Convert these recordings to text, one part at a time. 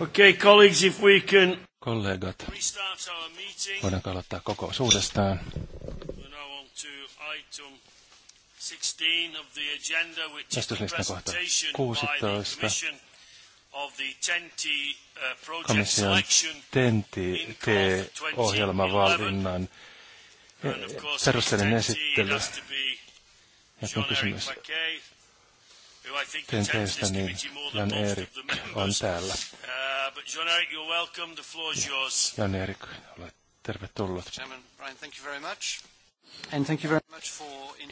Okay, colleagues, if we can... Kollegat, voidaan aloittaa koko uudestaan? Tästyslistan kohta 16. E uh, Komission TENTI-ohjelmavalinnan e e eh, perusteellinen esittely. Ja kun kysymys tenteistä, niin Jan Erik on täällä. Jan Erik, olet tervetullut.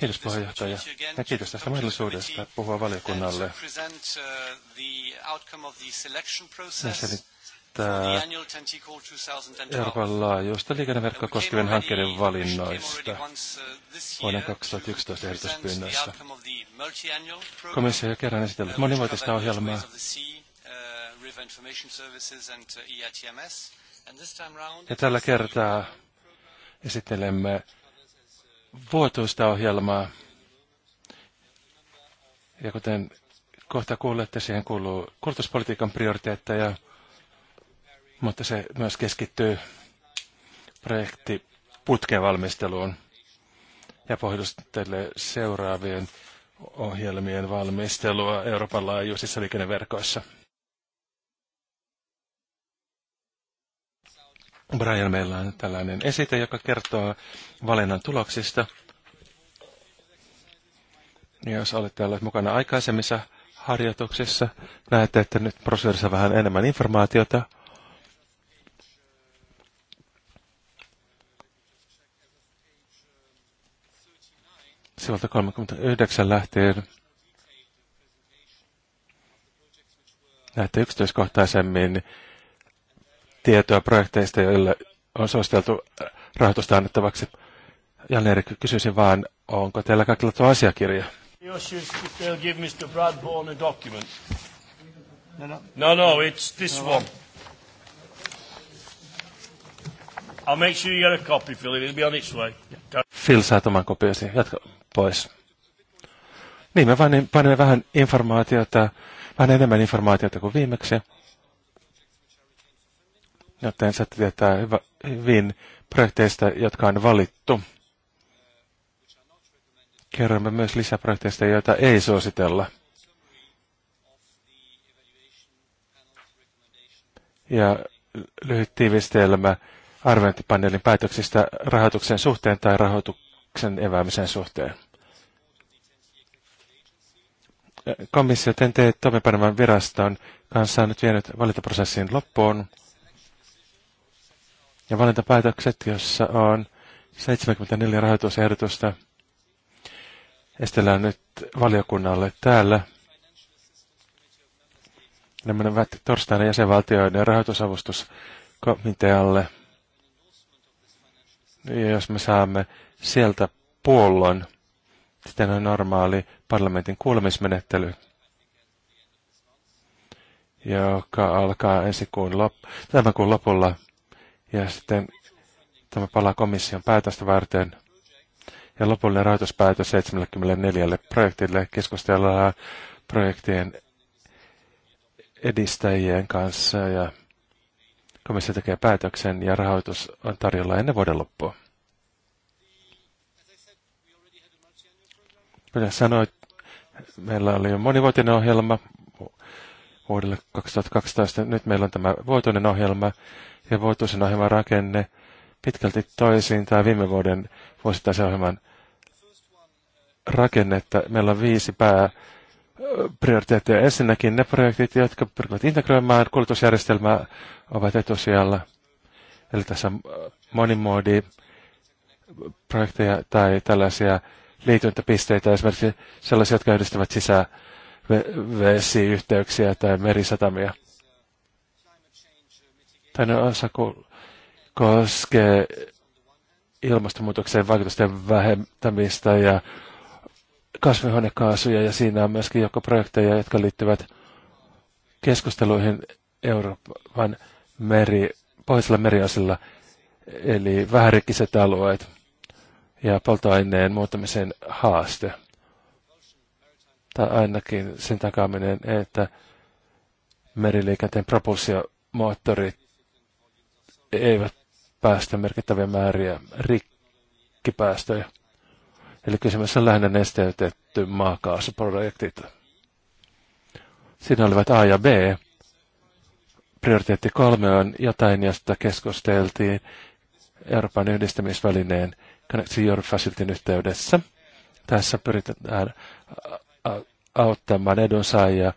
Kiitos puheenjohtaja ja kiitos tästä mahdollisuudesta puhua uh, valiokunnalle. Uh, ja päättää Euroopan laajuista liikenneverkkoa koskevien hankkeiden valinnoista vuoden 2011 ehdotuspyynnöissä. Komissio on kerran esitellyt monivuotista ohjelmaa ja tällä kertaa esittelemme vuotuista ohjelmaa. Ja kuten kohta kuulette, siihen kuuluu kulutuspolitiikan prioriteetteja, mutta se myös keskittyy projektiputken valmisteluun ja pohjustelee seuraavien ohjelmien valmistelua Euroopan laajuisissa liikenneverkoissa. Brian, meillä on tällainen esite, joka kertoo valinnan tuloksista. Jos olette olleet mukana aikaisemmissa harjoituksissa, näette, että nyt prosessissa vähän enemmän informaatiota – sivulta 39 lähtien näette yksityiskohtaisemmin tietoa projekteista, joille on suositeltu rahoitusta annettavaksi. jan kysyisin vaan, onko teillä kaikilla tuo asiakirja? No no. no, no, it's this no, no. one. I'll make sure you get a copy, Phil. It'll be on its way. Phil saa oman kopiosi. Jatka, pois. Niin, me vain niin panemme vähän informaatiota, vähän enemmän informaatiota kuin viimeksi. Joten saatte tietää hyvin projekteista, jotka on valittu. Kerromme myös lisäprojekteista, joita ei suositella. Ja lyhyt tiivistelmä arviointipaneelin päätöksistä rahoituksen suhteen tai rahoituksen eväämisen suhteen komissio TNT toimenpanevan viraston kanssa on nyt vienyt valintaprosessin loppuun. Ja valintapäätökset, jossa on 74 rahoitusehdotusta, estellään nyt valiokunnalle täällä. Nämä ovat torstaina jäsenvaltioiden rahoitusavustuskomitealle. Ja jos me saamme sieltä puollon sitten on normaali parlamentin kuulemismenettely, joka alkaa ensi kuun lop, tämän kuun lopulla. Ja sitten tämä palaa komission päätöstä varten. Ja lopullinen rahoituspäätös 74 projektille keskustellaan projektien edistäjien kanssa ja komissio tekee päätöksen ja rahoitus on tarjolla ennen vuoden loppua. Kuten sanoit, meillä oli jo monivuotinen ohjelma vuodelle 2012. Nyt meillä on tämä vuotuinen ohjelma ja vuotuisen ohjelman rakenne pitkälti toisiin tämä viime vuoden vuosittaisen ohjelman että Meillä on viisi pää prioriteetteja. Ensinnäkin ne projektit, jotka pyrkivät integroimaan kuljetusjärjestelmää, ovat etusijalla. Eli tässä on monimoodi projekteja tai tällaisia liityntäpisteitä, esimerkiksi sellaisia, jotka yhdistävät vesiyhteyksiä tai merisatamia. on osa koskee ilmastonmuutoksen vaikutusten vähentämistä ja kasvihuonekaasuja, ja siinä on myöskin joko projekteja, jotka liittyvät keskusteluihin Euroopan meri, pohjoisella meriasilla, eli vähärikkiset alueet ja polttoaineen muuttamisen haaste. Tai ainakin sen takaaminen, että meriliikenteen propulsiomoottorit eivät päästä merkittäviä määriä rikkipäästöjä. Eli kysymys on lähinnä nesteytetty maakaasuprojektit. Siinä olivat A ja B. Prioriteetti kolme on jotain, josta keskusteltiin Euroopan yhdistämisvälineen Connect Europe Facilityn yhteydessä. Tässä pyritään auttamaan edunsaajia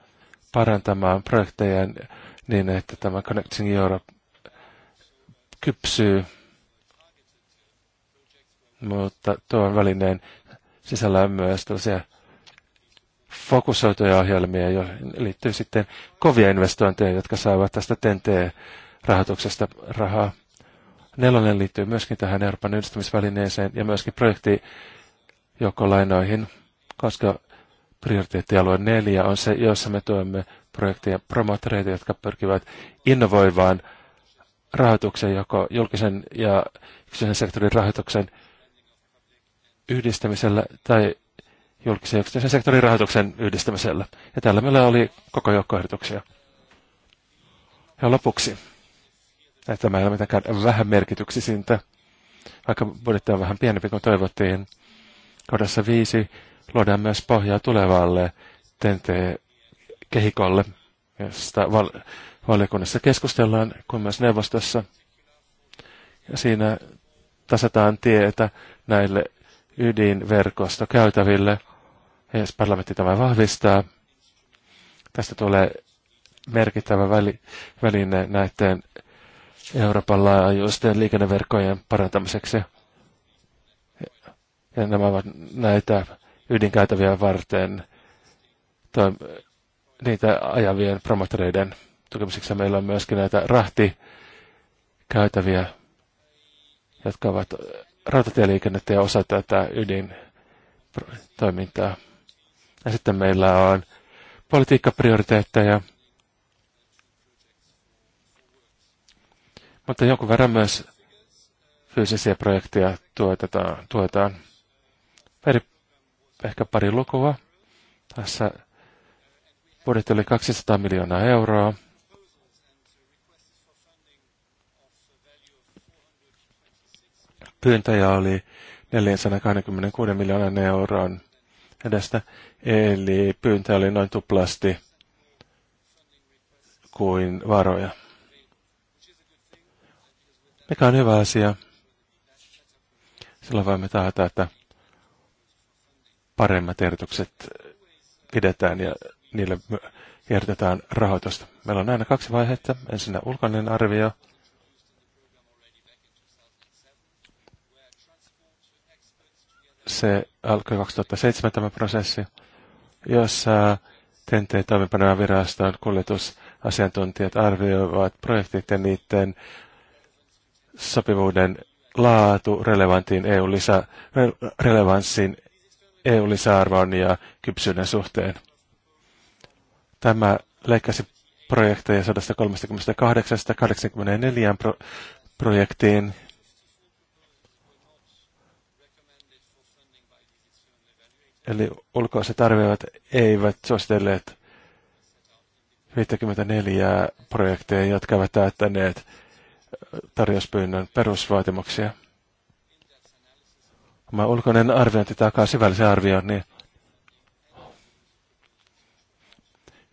parantamaan projekteja niin, että tämä Connecting Europe kypsyy. Mutta tuon välineen sisällä on myös tällaisia fokusoituja ohjelmia, joihin liittyy sitten kovia investointeja, jotka saavat tästä TNT-rahoituksesta rahaa. Nelonen liittyy myöskin tähän Euroopan yhdistämisvälineeseen ja myöskin projektijoukkolainoihin, koska prioriteettialue neljä on se, jossa me tuemme projekteja promoottoreita, jotka pyrkivät innovoivaan rahoituksen, joko julkisen ja yksityisen sektorin rahoituksen yhdistämisellä tai julkisen ja yksityisen sektorin rahoituksen yhdistämisellä. Ja tällä meillä oli koko joukko ehdotuksia. Ja lopuksi Tämä ei ole mitenkään vähän merkityksisintä, vaikka budjetti on vähän pienempi kuin toivottiin. Kohdassa viisi luodaan myös pohjaa tulevalle TNT-kehikolle, josta val- valiokunnassa keskustellaan, kuin myös neuvostossa. Ja siinä tasataan tietä näille ydinverkostokäytäville, ja jos parlamentti tämä vahvistaa, tästä tulee merkittävä väli, väline näiden Euroopan laajuisten liikenneverkkojen parantamiseksi. Ja nämä ovat näitä ydinkäytäviä varten toi, niitä ajavien promotoreiden tukemiseksi. Meillä on myöskin näitä rahtikäytäviä, jotka ovat rautatieliikennettä ja osa tätä ydintoimintaa. Ja sitten meillä on politiikkaprioriteetteja, Mutta jonkun verran myös fyysisiä projekteja tuetetaan tuetaan. pari ehkä pari lukua. Tässä budjetti oli 200 miljoonaa euroa. Pyyntäjä oli 426 miljoonan euron edestä, eli pyyntä oli noin tuplasti kuin varoja mikä on hyvä asia. Silloin voimme taata, että paremmat ehdotukset pidetään ja niille järjestetään rahoitusta. Meillä on aina kaksi vaihetta. Ensin ulkoinen arvio. Se alkoi 2007 tämä prosessi, jossa TNT-toimipanevan viraston kuljetusasiantuntijat arvioivat projektit ja niiden sopivuuden laatu relevantiin EU-lisä, relevanssin EU-lisäarvon ja kypsyyden suhteen. Tämä leikkasi projekteja 138-84 projektiin. Eli ulkoiset arvioivat eivät suositelleet 54 projekteja, jotka ovat täyttäneet tarjouspyynnön perusvaatimuksia. Oma ulkoinen arviointi takaa syvällisen arvioinnin,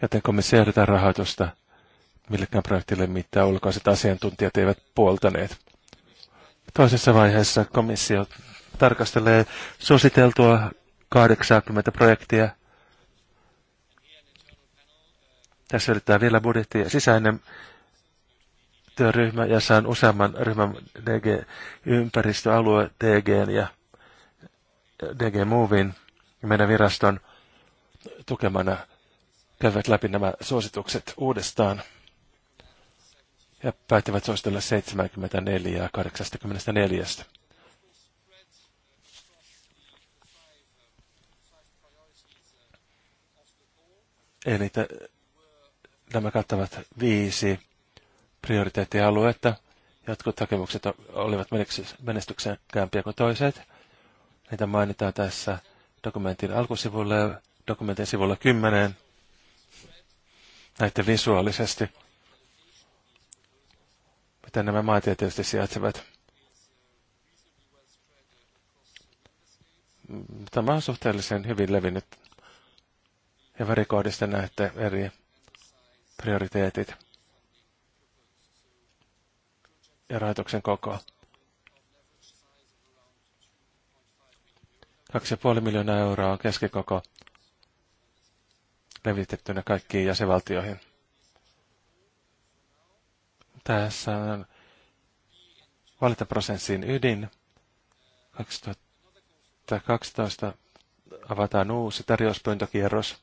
joten komissio ehdottaa rahoitusta millekään projektille, mitä ulkoiset asiantuntijat eivät puoltaneet. Toisessa vaiheessa komissio tarkastelee suositeltua 80 projektia. Tässä yritetään vielä budjetti ja sisäinen työryhmä, ja saan useamman ryhmän DG ympäristöalue, DG ja DG Movin ja meidän viraston tukemana käyvät läpi nämä suositukset uudestaan ja päättivät suositella 74 ja 84. Eli nämä kattavat viisi prioriteettialuetta. Jotkut hakemukset olivat menestyksekkäämpiä kuin toiset. Niitä mainitaan tässä dokumentin alkusivulla ja dokumentin sivulla 10. Näitte visuaalisesti, miten nämä maantieteellisesti sijaitsevat. Tämä on suhteellisen hyvin levinnyt ja värikoodista näette eri prioriteetit ja rahoituksen koko. 2,5 miljoonaa euroa on keskikoko levitettynä kaikkiin jäsenvaltioihin. Tässä on valintaprosessin ydin. 2012 avataan uusi tarjouspyyntökierros.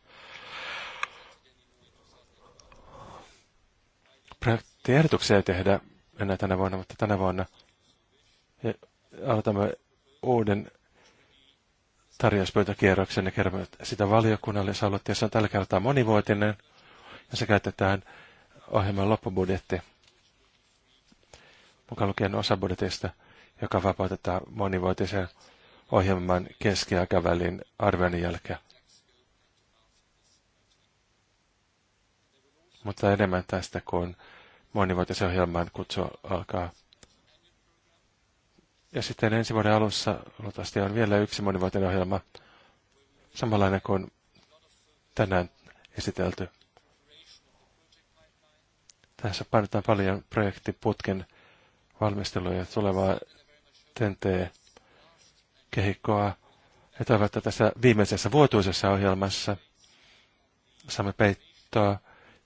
Projektiehdotuksia ei tehdä enää tänä vuonna, mutta tänä vuonna he aloitamme uuden tarjouspöytäkierroksen ja kerromme sitä valiokunnalle. Se aloitti, on tällä kertaa monivuotinen ja se käytetään ohjelman loppubudjetti mukaan lukien osa budjetista, joka vapautetaan monivuotisen ohjelman keskiaikavälin arvioinnin jälkeen. Mutta enemmän tästä kuin monivuotisen ohjelman kutsua alkaa. Ja sitten ensi vuoden alussa luultavasti on vielä yksi monivuotinen ohjelma, samanlainen kuin tänään esitelty. Tässä painetaan paljon projektiputken valmistelua ja tulevaa TNT-kehikkoa. He toivovat, että tässä viimeisessä vuotuisessa ohjelmassa saamme peittoa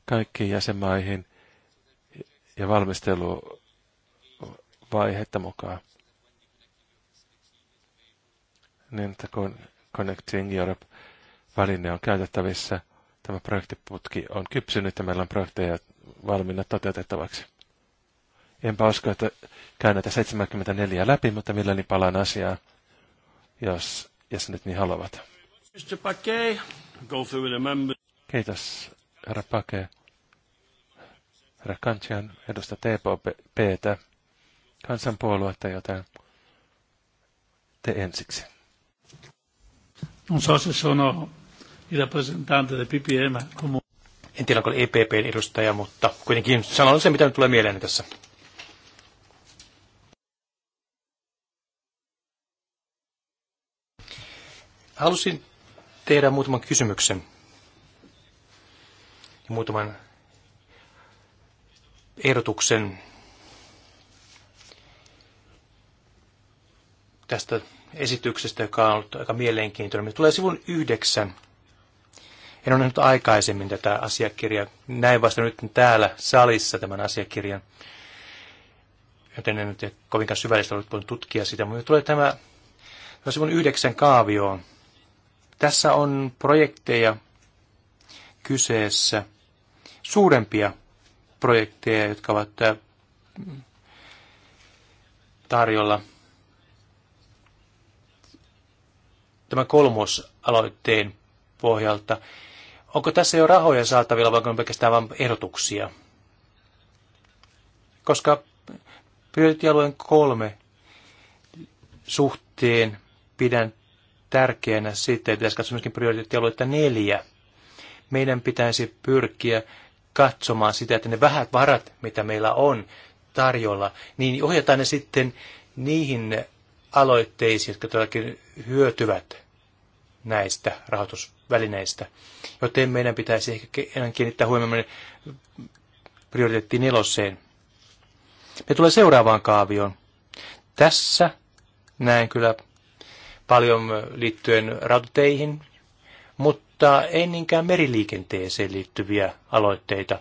kaikkiin jäsenmaihin – ja valmisteluvaihetta mukaan. Niin, että kun Connecting Europe-väline on käytettävissä, tämä projektiputki on kypsynyt ja meillä on projekteja valmiina toteutettavaksi. Enpä usko, että käyn näitä 74 läpi, mutta mielelläni palaan asiaan, jos jäsenet niin haluavat. Kiitos, herra Pake. Rakantian edusta TPPtä, kansanpuoluetta, joten te ensiksi. Non so se sono il rappresentante del PPM. En tiedä, onko EPPn edustaja, mutta kuitenkin sanon sen, mitä nyt tulee mieleen tässä. Halusin tehdä muutaman kysymyksen ja muutaman ehdotuksen tästä esityksestä, joka on aika mielenkiintoinen. Me tulee sivun yhdeksän. En ole nähnyt aikaisemmin tätä asiakirjaa. Näin vasta nyt täällä salissa tämän asiakirjan. Joten en nyt kovinkaan syvällistä ollut voinut tutkia sitä, mutta tulee tämä, tämä sivun yhdeksän kaavioon. Tässä on projekteja kyseessä, suurempia projekteja, jotka ovat tarjolla. Tämä kolmosaloitteen pohjalta. Onko tässä jo rahoja saatavilla vai onko pelkästään vain ehdotuksia? Koska prioriteettialueen kolme suhteen pidän tärkeänä sitten, että pitäisi katsoa myöskin prioriteettialuetta neljä. Meidän pitäisi pyrkiä katsomaan sitä, että ne vähät varat, mitä meillä on tarjolla, niin ohjataan ne sitten niihin aloitteisiin, jotka todellakin hyötyvät näistä rahoitusvälineistä. Joten meidän pitäisi ehkä enää kiinnittää huomioon prioriteettiin neloseen. Me tulee seuraavaan kaavioon. Tässä näen kyllä paljon liittyen rautateihin, mutta mutta ei niinkään meriliikenteeseen liittyviä aloitteita,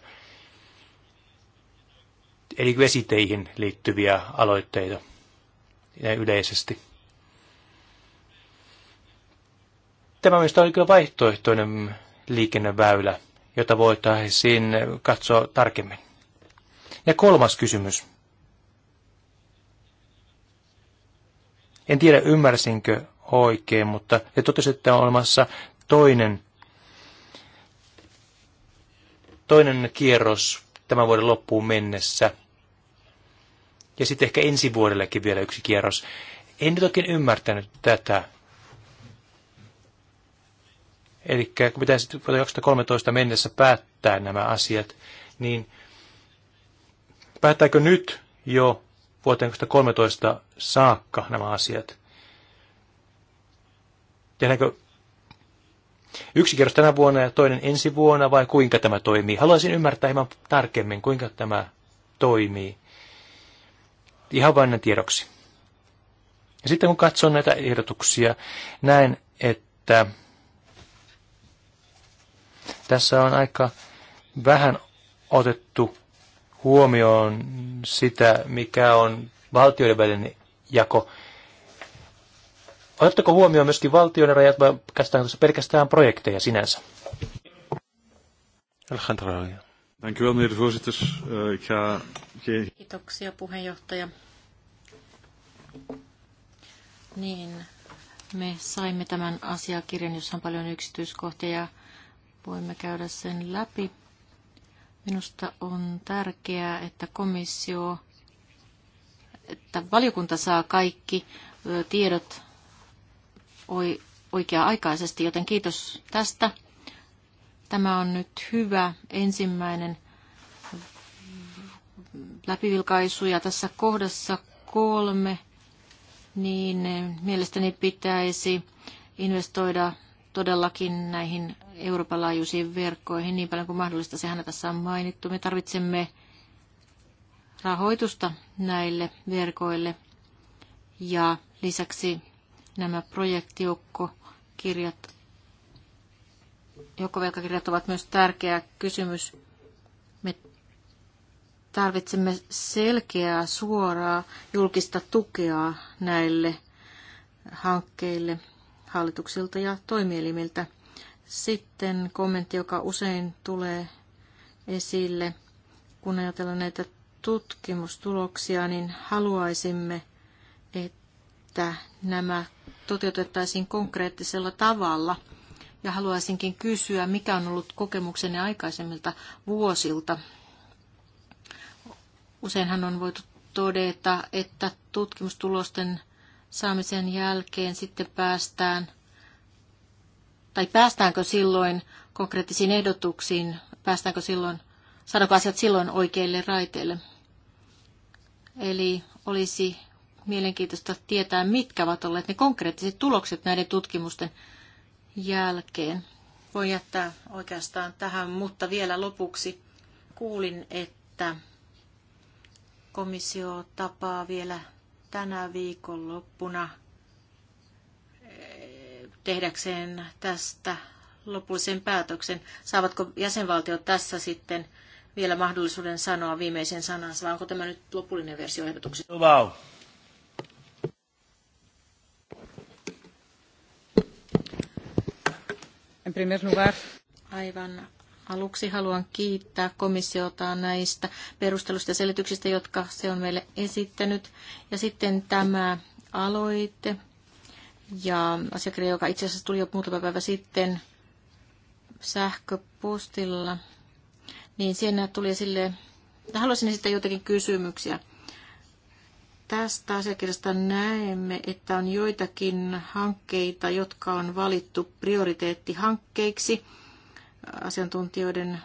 eli vesiteihin liittyviä aloitteita yleisesti. Tämä mielestäni oli kyllä vaihtoehtoinen liikenneväylä, jota voitaisiin katsoa tarkemmin. Ja kolmas kysymys. En tiedä, ymmärsinkö oikein, mutta te totesitte, että on olemassa toinen toinen kierros tämän vuoden loppuun mennessä. Ja sitten ehkä ensi vuodellekin vielä yksi kierros. En nyt oikein ymmärtänyt tätä. Eli kun pitäisi vuoteen 2013 mennessä päättää nämä asiat, niin päättääkö nyt jo vuoteen 2013 saakka nämä asiat? Tehdäänkö Yksi kerros tänä vuonna ja toinen ensi vuonna, vai kuinka tämä toimii? Haluaisin ymmärtää hieman tarkemmin, kuinka tämä toimii. Ihan vain tiedoksi. Ja sitten kun katson näitä ehdotuksia, näen, että tässä on aika vähän otettu huomioon sitä, mikä on valtioiden välinen jako Otatteko huomioon myöskin valtion rajat vai käsitelläänkö tässä pelkästään projekteja sinänsä? Dank u wel, meneer de voorzitter. Uh, ik ga geen... Kiitoksia, puheenjohtaja. Niin, me saimme tämän asiakirjan, jossa on paljon yksityiskohtia ja voimme käydä sen läpi. Minusta on tärkeää, että komissio, että valiokunta saa kaikki tiedot oikea-aikaisesti, joten kiitos tästä. Tämä on nyt hyvä ensimmäinen läpivilkaisu ja tässä kohdassa kolme, niin mielestäni pitäisi investoida todellakin näihin Euroopan laajuisiin verkkoihin niin paljon kuin mahdollista. Sehän tässä on mainittu. Me tarvitsemme rahoitusta näille verkoille ja lisäksi Nämä projektijoukkokirjat, joukkovelkakirjat ovat myös tärkeä kysymys. Me tarvitsemme selkeää, suoraa julkista tukea näille hankkeille hallituksilta ja toimielimiltä. Sitten kommentti, joka usein tulee esille, kun ajatellaan näitä tutkimustuloksia, niin haluaisimme, että nämä toteutettaisiin konkreettisella tavalla. Ja haluaisinkin kysyä, mikä on ollut kokemuksenne aikaisemmilta vuosilta. Useinhan on voitu todeta, että tutkimustulosten saamisen jälkeen sitten päästään, tai päästäänkö silloin konkreettisiin ehdotuksiin, päästäänkö silloin, saadaanko asiat silloin oikeille raiteille. Eli olisi mielenkiintoista tietää, mitkä ovat olleet ne konkreettiset tulokset näiden tutkimusten jälkeen. Voin jättää oikeastaan tähän, mutta vielä lopuksi kuulin, että komissio tapaa vielä tänä viikonloppuna eh, tehdäkseen tästä lopullisen päätöksen. Saavatko jäsenvaltiot tässä sitten vielä mahdollisuuden sanoa viimeisen sanansa, vai onko tämä nyt lopullinen versio ehdotuksesta? Wow. Aivan aluksi haluan kiittää komissiota näistä perustelusta ja selityksistä, jotka se on meille esittänyt. Ja sitten tämä aloite ja asiakirja, joka itse asiassa tuli jo muutama päivä sitten sähköpostilla, niin siinä tuli sille, haluaisin esittää jotakin kysymyksiä. Tästä asiakirjasta näemme, että on joitakin hankkeita, jotka on valittu prioriteettihankkeiksi asiantuntijoiden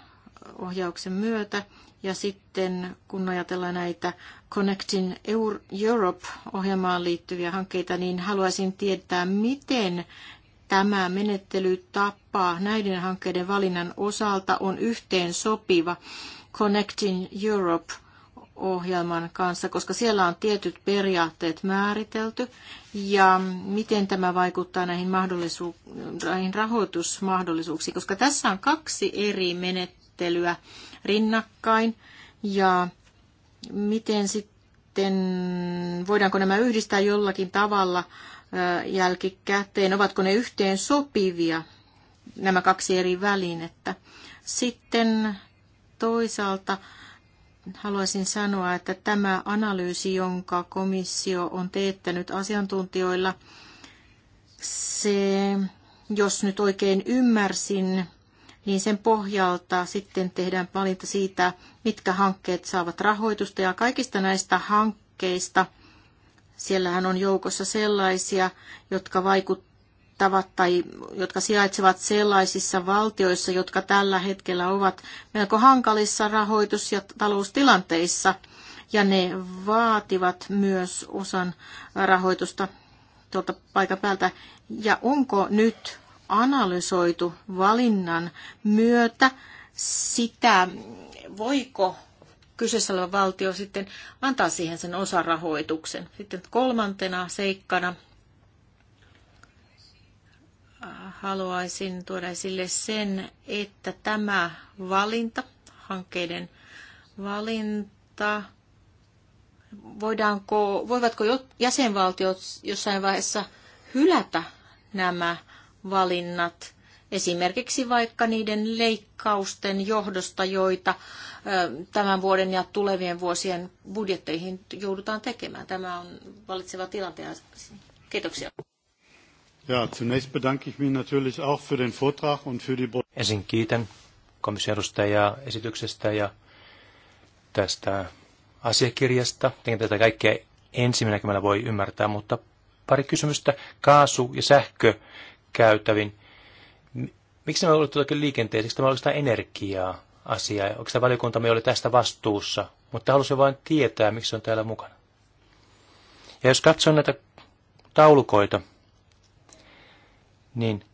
ohjauksen myötä. Ja sitten kun ajatellaan näitä Connecting Europe-ohjelmaan liittyviä hankkeita, niin haluaisin tietää, miten tämä menettelytapa näiden hankkeiden valinnan osalta on yhteen sopiva Connecting Europe ohjelman kanssa, koska siellä on tietyt periaatteet määritelty ja miten tämä vaikuttaa näihin, mahdollisu- näihin rahoitusmahdollisuuksiin, koska tässä on kaksi eri menettelyä rinnakkain ja miten sitten voidaanko nämä yhdistää jollakin tavalla jälkikäteen, ovatko ne yhteen sopivia nämä kaksi eri välinettä. Sitten toisaalta haluaisin sanoa, että tämä analyysi, jonka komissio on teettänyt asiantuntijoilla, se, jos nyt oikein ymmärsin, niin sen pohjalta sitten tehdään valinta siitä, mitkä hankkeet saavat rahoitusta. Ja kaikista näistä hankkeista, siellähän on joukossa sellaisia, jotka vaikuttavat kattavat tai jotka sijaitsevat sellaisissa valtioissa, jotka tällä hetkellä ovat melko hankalissa rahoitus- ja taloustilanteissa, ja ne vaativat myös osan rahoitusta tuolta paikan päältä. Ja onko nyt analysoitu valinnan myötä sitä, voiko kyseessä oleva valtio sitten antaa siihen sen osarahoituksen. Sitten kolmantena seikkana haluaisin tuoda esille sen, että tämä valinta, hankkeiden valinta, voidaanko, voivatko jäsenvaltiot jossain vaiheessa hylätä nämä valinnat, esimerkiksi vaikka niiden leikkausten johdosta, joita tämän vuoden ja tulevien vuosien budjetteihin joudutaan tekemään. Tämä on valitseva tilanteen. Kiitoksia. Ja, zunächst bedanke ich mich natürlich auch für den Vortrag und für die... Ensin kiitän komission edustajaa esityksestä ja tästä asiakirjasta. Tietenkin tätä kaikkea ensimmäinen voi ymmärtää, mutta pari kysymystä kaasu- ja sähkökäytävin. Miksi nämä olivat tuotakin liikenteeseen? Miksi tämä oikeastaan energiaa asiaa? Onko tämä valiokunta me oli tästä vastuussa? Mutta halusin vain tietää, miksi se on täällä mukana. Ja jos katsoo näitä taulukoita, niin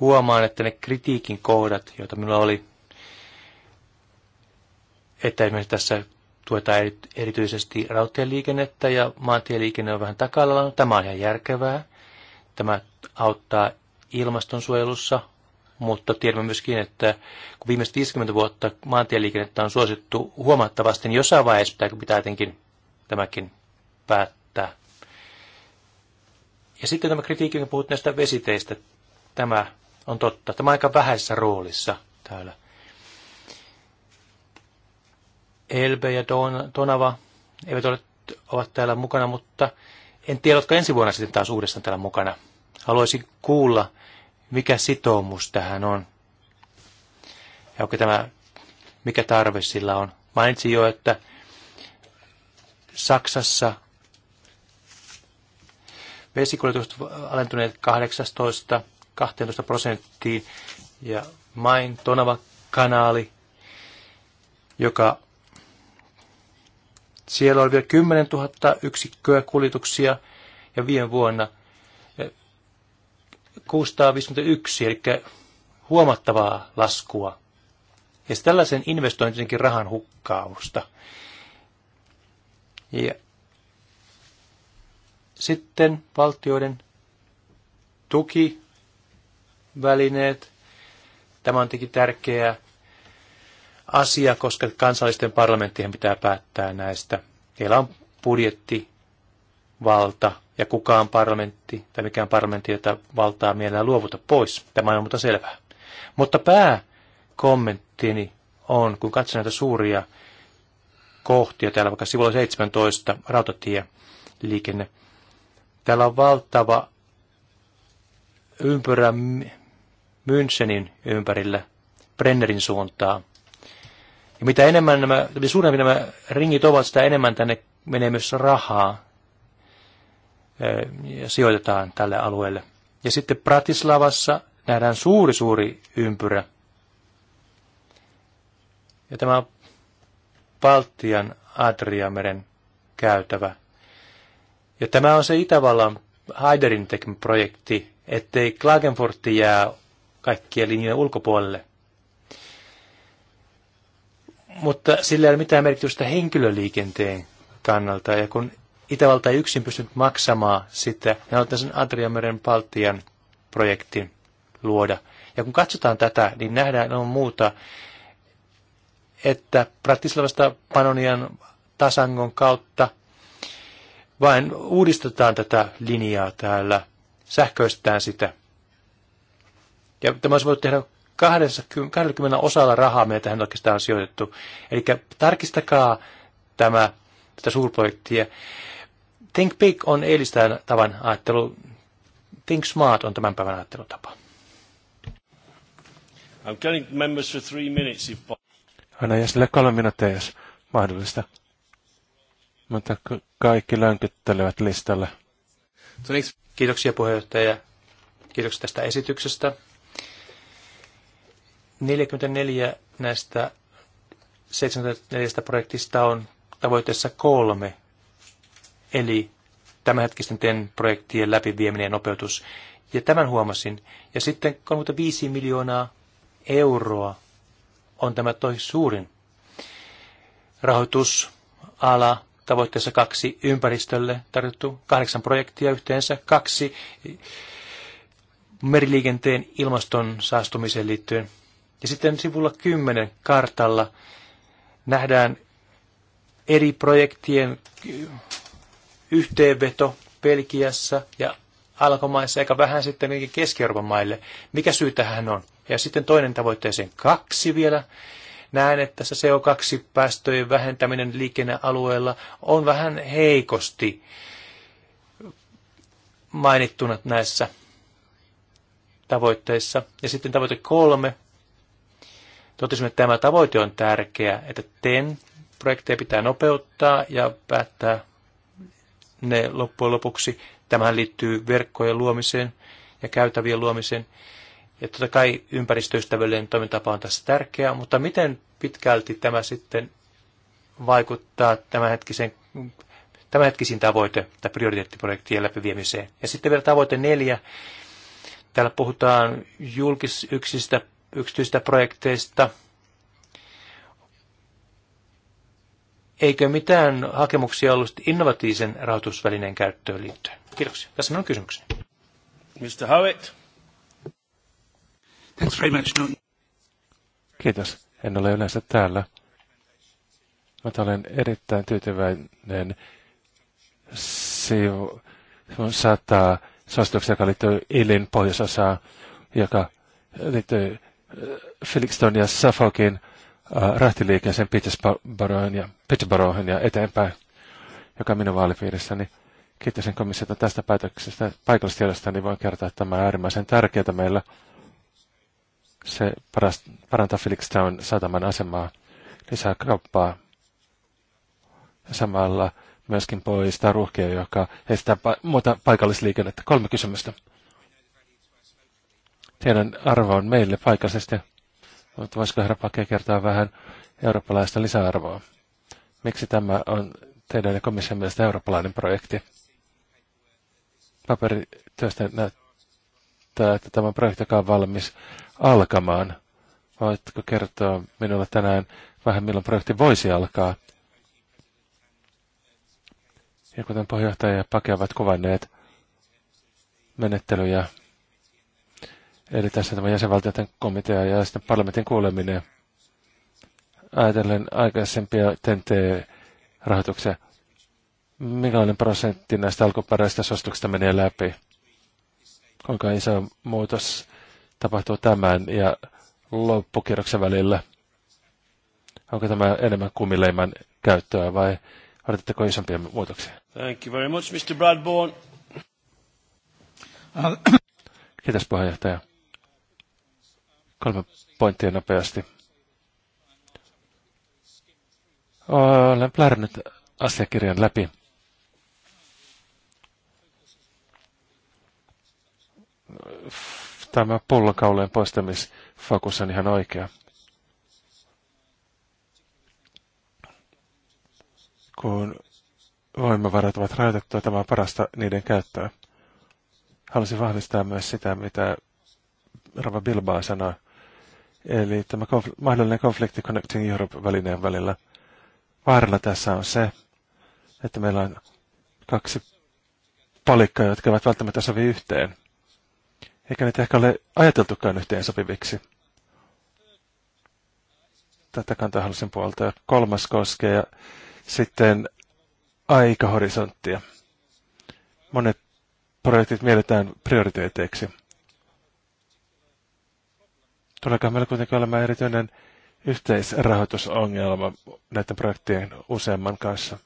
huomaan, että ne kritiikin kohdat, joita minulla oli, että esimerkiksi tässä tuetaan erityisesti rautatieliikennettä ja maantieliikenne on vähän takalla. Tämä on ihan järkevää. Tämä auttaa ilmastonsuojelussa, mutta tiedämme myöskin, että kun viimeiset 50 vuotta maantieliikennettä on suosittu huomattavasti, niin jossain vaiheessa pitää, pitää jotenkin tämäkin päät, ja sitten tämä kritiikki, kun puhut näistä vesiteistä, tämä on totta. Tämä on aika vähäisessä roolissa täällä. Elbe ja Don, Tonava eivät ole, ovat täällä mukana, mutta en tiedä, oletko ensi vuonna sitten taas uudestaan täällä mukana. Haluaisin kuulla, mikä sitoumus tähän on. Ja onko tämä, mikä tarve sillä on. Mainitsin jo, että Saksassa vesikuljetukset alentuneet 18-12 prosenttiin ja Main Tonava kanaali, joka siellä oli vielä 10 000 yksikköä kuljetuksia ja viime vuonna 651, eh, eli huomattavaa laskua. Ja tällaisen investointinkin rahan hukkausta. Ja sitten valtioiden tukivälineet. Tämä on tietenkin tärkeä asia, koska kansallisten parlamenttien pitää päättää näistä. Heillä on budjettivalta ja kukaan parlamentti tai mikään parlamentti, jota valtaa mielellään luovuta pois. Tämä on mutta selvää. Mutta pääkommenttini on, kun katson näitä suuria kohtia, täällä vaikka sivulla 17, rautatieliikenne, liikenne, Täällä on valtava ympyrä Münchenin ympärillä, Brennerin suuntaan. Ja mitä enemmän nämä, mitä suurempi nämä ringit ovat, sitä enemmän tänne menee myös rahaa ja sijoitetaan tälle alueelle. Ja sitten Pratislavassa nähdään suuri, suuri ympyrä. Ja tämä Baltian Adriameren käytävä – ja tämä on se Itävallan Haiderin tekemä projekti, ettei Klagenfurtti jää kaikkien linjojen ulkopuolelle. Mutta sillä ei ole mitään merkitystä henkilöliikenteen kannalta. Ja kun Itävalta ei yksin pystynyt maksamaan sitä, ne niin halutaan sen Adriameren Baltian projektin luoda. Ja kun katsotaan tätä, niin nähdään on muuta, että Pratislavasta Panonian tasangon kautta vain uudistetaan tätä linjaa täällä, sähköistetään sitä. Ja tämä olisi voinut tehdä 20, 20 osalla rahaa, mitä tähän oikeastaan on sijoitettu. Eli tarkistakaa tämä, tätä suurprojektia. Think big on eilistään tavan ajattelu. Think smart on tämän päivän ajattelutapa. I'm getting members for three minutes if... Anna jäsenille kolme minuuttia, jos mahdollista. Mutta kaikki lönkyttelevät listalle. No niin, kiitoksia puheenjohtaja. Kiitoksia tästä esityksestä. 44 näistä 74 projektista on tavoitteessa kolme, eli tämänhetkisten TEN-projektien läpivieminen ja nopeutus. Ja tämän huomasin. Ja sitten 35 miljoonaa euroa on tämä toi suurin rahoitusala tavoitteessa kaksi ympäristölle tarjottu kahdeksan projektia yhteensä, kaksi meriliikenteen ilmaston saastumiseen liittyen. Ja sitten sivulla 10 kartalla nähdään eri projektien yhteenveto Pelkiässä ja alkomaissa, eikä vähän sitten keski-Euroopan maille. Mikä syy tähän on? Ja sitten toinen tavoitteeseen kaksi vielä, näen, että tässä CO2-päästöjen vähentäminen liikennealueella on vähän heikosti mainittuna näissä tavoitteissa. Ja sitten tavoite kolme. Totesimme, että tämä tavoite on tärkeä, että TEN projekteja pitää nopeuttaa ja päättää ne loppujen lopuksi. Tämähän liittyy verkkojen luomiseen ja käytävien luomiseen. Ja totta kai ympäristöystävällinen toimintapa on tässä tärkeää, mutta miten pitkälti tämä sitten vaikuttaa tämänhetkisen, tämänhetkisin tavoite tai prioriteettiprojektien läpiviemiseen. Ja sitten vielä tavoite neljä. Täällä puhutaan julkisyksistä yksityistä projekteista. Eikö mitään hakemuksia ollut innovatiivisen rahoitusvälineen käyttöön liittyen? Kiitoksia. Tässä on kysymykseni. Mr. Howitt. Thanks very much. Norton. Kiitos. En ole yleensä täällä. Mutta olen erittäin tyytyväinen sivu sataa suosituksia, joka liittyy Ilin pohjoisosaan, joka liittyy äh, Felixton ja Suffolkin äh, rahtiliikenteen Petersboroughin ja, Petersboroughin ja eteenpäin, joka on minun vaalipiirissäni. sen komissiota tästä päätöksestä. Paikallistiedosta niin voin kertoa, että tämä on äärimmäisen tärkeää meillä. Se parantaa Felixtown sataman asemaa, lisää kauppaa samalla myöskin poistaa ruuhkia, joka estää pa- muuta paikallisliikennettä. Kolme kysymystä. Teidän arvo on meille paikallisesti, mutta voisiko herra Pakke kertoa vähän eurooppalaista lisäarvoa? Miksi tämä on teidän ja komission mielestä eurooppalainen projekti? Paperityöstä näyttää ilmoittaa, että tämä projekti on valmis alkamaan. Voitko kertoa minulle tänään vähän, milloin projekti voisi alkaa? Ja kuten puheenjohtaja ja Pake ovat kuvanneet menettelyjä, eli tässä tämä jäsenvaltioiden komitea ja sitten parlamentin kuuleminen, ajatellen aikaisempia TNT-rahoituksia, minkälainen prosentti näistä alkuperäisistä suosituksista menee läpi? kuinka iso muutos tapahtuu tämän ja loppukierroksen välillä? Onko tämä enemmän kumileiman käyttöä vai odotatteko isompia muutoksia? Thank you very much, Mr. Bradbourne. Äh, Kiitos puheenjohtaja. Kolme pointtia nopeasti. Olen plärnyt asiakirjan läpi. tämä pullonkaulojen poistamisfokus on ihan oikea. Kun voimavarat ovat rajoitettuja, tämä on parasta niiden käyttöä. Haluaisin vahvistaa myös sitä, mitä Rava Bilbao sanoi, eli tämä konfl- mahdollinen konflikti Connecting Europe-välineen välillä. Vaaralla tässä on se, että meillä on kaksi palikkaa, jotka eivät välttämättä sovi yhteen eikä niitä ehkä ole ajateltukaan yhteen sopiviksi. Tätä kantaa halusin puolta. Kolmas koskee ja sitten aikahorisonttia. Monet projektit mielletään prioriteeteiksi. Tuleekaan meillä kuitenkin olemaan erityinen yhteisrahoitusongelma näiden projektien useamman kanssa.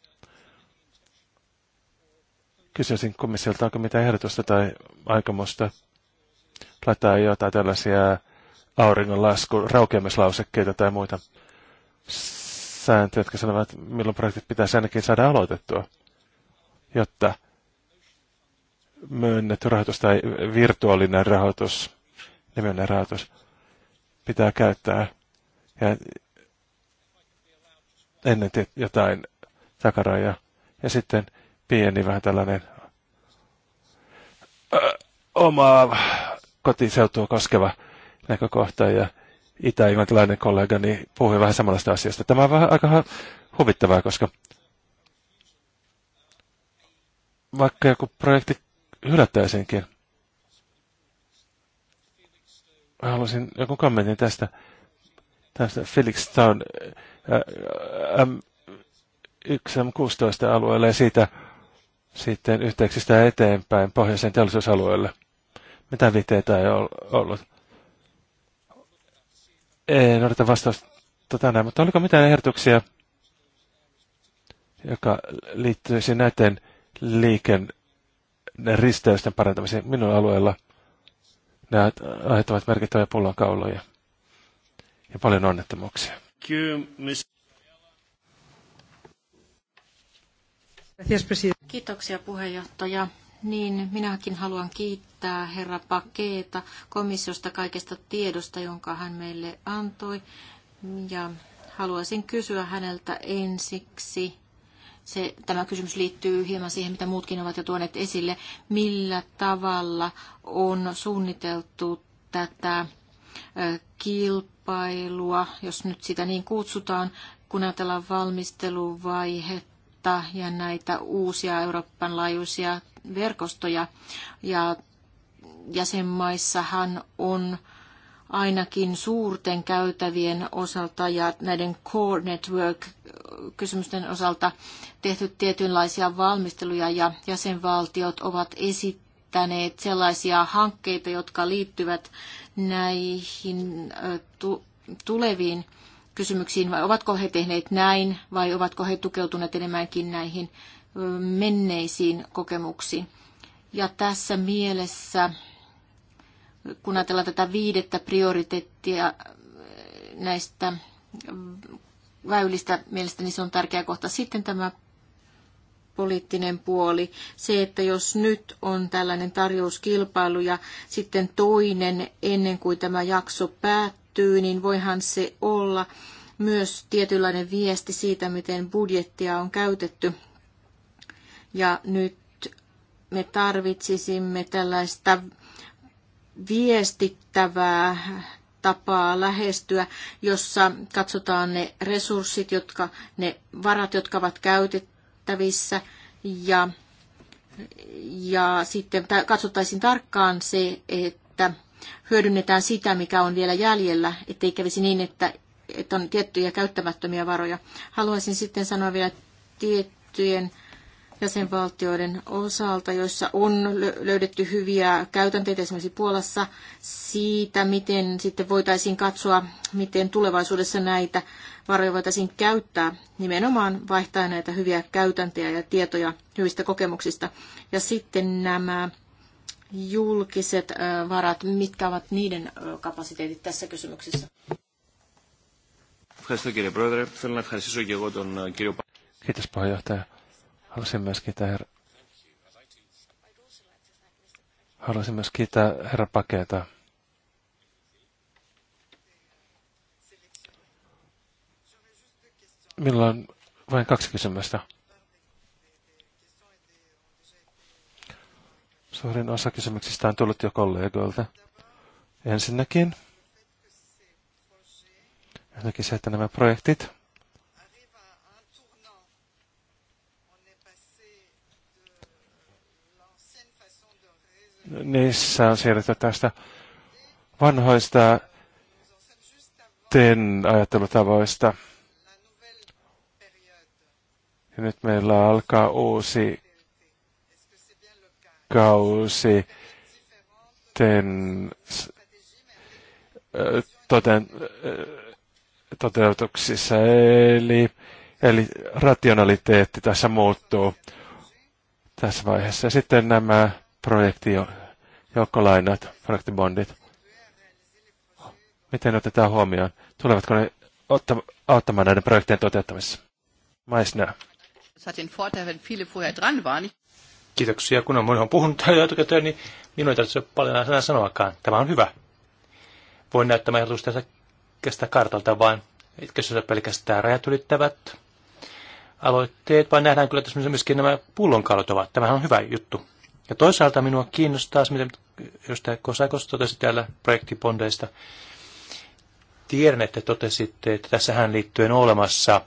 Kysyisin komissiolta, onko mitään ehdotusta tai aikamusta laittaa jotain tällaisia auringonlasku, raukeamislausekkeita tai muita sääntöjä, jotka sanovat, että milloin projektit pitäisi ainakin saada aloitettua, jotta myönnetty rahoitus tai virtuaalinen rahoitus, nimellinen rahoitus, pitää käyttää ja ennen jotain takarajaa. Ja sitten pieni vähän tällainen ö, oma kotiseutua koskeva näkökohta ja itä-englantilainen kollegani puhui vähän samanlaista asiasta. Tämä on vähän aika huvittavaa, koska vaikka joku projekti hylättäisinkin, haluaisin joku kommentin tästä, tästä Felix Town M1M16 alueelle ja siitä sitten yhteyksistä eteenpäin pohjoisen teollisuusalueelle. Mitä viitteitä ei ollut? En odota vastausta tänään, mutta oliko mitään ehdotuksia, joka liittyisi näiden risteysten parantamiseen minun alueella? Nämä aiheuttavat merkittäviä pullonkauloja ja paljon onnettomuuksia. Kiitoksia puheenjohtaja niin minäkin haluan kiittää herra Pakeeta komissiosta kaikesta tiedosta, jonka hän meille antoi. Ja haluaisin kysyä häneltä ensiksi. Se, tämä kysymys liittyy hieman siihen, mitä muutkin ovat jo tuoneet esille. Millä tavalla on suunniteltu tätä kilpailua, jos nyt sitä niin kutsutaan, kun ajatellaan valmisteluvaihetta? ja näitä uusia Euroopan laajuisia verkostoja. Ja jäsenmaissahan on ainakin suurten käytävien osalta ja näiden core network-kysymysten osalta tehty tietynlaisia valmisteluja ja jäsenvaltiot ovat esittäneet sellaisia hankkeita, jotka liittyvät näihin tuleviin kysymyksiin, vai ovatko he tehneet näin, vai ovatko he tukeutuneet enemmänkin näihin menneisiin kokemuksiin. Ja tässä mielessä, kun ajatellaan tätä viidettä prioriteettia äh, näistä väylistä, mielestäni se on tärkeä kohta. Sitten tämä poliittinen puoli. Se, että jos nyt on tällainen tarjouskilpailu ja sitten toinen ennen kuin tämä jakso päättyy, niin voihan se olla myös tietynlainen viesti siitä, miten budjettia on käytetty ja nyt me tarvitsisimme tällaista viestittävää tapaa lähestyä, jossa katsotaan ne resurssit, jotka, ne varat, jotka ovat käytettävissä ja, ja sitten katsottaisiin tarkkaan se, että hyödynnetään sitä, mikä on vielä jäljellä, ettei kävisi niin, että, että on tiettyjä käyttämättömiä varoja. Haluaisin sitten sanoa vielä tiettyjen jäsenvaltioiden osalta, joissa on löydetty hyviä käytänteitä esimerkiksi Puolassa siitä, miten sitten voitaisiin katsoa, miten tulevaisuudessa näitä varoja voitaisiin käyttää nimenomaan vaihtaa näitä hyviä käytäntöjä ja tietoja hyvistä kokemuksista. Ja sitten nämä julkiset varat, mitkä ovat niiden kapasiteetit tässä kysymyksessä? Kiitos, κύριε Πρόεδρε. Θέλω να ευχαριστήσω και εγώ τον κύριο puheenjohtaja. Haluaisin myös kiittää herra... Haluaisin myös kiittää herra Paketa. Minulla on vain kaksi kysymystä. Suurin osa kysymyksistä on tullut jo kollegoilta. Ensinnäkin, ensinnäkin se, että nämä projektit, niissä on siirretty tästä vanhoista ten ajattelutavoista. Ja nyt meillä alkaa uusi kausi ten äh, toten, äh, toteutuksissa. Eli, eli rationaliteetti tässä muuttuu tässä vaiheessa. Ja sitten nämä projektio joukkolainat, projektibondit. Miten ne otetaan huomioon? Tulevatko ne otta, auttamaan näiden projektien toteuttamisessa? Maisnää. Kiitoksia, kun on moni on puhunut etukäteen, niin minun ei tarvitse paljon sanaa sanoakaan. Tämä on hyvä. Voin näyttää ehdotusta tästä kartalta, vaan etkö se ole pelkästään rajat ylittävät aloitteet, vaan nähdään kyllä että myöskin nämä pullonkalot ovat. Tämähän on hyvä juttu. Ja toisaalta minua kiinnostaa, mitä edustaja Kosakos totesi täällä projektibondeista. Tiedän, että totesitte, että tässähän liittyen olemassa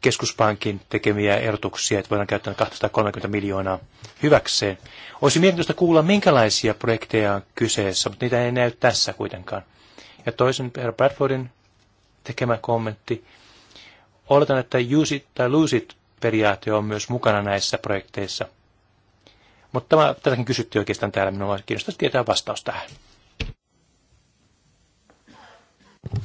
keskuspankin tekemiä erotuksia, että voidaan käyttää 230 miljoonaa hyväkseen. Olisi mielenkiintoista kuulla, minkälaisia projekteja on kyseessä, mutta niitä ei näy tässä kuitenkaan. Ja toisen herra Bradfordin tekemä kommentti. Oletan, että use it tai lose it periaate on myös mukana näissä projekteissa – mutta tämä, tätäkin kysyttiin oikeastaan täällä, minua kiinnostaisi tietää vastaus tähän.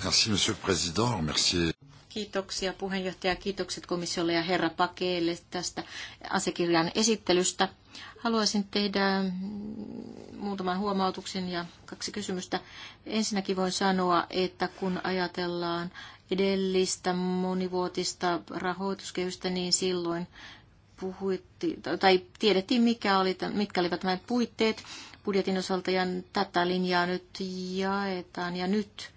Merci, monsieur président. Merci. Kiitoksia puheenjohtaja, kiitokset komissiolle ja herra Pakeelle tästä asiakirjan esittelystä. Haluaisin tehdä muutaman huomautuksen ja kaksi kysymystä. Ensinnäkin voin sanoa, että kun ajatellaan edellistä monivuotista rahoituskehystä, niin silloin puhuttiin, tai tiedettiin, mikä oli, mitkä olivat nämä puitteet budjetin osalta, ja tätä linjaa nyt jaetaan. Ja nyt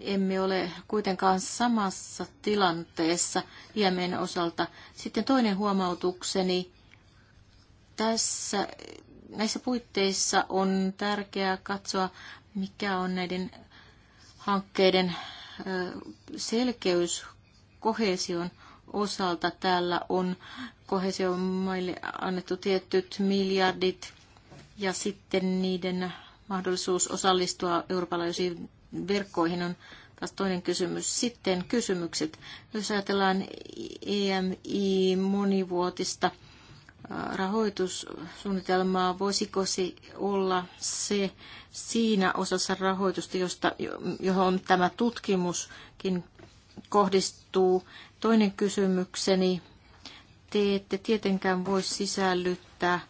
emme ole kuitenkaan samassa tilanteessa IMEn osalta. Sitten toinen huomautukseni. Tässä, näissä puitteissa on tärkeää katsoa, mikä on näiden hankkeiden selkeys kohesion osalta täällä on kohesiomaille annettu tietyt miljardit ja sitten niiden mahdollisuus osallistua eurooppalaisiin verkkoihin on taas toinen kysymys. Sitten kysymykset. Jos ajatellaan EMI monivuotista rahoitussuunnitelmaa, voisiko se olla se siinä osassa rahoitusta, josta, johon tämä tutkimuskin kohdistuu, Toinen kysymykseni. Te ette tietenkään voi sisällyttää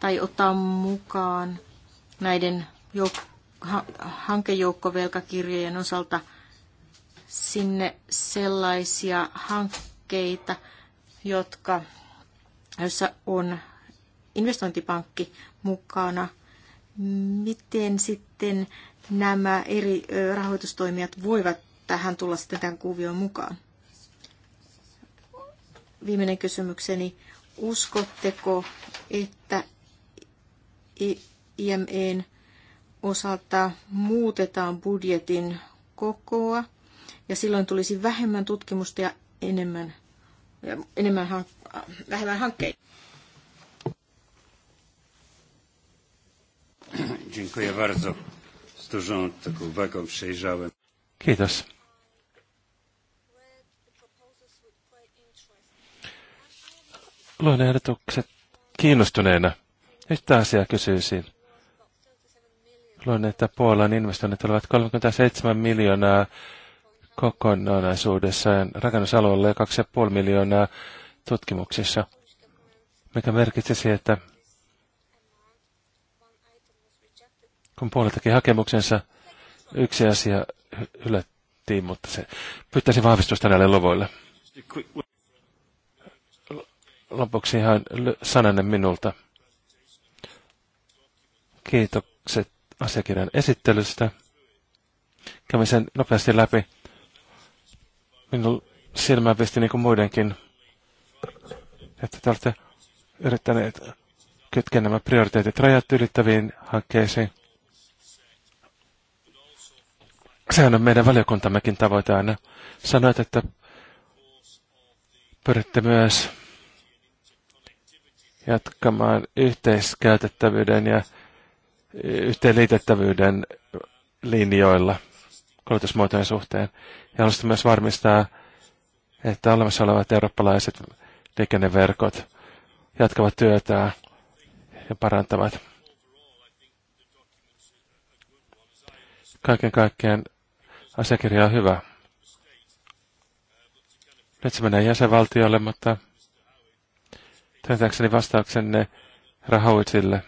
tai ottaa mukaan näiden jouk- ha- hankejoukkovelkakirjojen osalta sinne sellaisia hankkeita, jotka, joissa on investointipankki mukana. Miten sitten nämä eri rahoitustoimijat voivat tähän tulla sitten tämän kuvion mukaan? viimeinen kysymykseni. Uskotteko, että IMEn osalta muutetaan budjetin kokoa ja silloin tulisi vähemmän tutkimusta ja enemmän, ja enemmän hank- äh, vähemmän hankkeita? Dziękuję bardzo. Z dużą taką uwagą przejrzałem. Kiitos. Luen ehdotukset kiinnostuneena. Yhtä asiaa kysyisin. Luen, että Puolan investoinnit olivat 37 miljoonaa kokonaisuudessaan rakennusalueella ja 2,5 miljoonaa tutkimuksissa, mikä merkitsisi, että kun Puola teki hakemuksensa, yksi asia hylättiin, mutta se pyytäisi vahvistusta näille luvuille lopuksi ihan sananen minulta. Kiitokset asiakirjan esittelystä. Kävin sen nopeasti läpi. Minun silmään pisti niin kuin muidenkin, että te olette yrittäneet kytkeä nämä prioriteetit rajat ylittäviin hankkeisiin. Sehän on meidän valiokuntammekin tavoite aina. Sanoit, että pyritte myös jatkamaan yhteiskäytettävyyden ja yhteenliitettävyyden linjoilla kulutusmuotojen suhteen. Ja haluaisin myös varmistaa, että olemassa olevat eurooppalaiset liikenneverkot jatkavat työtä ja parantavat. Kaiken kaikkiaan asiakirja on hyvä. Nyt se menee jäsenvaltiolle, mutta Täytääkseni vastauksenne Rahauitsille.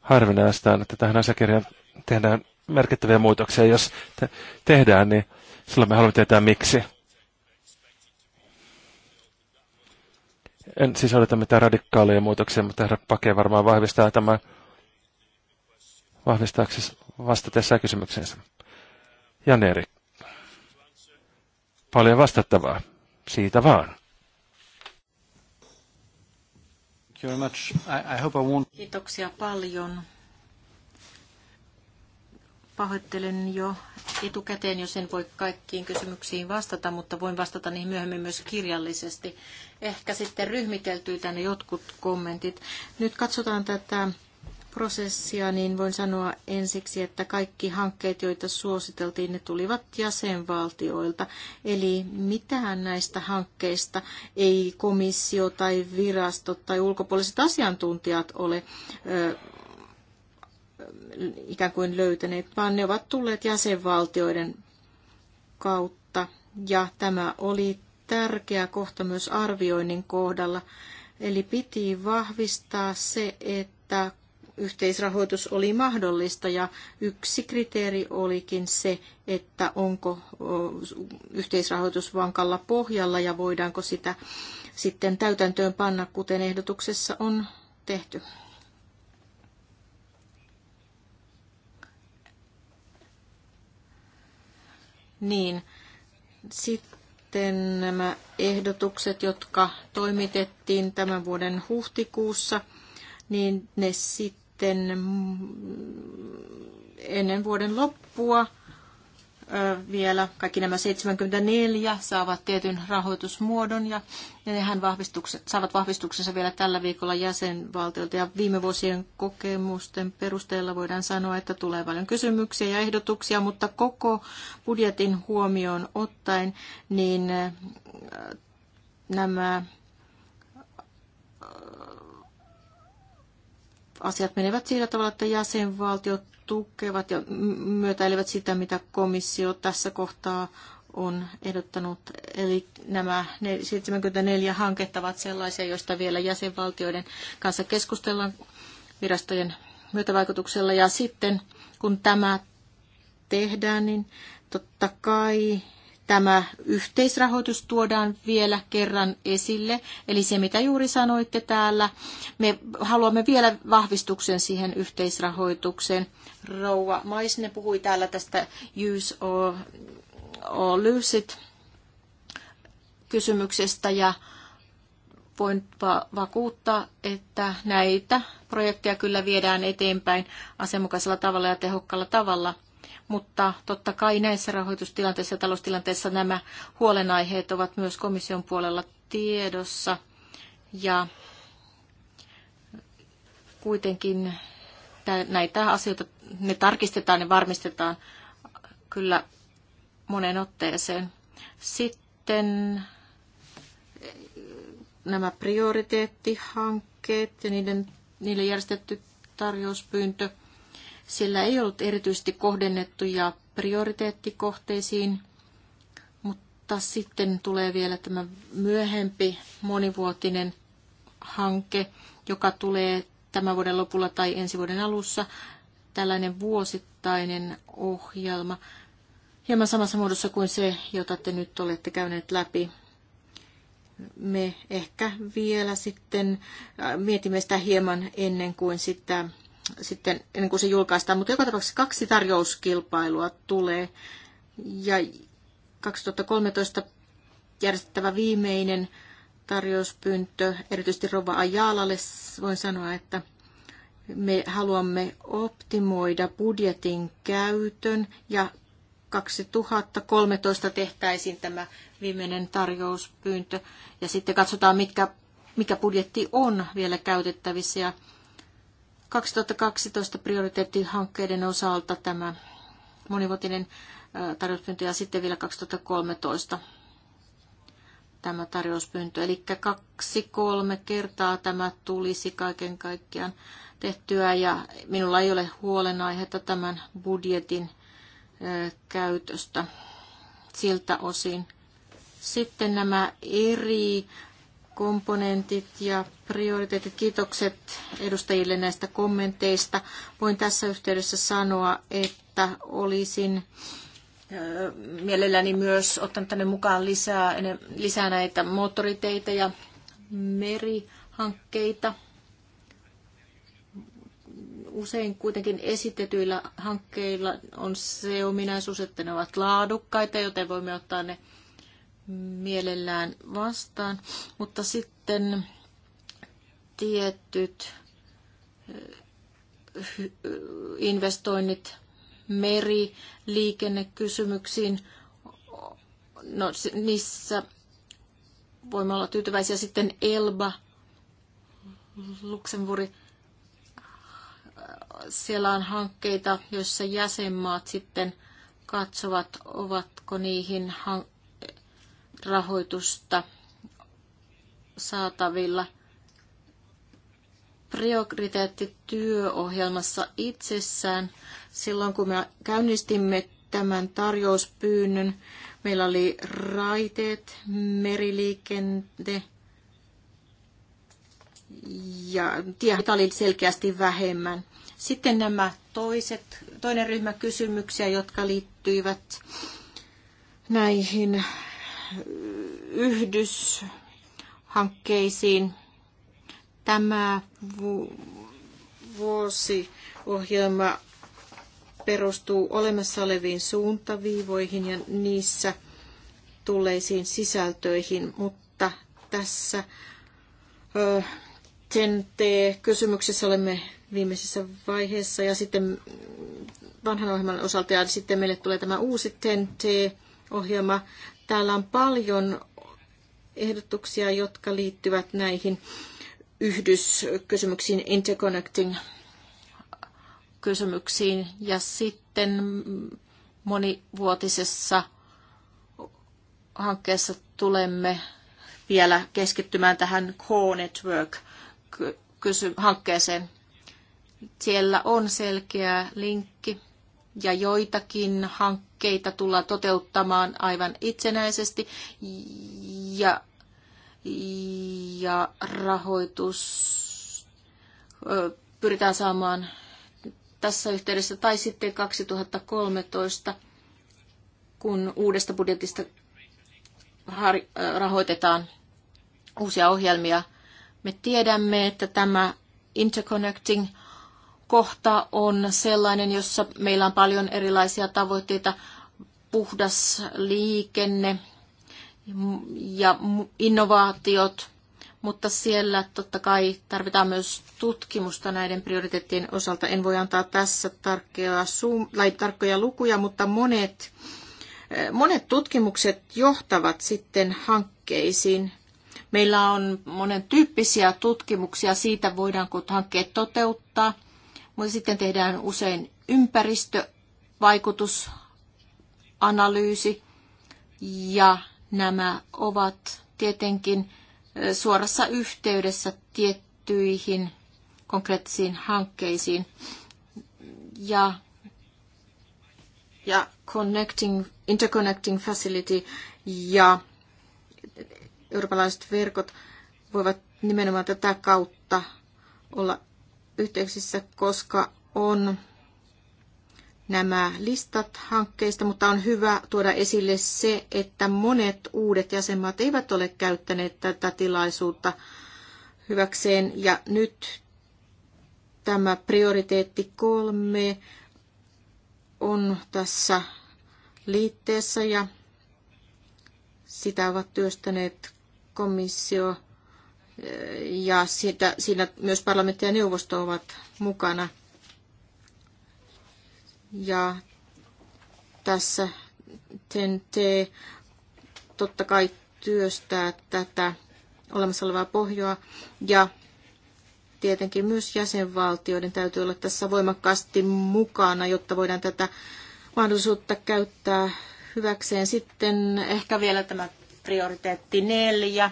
Harvinaista on, että tähän asiakirjaan tehdään merkittäviä muutoksia. Jos te- tehdään, niin silloin me haluamme tietää miksi. En siis odota mitään radikaaleja muutoksia, mutta herra Pake varmaan vahvistaa tämän vahvistaaksesi vastatessaan kysymykseensä. erik Paljon vastattavaa. Siitä vaan. you very much. I, I hope I won't... Kiitoksia paljon. Pahoittelen jo etukäteen, jos en voi kaikkiin kysymyksiin vastata, mutta voin vastata niihin myöhemmin myös kirjallisesti. Ehkä sitten ryhmiteltyy tänne jotkut kommentit. Nyt katsotaan tätä prosessia, niin voin sanoa ensiksi, että kaikki hankkeet, joita suositeltiin, ne tulivat jäsenvaltioilta. Eli mitään näistä hankkeista ei komissio tai virastot tai ulkopuoliset asiantuntijat ole ö, ikään kuin löytäneet, vaan ne ovat tulleet jäsenvaltioiden kautta. Ja tämä oli tärkeä kohta myös arvioinnin kohdalla. Eli piti vahvistaa se, että yhteisrahoitus oli mahdollista ja yksi kriteeri olikin se, että onko yhteisrahoitus vankalla pohjalla ja voidaanko sitä sitten täytäntöön panna, kuten ehdotuksessa on tehty. Niin, sitten nämä ehdotukset, jotka toimitettiin tämän vuoden huhtikuussa, niin ne sitten sitten ennen vuoden loppua vielä kaikki nämä 74 saavat tietyn rahoitusmuodon ja nehän vahvistukset, saavat vahvistuksensa vielä tällä viikolla jäsenvaltiolta. Ja viime vuosien kokemusten perusteella voidaan sanoa, että tulee paljon kysymyksiä ja ehdotuksia, mutta koko budjetin huomioon ottaen, niin nämä asiat menevät sillä tavalla, että jäsenvaltiot tukevat ja myötäilevät sitä, mitä komissio tässä kohtaa on ehdottanut. Eli nämä 74 hanketta ovat sellaisia, joista vielä jäsenvaltioiden kanssa keskustellaan virastojen myötävaikutuksella. Ja sitten kun tämä tehdään, niin totta kai Tämä yhteisrahoitus tuodaan vielä kerran esille, eli se mitä juuri sanoitte täällä, me haluamme vielä vahvistuksen siihen yhteisrahoitukseen. Rouva Maisne puhui täällä tästä use or, or lose it kysymyksestä ja voin va- vakuuttaa, että näitä projekteja kyllä viedään eteenpäin asianmukaisella tavalla ja tehokkaalla tavalla mutta totta kai näissä rahoitustilanteissa ja taloustilanteissa nämä huolenaiheet ovat myös komission puolella tiedossa. Ja kuitenkin näitä asioita, ne tarkistetaan ja varmistetaan kyllä monen otteeseen. Sitten eh, nämä prioriteettihankkeet ja niiden, niille järjestetty tarjouspyyntö – siellä ei ollut erityisesti kohdennettuja prioriteettikohteisiin, mutta sitten tulee vielä tämä myöhempi monivuotinen hanke, joka tulee tämän vuoden lopulla tai ensi vuoden alussa, tällainen vuosittainen ohjelma, hieman samassa muodossa kuin se, jota te nyt olette käyneet läpi. Me ehkä vielä sitten äh, mietimme sitä hieman ennen kuin sitä sitten ennen kuin se julkaistaan. Mutta joka tapauksessa kaksi tarjouskilpailua tulee ja 2013 järjestettävä viimeinen tarjouspyyntö, erityisesti Rova Ajalalle, voin sanoa, että me haluamme optimoida budjetin käytön ja 2013 tehtäisiin tämä viimeinen tarjouspyyntö ja sitten katsotaan, mitkä, mikä budjetti on vielä käytettävissä ja 2012 prioriteettihankkeiden osalta tämä monivuotinen tarjouspyyntö ja sitten vielä 2013 tämä tarjouspyyntö. Eli kaksi-kolme kertaa tämä tulisi kaiken kaikkiaan tehtyä ja minulla ei ole huolenaihetta tämän budjetin käytöstä siltä osin. Sitten nämä eri komponentit ja prioriteetit. Kiitokset edustajille näistä kommenteista. Voin tässä yhteydessä sanoa, että olisin mielelläni myös ottanut tänne mukaan lisää, lisää näitä moottoriteitä ja merihankkeita. Usein kuitenkin esitetyillä hankkeilla on se ominaisuus, että ne ovat laadukkaita, joten voimme ottaa ne mielellään vastaan, mutta sitten tietyt eh, investoinnit meri, liikennekysymyksiin, no niissä voimme olla tyytyväisiä sitten Elba, Luxemburg, siellä on hankkeita, joissa jäsenmaat sitten katsovat, ovatko niihin hank- rahoitusta saatavilla. Prioriteetti työohjelmassa itsessään. Silloin kun me käynnistimme tämän tarjouspyynnön, meillä oli raiteet, meriliikenne ja tiehtä oli selkeästi vähemmän. Sitten nämä toiset, toinen ryhmä kysymyksiä, jotka liittyivät näihin yhdyshankkeisiin. Tämä vuosiohjelma perustuu olemassa oleviin suuntaviivoihin ja niissä tulleisiin sisältöihin, mutta tässä ten kysymyksessä olemme viimeisessä vaiheessa ja sitten vanhan ohjelman osalta ja sitten meille tulee tämä uusi tnt ohjelma Täällä on paljon ehdotuksia, jotka liittyvät näihin yhdyskysymyksiin, interconnecting kysymyksiin ja sitten monivuotisessa hankkeessa tulemme vielä keskittymään tähän Core Network hankkeeseen. Siellä on selkeä linkki ja joitakin hankkeita hankkeita tullaan toteuttamaan aivan itsenäisesti ja, ja rahoitus pyritään saamaan tässä yhteydessä tai sitten 2013, kun uudesta budjetista rahoitetaan uusia ohjelmia. Me tiedämme, että tämä interconnecting kohta on sellainen, jossa meillä on paljon erilaisia tavoitteita puhdas liikenne ja innovaatiot, mutta siellä totta kai tarvitaan myös tutkimusta näiden prioriteettien osalta. En voi antaa tässä tarkkoja, lukuja, mutta monet, eh, monet tutkimukset johtavat sitten hankkeisiin. Meillä on monen tyyppisiä tutkimuksia siitä, voidaanko hankkeet toteuttaa, mutta sitten tehdään usein ympäristövaikutus analyysi ja nämä ovat tietenkin suorassa yhteydessä tiettyihin konkreettisiin hankkeisiin. Ja, ja connecting, interconnecting facility ja eurooppalaiset verkot voivat nimenomaan tätä kautta olla yhteyksissä, koska on nämä listat hankkeista, mutta on hyvä tuoda esille se, että monet uudet jäsenmaat eivät ole käyttäneet tätä tilaisuutta hyväkseen. Ja nyt tämä prioriteetti kolme on tässä liitteessä ja sitä ovat työstäneet komissio eh, ja siitä, siinä myös parlamentti ja neuvosto ovat mukana – ja tässä TNT totta kai työstää tätä olemassa olevaa pohjoa ja tietenkin myös jäsenvaltioiden täytyy olla tässä voimakkaasti mukana, jotta voidaan tätä mahdollisuutta käyttää hyväkseen. Sitten ehkä vielä tämä prioriteetti neljä.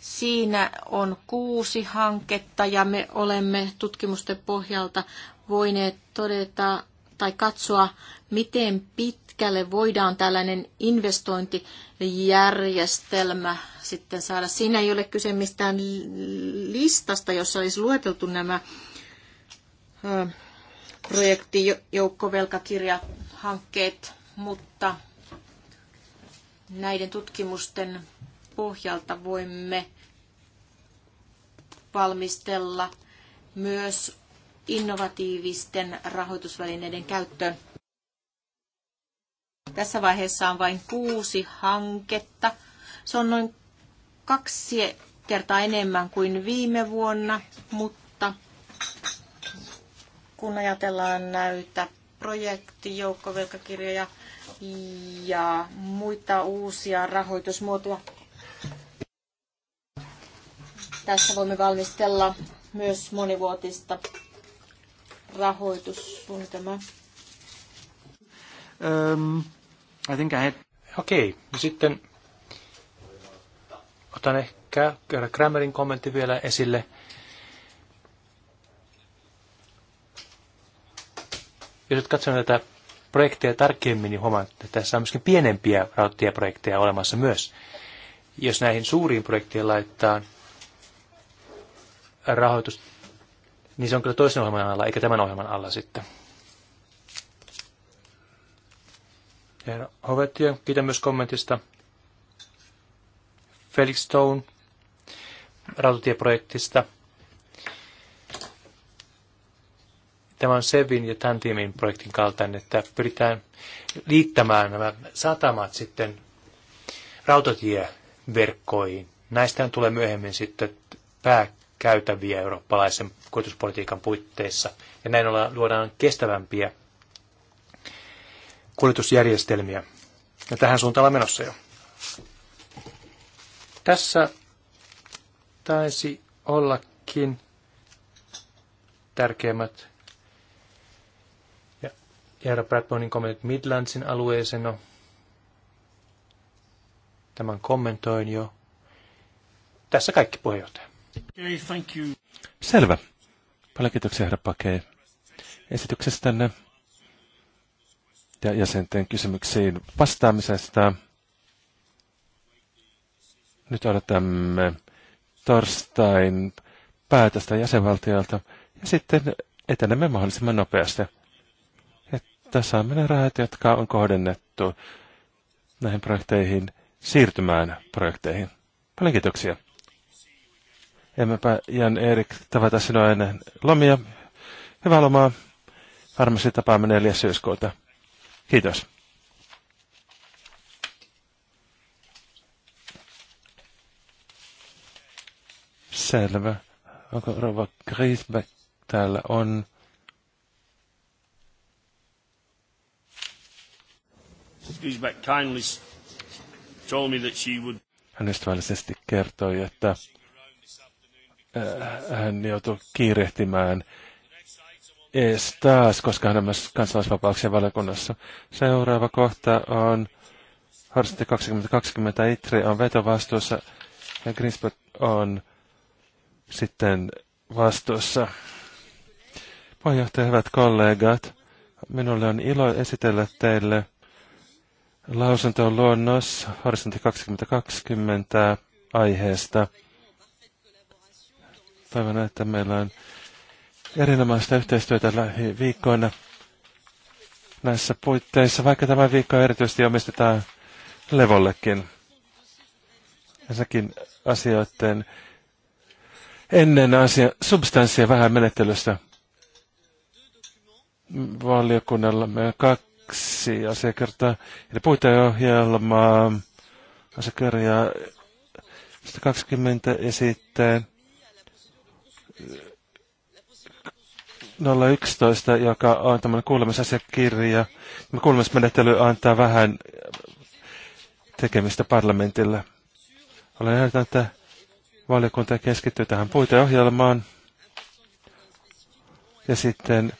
Siinä on kuusi hanketta ja me olemme tutkimusten pohjalta voineet todeta tai katsoa, miten pitkälle voidaan tällainen investointijärjestelmä sitten saada. Siinä ei ole kyse mistään listasta, jossa olisi lueteltu nämä projektijoukkovelkakirjahankkeet, mutta näiden tutkimusten pohjalta voimme valmistella myös innovatiivisten rahoitusvälineiden käyttöön. Tässä vaiheessa on vain kuusi hanketta. Se on noin kaksi kertaa enemmän kuin viime vuonna, mutta kun ajatellaan näitä projektijoukkovelkakirjoja ja muita uusia rahoitusmuotoja, tässä voimme valmistella myös monivuotista rahoitussuunnitelma? Um, I think I had... Okei, okay. No sitten otan ehkä Kramerin kommentti vielä esille. Jos nyt katson tätä projekteja tarkemmin, niin huomaan, että tässä on myöskin pienempiä rautatieprojekteja olemassa myös. Jos näihin suuriin projekteihin laittaa rahoitus niin se on kyllä toisen ohjelman alla, eikä tämän ohjelman alla sitten. Ja Hovetio, kiitän myös kommentista. Felix Stone rautatieprojektista. Tämä on Sevin ja Tantiemin projektin kaltainen, että pyritään liittämään nämä satamat sitten rautatieverkkoihin. Näistä tulee myöhemmin sitten pää, käytäviä eurooppalaisen kuljetuspolitiikan puitteissa. Ja näin olla, luodaan kestävämpiä kuljetusjärjestelmiä. Ja tähän suuntaan on menossa jo. Tässä taisi ollakin tärkeimmät ja Jaira Bradbonin kommentit Midlandsin alueeseen. No, tämän kommentoin jo. Tässä kaikki puheenjohtaja. Okay, thank you. Selvä. Paljon kiitoksia, herra Pake, esityksestänne ja jäsenten kysymyksiin vastaamisesta. Nyt odotamme torstain päätöstä jäsenvaltiolta ja sitten etenemme mahdollisimman nopeasti. Että saamme ne rahat, jotka on kohdennettu näihin projekteihin, siirtymään projekteihin. Paljon kiitoksia. Emmepä Jan Erik tavata sinua ennen lomia. Hyvää lomaa. Varmasti tapaamme 4. syyskuuta. Kiitos. Selvä. Onko Rova Griesbeck täällä on? Griesbeck kindly told me that she would... Hän ystävällisesti kertoi, että Äh, hän joutui kiirehtimään ees taas, koska hän on myös kansalaisvapauksien valiokunnassa. Seuraava kohta on Horisontti 2020. Itri on vetovastuussa ja Greenspot on sitten vastuussa. Puheenjohtaja, hyvät kollegat, minulle on ilo esitellä teille lausunto luonnos Horisontti 2020 aiheesta – toivon, että meillä on erinomaista yhteistyötä lähiviikkoina näissä puitteissa, vaikka tämä viikko erityisesti omistetaan Levollekin. Ensinnäkin asioiden ennen asia, substanssia vähän menettelystä. Valiokunnalla me kaksi asiakirjaa, eli puiteohjelmaa, asiakirjaa 120 ja sitten 011, joka on tämmöinen kuulemisasiakirja. Tämä kuulemismenettely antaa vähän tekemistä parlamentille. Olen ehdottanut, että valiokunta keskittyy tähän puiteohjelmaan. Ja sitten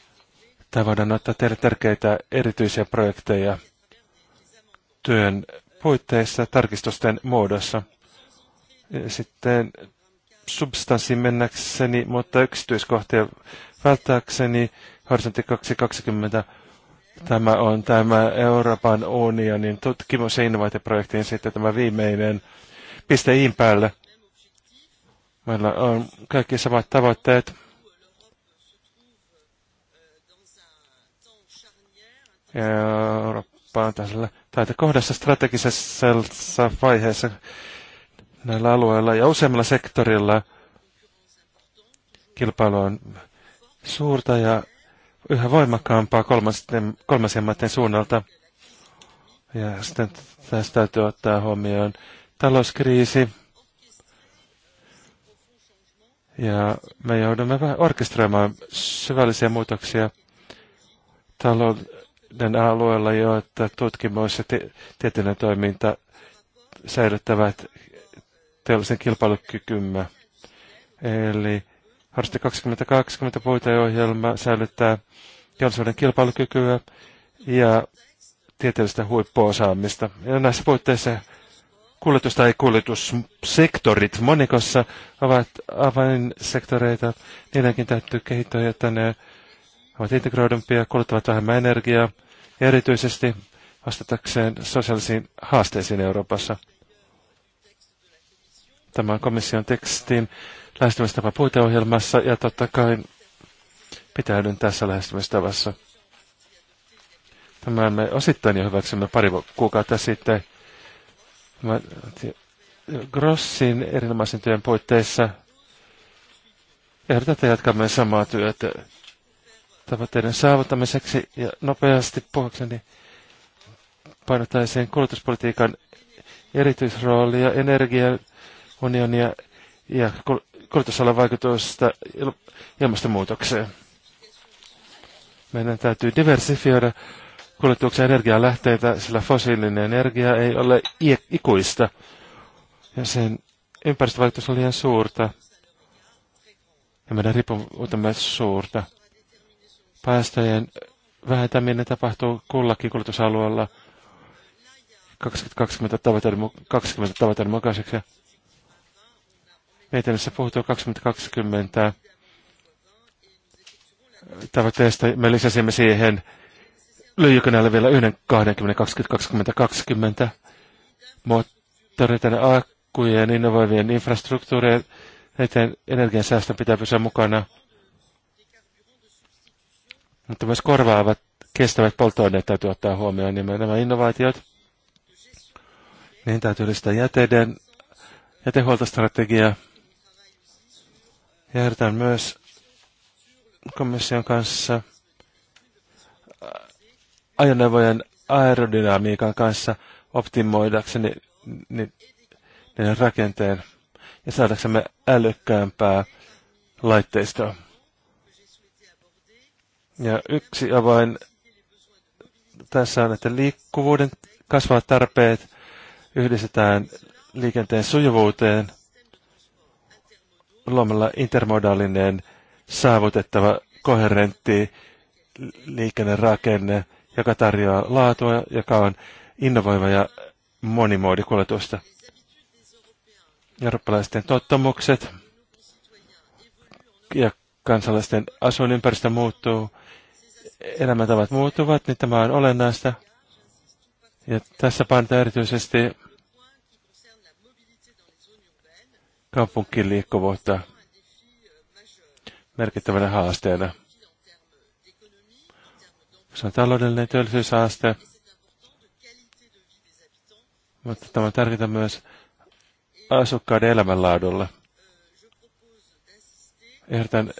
tämä voidaan ottaa teille tärkeitä erityisiä projekteja työn puitteissa tarkistusten muodossa. Ja sitten substanssiin mennäkseni, mutta yksityiskohtia välttääkseni horisontti 2020 Tämä on tämä Euroopan unionin tutkimus- ja innovaatioprojektin sitten tämä viimeinen piste iin päälle. Meillä on kaikki samat tavoitteet. Eurooppa on tässä, kohdassa strategisessa vaiheessa näillä alueilla ja useammalla sektorilla kilpailu on suurta ja yhä voimakkaampaa kolmansien, maiden suunnalta. Ja sitten tästä täytyy ottaa huomioon talouskriisi. Ja me joudumme vähän orkestroimaan syvällisiä muutoksia talouden alueella, jotta tutkimus ja tieteellinen toiminta säilyttävät teollisen kilpailukykymme. Eli Harste 2020 puiteohjelma säilyttää teollisuuden kilpailukykyä ja tieteellistä huippuosaamista. Ja näissä puitteissa kuljetus- tai kuljetussektorit monikossa ovat avainsektoreita. Niidenkin täytyy kehittyä, että ne ovat integroidumpia, kuluttavat vähemmän energiaa ja erityisesti vastatakseen sosiaalisiin haasteisiin Euroopassa tämän komission tekstin lähestymistapa puiteohjelmassa ja totta kai pitäydyn tässä lähestymistavassa. Tämä me osittain jo hyväksymme pari kuukautta sitten Grossin erinomaisen työn puitteissa. Ehdotetaan jatkamme samaa työtä tavoitteiden saavuttamiseksi ja nopeasti puhukseni painottaisiin kulutuspolitiikan erityisroolia energian unionia ja kulutusalan vaikutusta ilmastonmuutokseen. Meidän täytyy diversifioida kulutuksen energialähteitä, sillä fossiilinen energia ei ole ikuista ja sen ympäristövaikutus on liian suurta ja meidän riippuvuutemme suurta. Päästöjen vähentäminen tapahtuu kullakin kulutusalueella 2020 tavoitteiden, 20 tavoitteiden mukaiseksi. Mietinnössä puhutaan 2020 tavoitteesta. Me lisäsimme siihen lyijykynällä vielä yhden 20, 20, 20, 20 moottoreiden, akkujen, innovoivien infrastruktuurien eteen energiansäästön pitää pysyä mukana. Mutta myös korvaavat kestävät polttoaineet täytyy ottaa huomioon, niin nämä innovaatiot. Niin täytyy lisätä jäteiden, jätehuoltostrategiaa. Ja myös komission kanssa äh, ajoneuvojen aerodynamiikan kanssa optimoidakseni niiden rakenteen ja saadaksemme älykkäämpää laitteistoa. Ja yksi avain tässä on, että liikkuvuuden kasvavat tarpeet yhdistetään liikenteen sujuvuuteen – luomalla intermodaalinen saavutettava koherentti liikennerakenne, joka tarjoaa laatua, joka on innovoiva ja monimuodikuljetusta. Eurooppalaisten tottumukset ja kansalaisten asuinympäristö muuttuu, elämäntavat muuttuvat, niin tämä on olennaista. Ja tässä painetaan erityisesti liikkuvuutta merkittävänä haasteena. Se on taloudellinen työllisyyshaaste, mutta tämä on tärkeää myös asukkaiden elämänlaadulle. Ehdotan,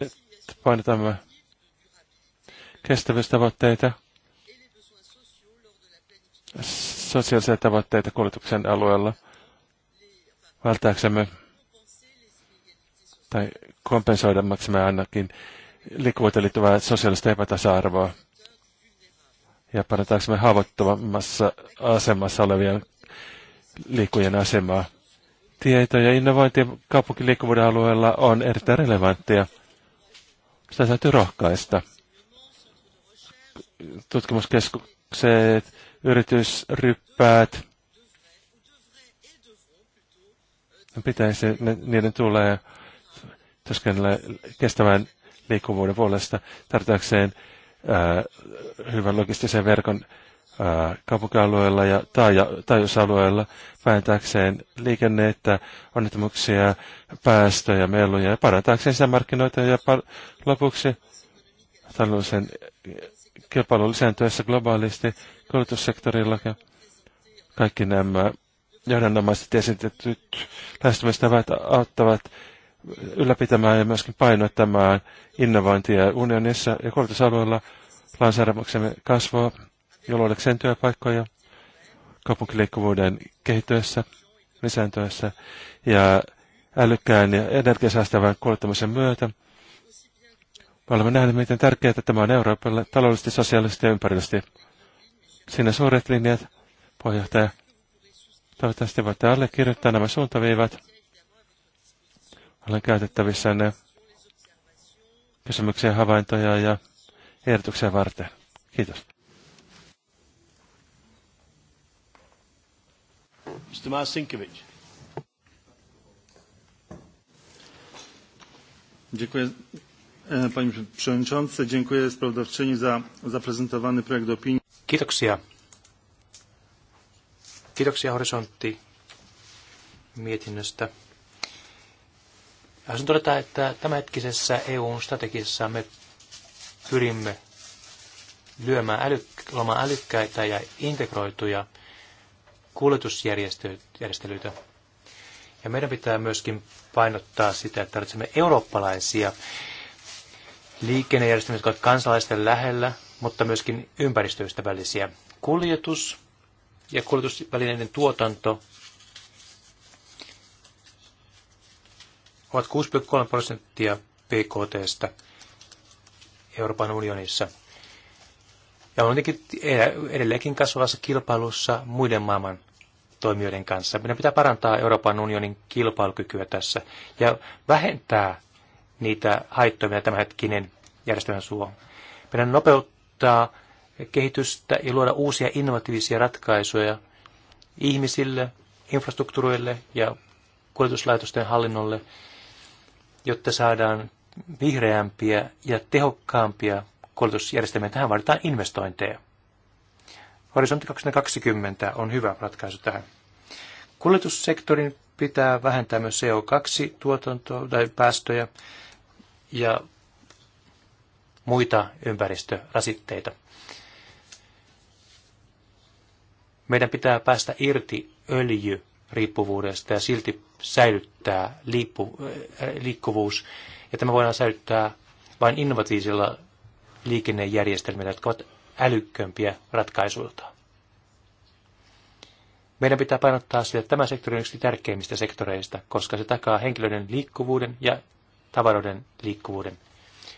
että painotamme kestävyystavoitteita, sosiaalisia tavoitteita kuljetuksen alueella – välttääksemme tai kompensoidammaksemme ainakin liikkuvuuteen liittyvää sosiaalista epätasa-arvoa ja parantaaksemme haavoittuvammassa asemassa olevien liikkujien asemaa. Tieto ja innovointi kaupunkiliikkuvuuden alueella on erittäin relevanttia. Sitä täytyy rohkaista. Tutkimuskeskukset, yritysryppäät, pitäisi, niiden tulee työskennellä kestävän liikkuvuuden puolesta äh, hyvän logistisen verkon äh, kaupunkialueella ja taaja, taajuusalueella vähentääkseen liikennettä, onnettomuuksia, päästöjä, meluja ja parantaakseen sisämarkkinoita ja par- lopuksi taloudellisen kilpailun lisääntyessä globaalisti kulutussektorilla. Kaikki nämä johdannomaisesti esitetyt lähestymistavat auttavat ylläpitämään ja myöskin painottamaan innovointia unionissa ja koulutusalueella lainsäädännöksemme kasvaa jolloin työpaikkoja kaupunkiliikkuvuuden kehittyessä, lisääntyessä ja älykkään ja energiasäästävän kuljettamisen myötä. Me olemme nähneet, miten tärkeää tämä on Euroopalle taloudellisesti, sosiaalisesti ja ympäristöllisesti. Siinä suuret linjat, puheenjohtaja. Toivottavasti voitte allekirjoittaa nämä suuntaviivat. Olen käytettävissä ne kysymyksiä, havaintoja ja ehdotuksia varten. Kiitos. Mr. Marcinkiewicz. Dziękuję, e, panie przewodniczący. Dziękuję sprawozdawczyni za zaprezentowany projekt opinii. Kiitoksia Kiitoksia Horisontti mietinnöstä. Haluaisin todeta, että tämänhetkisessä EUn strategiassa me pyrimme lyömään älyk- älykkäitä ja integroituja kuljetusjärjestelyitä. Ja meidän pitää myöskin painottaa sitä, että tarvitsemme eurooppalaisia liikennejärjestelmiä, jotka ovat kansalaisten lähellä, mutta myöskin ympäristöystävällisiä. Kuljetus ja kuljetusvälineiden tuotanto ovat 6,3 prosenttia PKT Euroopan unionissa. Ja on e- edelleenkin kasvavassa kilpailussa muiden maailman toimijoiden kanssa. Meidän pitää parantaa Euroopan unionin kilpailukykyä tässä ja vähentää niitä haittoja, mitä tämänhetkinen järjestelmä suo. Meidän nopeuttaa kehitystä ja luoda uusia innovatiivisia ratkaisuja ihmisille, infrastruktuureille ja kuljetuslaitosten hallinnolle, jotta saadaan vihreämpiä ja tehokkaampia kuljetusjärjestelmiä. Tähän vaaditaan investointeja. Horisontti 2020 on hyvä ratkaisu tähän. Kuljetussektorin pitää vähentää myös CO2-tuotantoa tai päästöjä ja muita ympäristörasitteita. Meidän pitää päästä irti öljy riippuvuudesta ja silti säilyttää liippu, äh, liikkuvuus. Ja tämä voidaan säilyttää vain innovatiivisilla liikennejärjestelmillä, jotka ovat älykkömpiä ratkaisuilta. Meidän pitää painottaa sitä, että tämä sektori on yksi tärkeimmistä sektoreista, koska se takaa henkilöiden liikkuvuuden ja tavaroiden liikkuvuuden.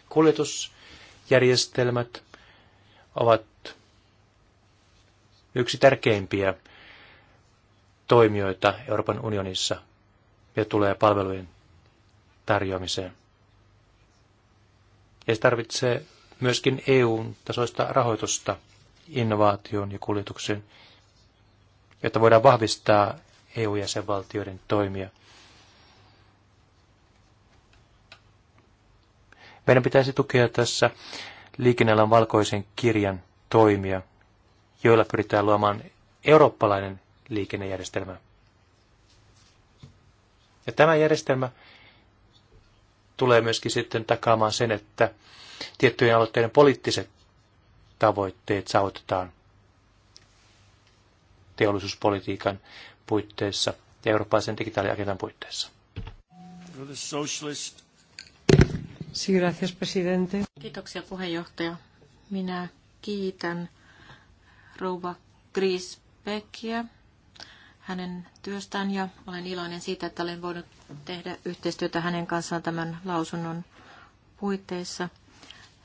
Kuljetusjärjestelmät ovat yksi tärkeimpiä toimijoita Euroopan unionissa ja tulee palvelujen tarjoamiseen. Ja se tarvitsee myöskin EU-tasoista rahoitusta innovaatioon ja kuljetukseen, jotta voidaan vahvistaa EU-jäsenvaltioiden toimia. Meidän pitäisi tukea tässä liikennealan valkoisen kirjan toimia joilla pyritään luomaan eurooppalainen liikennejärjestelmä. Ja tämä järjestelmä tulee myöskin sitten takaamaan sen, että tiettyjen aloitteiden poliittiset tavoitteet saavutetaan teollisuuspolitiikan puitteissa ja eurooppalaisen digitaaliagendan puitteissa. Kiitoksia puheenjohtaja. Minä kiitän rouva Beckia hänen työstään ja olen iloinen siitä, että olen voinut tehdä yhteistyötä hänen kanssaan tämän lausunnon puitteissa.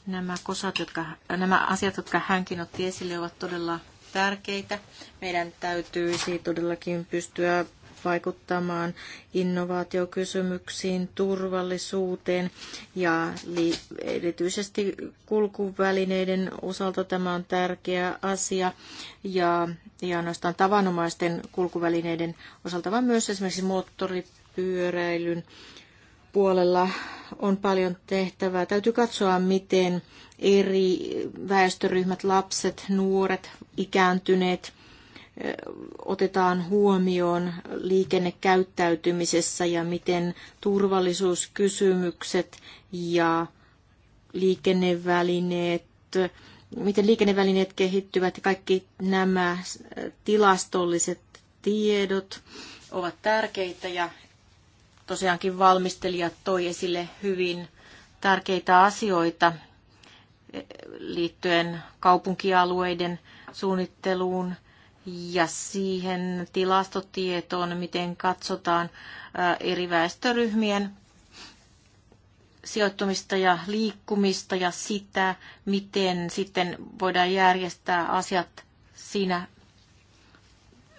Nämä, kosat, jotka, nämä asiat, jotka hänkin otti esille, ovat todella tärkeitä. Meidän täytyisi todellakin pystyä vaikuttamaan innovaatiokysymyksiin, turvallisuuteen ja erityisesti kulkuvälineiden osalta tämä on tärkeä asia ja, ja ainoastaan tavanomaisten kulkuvälineiden osalta, vaan myös esimerkiksi moottoripyöräilyn puolella on paljon tehtävää. Täytyy katsoa, miten eri väestöryhmät, lapset, nuoret, ikääntyneet – otetaan huomioon liikennekäyttäytymisessä ja miten turvallisuuskysymykset ja liikennevälineet, miten liikennevälineet kehittyvät ja kaikki nämä tilastolliset tiedot ovat tärkeitä ja tosiaankin valmistelijat toi esille hyvin tärkeitä asioita liittyen kaupunkialueiden suunnitteluun, ja siihen tilastotietoon, miten katsotaan äh, eri väestöryhmien sijoittumista ja liikkumista ja sitä, miten sitten voidaan järjestää asiat siinä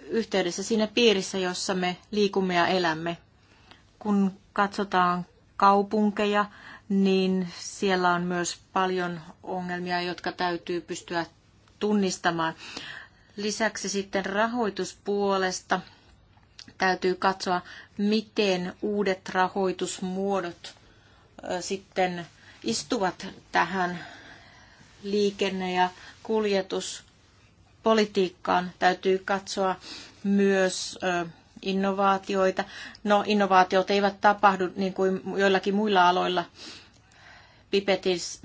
yhteydessä, siinä piirissä, jossa me liikumme ja elämme. Kun katsotaan kaupunkeja, niin siellä on myös paljon ongelmia, jotka täytyy pystyä tunnistamaan. Lisäksi sitten rahoituspuolesta täytyy katsoa, miten uudet rahoitusmuodot sitten istuvat tähän liikenne- ja kuljetuspolitiikkaan. Täytyy katsoa myös innovaatioita. No, innovaatiot eivät tapahdu niin kuin joillakin muilla aloilla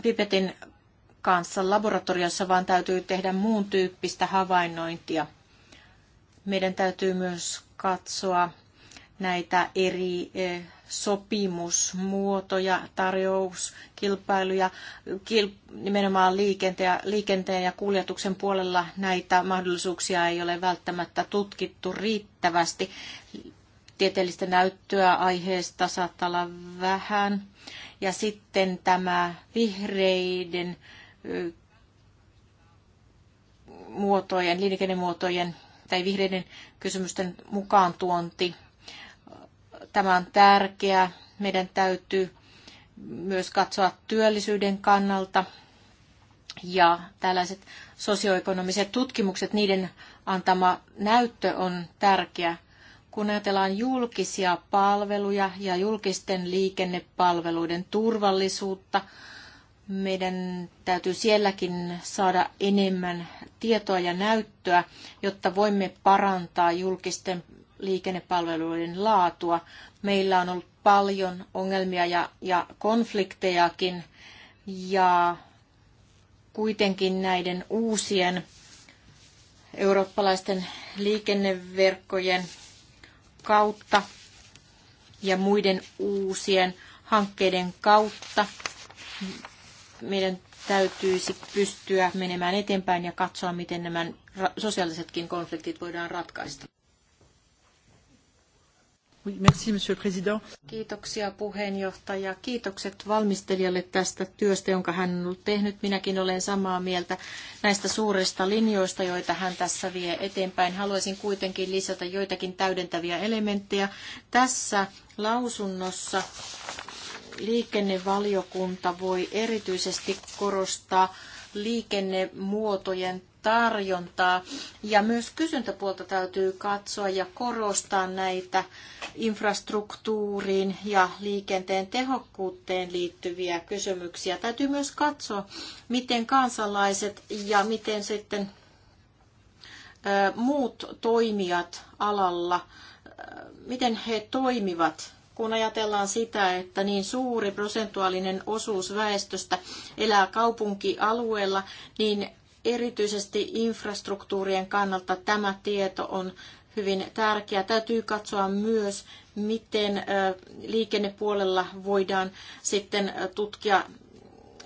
pipetin kanssa laboratoriossa, vaan täytyy tehdä muun tyyppistä havainnointia. Meidän täytyy myös katsoa näitä eri e, sopimusmuotoja, tarjouskilpailuja, nimenomaan liikenteen ja kuljetuksen puolella näitä mahdollisuuksia ei ole välttämättä tutkittu riittävästi. Tieteellistä näyttöä aiheesta saattaa olla vähän. Ja sitten tämä vihreiden muotojen, liikennemuotojen tai vihreiden kysymysten mukaan tuonti. Tämä on tärkeää. Meidän täytyy myös katsoa työllisyyden kannalta ja tällaiset sosioekonomiset tutkimukset, niiden antama näyttö on tärkeä. Kun ajatellaan julkisia palveluja ja julkisten liikennepalveluiden turvallisuutta, meidän täytyy sielläkin saada enemmän tietoa ja näyttöä, jotta voimme parantaa julkisten liikennepalveluiden laatua. Meillä on ollut paljon ongelmia ja, ja konfliktejakin ja kuitenkin näiden uusien eurooppalaisten liikenneverkkojen kautta ja muiden uusien hankkeiden kautta meidän täytyisi pystyä menemään eteenpäin ja katsoa, miten nämä sosiaalisetkin konfliktit voidaan ratkaista. Kiitoksia puheenjohtaja. Kiitokset valmistelijalle tästä työstä, jonka hän on ollut tehnyt. Minäkin olen samaa mieltä näistä suurista linjoista, joita hän tässä vie eteenpäin. Haluaisin kuitenkin lisätä joitakin täydentäviä elementtejä. Tässä lausunnossa liikennevaliokunta voi erityisesti korostaa liikennemuotojen tarjontaa ja myös kysyntäpuolta täytyy katsoa ja korostaa näitä infrastruktuuriin ja liikenteen tehokkuuteen liittyviä kysymyksiä. Täytyy myös katsoa, miten kansalaiset ja miten sitten muut toimijat alalla, miten he toimivat kun ajatellaan sitä, että niin suuri prosentuaalinen osuus väestöstä elää kaupunkialueella, niin erityisesti infrastruktuurien kannalta tämä tieto on hyvin tärkeä. Täytyy katsoa myös, miten liikennepuolella voidaan sitten tutkia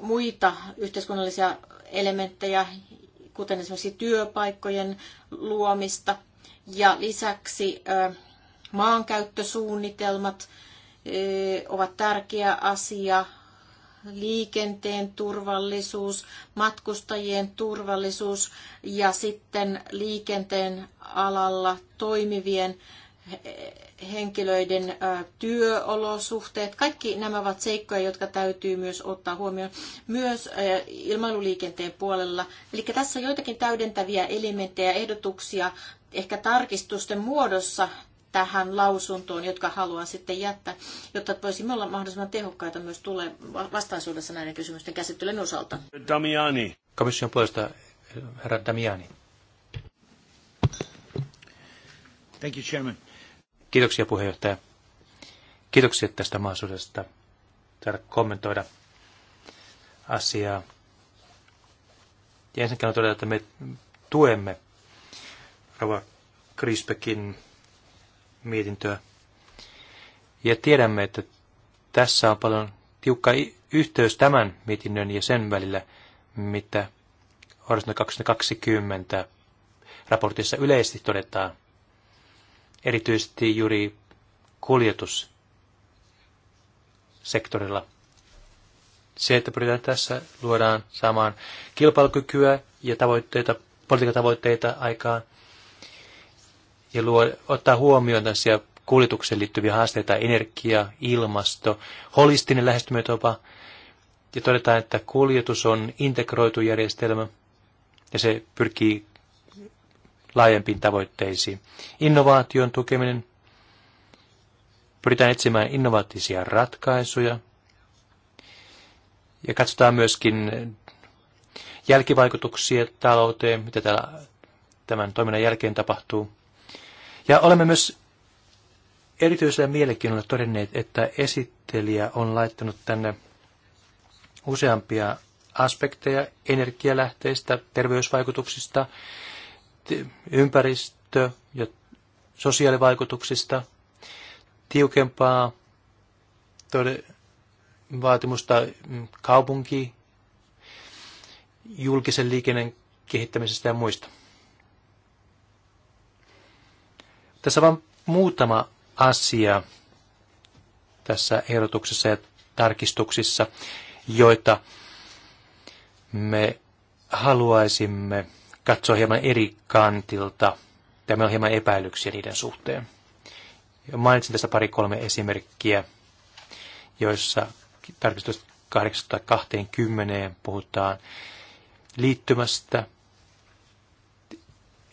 muita yhteiskunnallisia elementtejä, kuten esimerkiksi työpaikkojen luomista ja lisäksi maankäyttösuunnitelmat, ovat tärkeä asia. Liikenteen turvallisuus, matkustajien turvallisuus ja sitten liikenteen alalla toimivien henkilöiden työolosuhteet. Kaikki nämä ovat seikkoja, jotka täytyy myös ottaa huomioon myös ilmailuliikenteen puolella. Eli tässä joitakin täydentäviä elementtejä, ehdotuksia ehkä tarkistusten muodossa tähän lausuntoon, jotka haluan sitten jättää, jotta voisimme olla mahdollisimman tehokkaita myös tulee vastaisuudessa näiden kysymysten käsittelyn osalta. Damiani. Komission puolesta herra Damiani. Thank you, Chairman. Kiitoksia puheenjohtaja. Kiitoksia tästä mahdollisuudesta saada kommentoida asiaa. Ja ensinnäkin on todeta, että me tuemme Rova Krispekin mietintöä. Ja tiedämme, että tässä on paljon tiukka yhteys tämän mietinnön ja sen välillä, mitä Horisontti 2020 raportissa yleisesti todetaan. Erityisesti juuri kuljetussektorilla. Se, että pyritään tässä luodaan saamaan kilpailukykyä ja tavoitteita, politiikatavoitteita aikaan – ja luo, ottaa huomioon tällaisia kuljetukseen liittyviä haasteita, energia, ilmasto, holistinen lähestymätapa, ja todetaan, että kuljetus on integroitu järjestelmä, ja se pyrkii laajempiin tavoitteisiin. Innovaation tukeminen. Pyritään etsimään innovatiivisia ratkaisuja. Ja katsotaan myöskin jälkivaikutuksia talouteen, mitä täällä tämän toiminnan jälkeen tapahtuu. Ja olemme myös erityisellä mielenkiinnolla todenneet, että esittelijä on laittanut tänne useampia aspekteja energialähteistä, terveysvaikutuksista, ympäristö- ja sosiaalivaikutuksista, tiukempaa vaatimusta mm, kaupunki, julkisen liikenteen kehittämisestä ja muista. Tässä vain muutama asia tässä ehdotuksessa ja tarkistuksissa, joita me haluaisimme katsoa hieman eri kantilta. Ja meillä on hieman epäilyksiä niiden suhteen. Mainitsin tässä pari-kolme esimerkkiä, joissa tarkistus 820 puhutaan liittymästä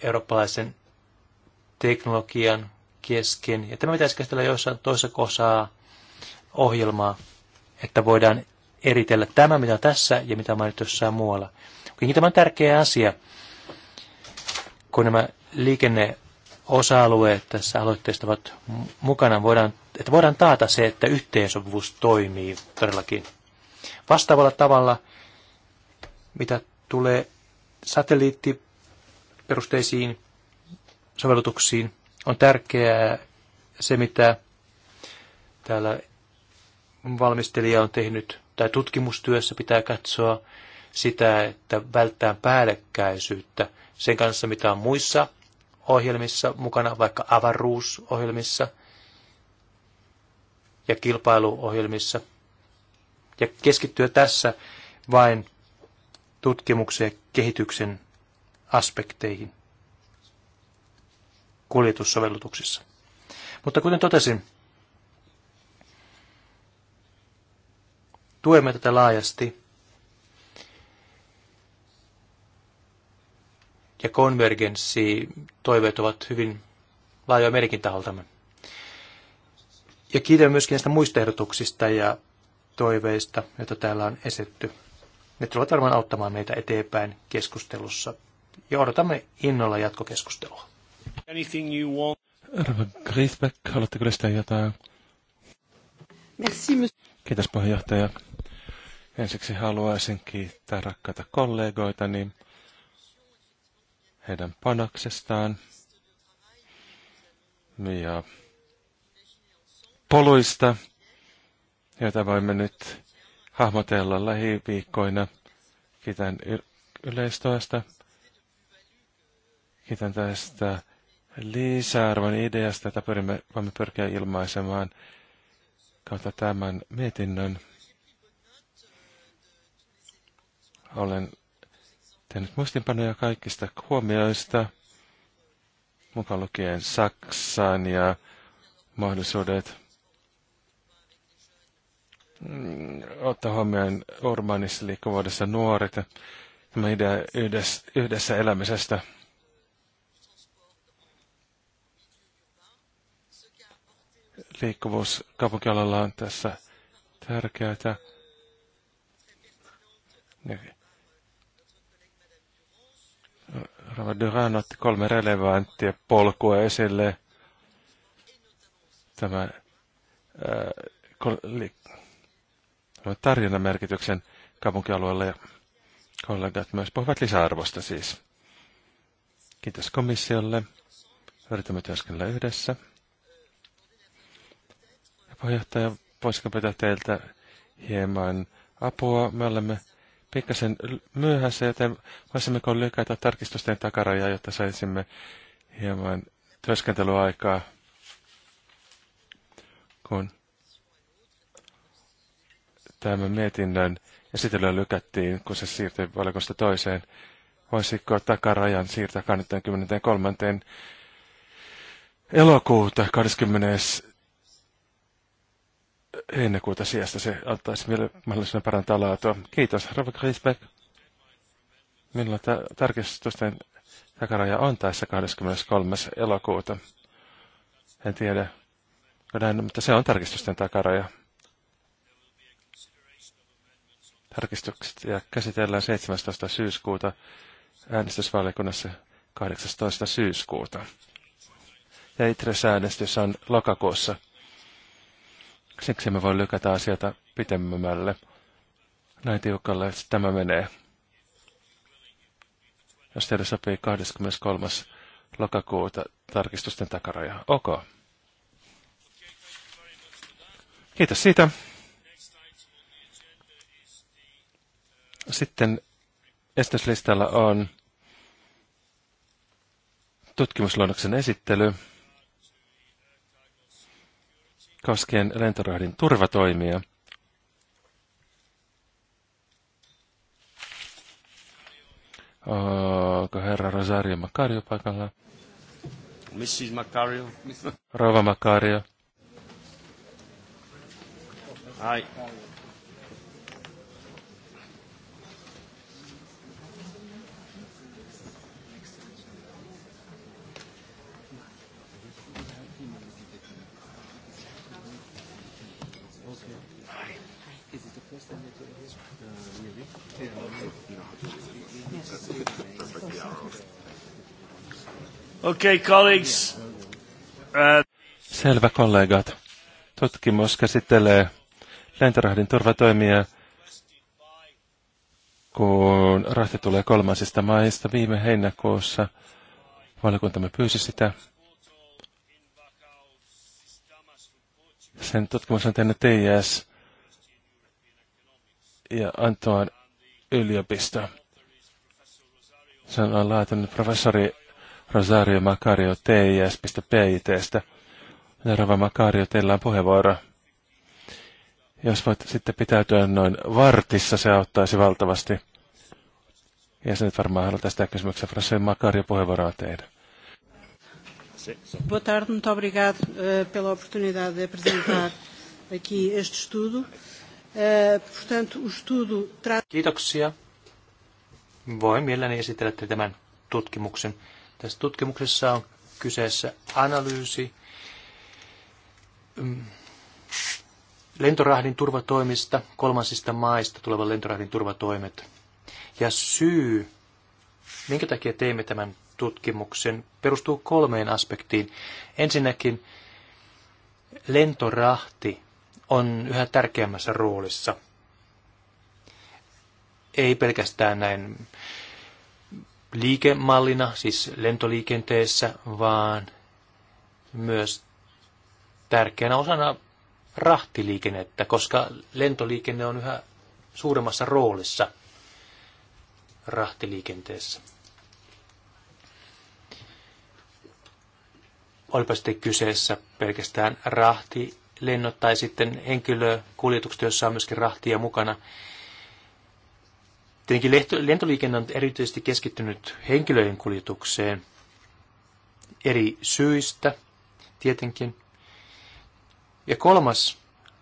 eurooppalaisen teknologian kesken. Ja tämä pitäisi käsitellä jossain toisessa osaa ohjelmaa, että voidaan eritellä tämä, mitä on tässä ja mitä on mainittu jossain muualla. Kuitenkin tämä on tärkeä asia, kun nämä liikenne osa-alueet tässä aloitteesta ovat mukana, voidaan, että voidaan taata se, että yhteensopivuus toimii todellakin. Vastaavalla tavalla, mitä tulee satelliittiperusteisiin sovellutuksiin. On tärkeää se, mitä täällä valmistelija on tehnyt, tai tutkimustyössä pitää katsoa sitä, että välttää päällekkäisyyttä sen kanssa, mitä on muissa ohjelmissa mukana, vaikka avaruusohjelmissa ja kilpailuohjelmissa. Ja keskittyä tässä vain tutkimuksen ja kehityksen aspekteihin kuljetussovellutuksissa. Mutta kuten totesin, tuemme tätä laajasti ja konvergenssitoiveet ovat hyvin laajoja merkin taholtamme. Ja kiitän myöskin näistä muista ehdotuksista ja toiveista, joita täällä on esitetty. Ne tulevat varmaan auttamaan meitä eteenpäin keskustelussa ja odotamme innolla jatkokeskustelua. Anything you want? Rava Griesbeck, haluatteko jotain? Merci, Kiitos puheenjohtaja. Ensiksi haluaisin kiittää rakkaita kollegoitani heidän panoksestaan ja poluista, joita voimme nyt hahmotella lähiviikkoina. Kiitän yleistoista. Kiitän tästä lisäarvon ideasta, jota pyrimme, voimme pyrkiä ilmaisemaan kautta tämän mietinnön. Olen tehnyt muistinpanoja kaikista huomioista, mukaan lukien Saksan ja mahdollisuudet ottaa huomioon urbanissa liikkuvuudessa nuoret ja tämä idea yhdessä, yhdessä elämisestä – liikkuvuus kaupunkialalla on tässä tärkeää. Rava Duran otti kolme relevanttia polkua esille. Tämä, ää, äh, kol, li, tarjonnan merkityksen kaupunkialueella ja kollegat myös puhuvat lisäarvosta siis. Kiitos komissiolle. Yritämme työskennellä yhdessä. Puheenjohtaja, voisiko pitää teiltä hieman apua? Me olemme pikkasen myöhässä, joten voisimmeko lykätä tarkistusten takarajaa, jotta saisimme hieman työskentelyaikaa, kun tämän mietinnön esitelyä lykättiin, kun se siirtyi valikosta toiseen. Voisiko takarajan siirtää 23. elokuuta 20 heinäkuuta sijasta. Se antaisi vielä mahdollisena parantaa laatua. Kiitos, Rava Grisbeck. Minulla tarkistusten takaraja on tässä 23. elokuuta. En tiedä, näin, mutta se on tarkistusten takaraja. Tarkistukset ja käsitellään 17. syyskuuta äänestysvaliokunnassa 18. syyskuuta. Ja itse äänestys on lokakuussa. Siksi me voi lykätä asioita pitemmälle. Näin tiukalle, että tämä menee. Jos teille sopii 23. lokakuuta tarkistusten takaraja. Ok. Kiitos siitä. Sitten esityslistalla on tutkimusluonnoksen esittely koskien lentorahdin turvatoimia. Onko herra Rosario Macario paikalla? Mrs. Macario. Rova Macario. Hi. Okay, colleagues. Uh... Selvä kollegat. Tutkimus käsittelee lentorahdin turvatoimia, kun rahti tulee kolmansista maista. Viime heinäkuussa valiokuntamme pyysi sitä. Sen tutkimus on tehnyt TIS ja Antoan yliopisto. Sen on laatinut professori Rosario Macario TIS.pitstä. Rova Macario, teillä on puheenvuoro. Jos voit sitten pitäytyä noin vartissa, se auttaisi valtavasti. Ja se nyt varmaan haluaa tästä kysymyksen Frasse Macario puheenvuoroa tehdä. Boa tarde, muito obrigado uh, pela oportunidade de apresentar aqui este estudo. Uh, portanto, o estudo trata... Kiitoksia. Voin mielelläni esitellä tämän tutkimuksen. Tässä tutkimuksessa on kyseessä analyysi mm, lentorahdin turvatoimista, kolmansista maista tulevan lentorahdin turvatoimet. Ja syy, minkä takia teimme tämän tutkimuksen, perustuu kolmeen aspektiin. Ensinnäkin lentorahti on yhä tärkeämmässä roolissa. Ei pelkästään näin liikemallina, siis lentoliikenteessä, vaan myös tärkeänä osana rahtiliikennettä, koska lentoliikenne on yhä suuremmassa roolissa rahtiliikenteessä. Olipa sitten kyseessä pelkästään rahtilennot tai sitten henkilökuljetukset, joissa on myöskin rahtia mukana, Tietenkin lentoliikenne on erityisesti keskittynyt henkilöiden kuljetukseen eri syistä, tietenkin. Ja kolmas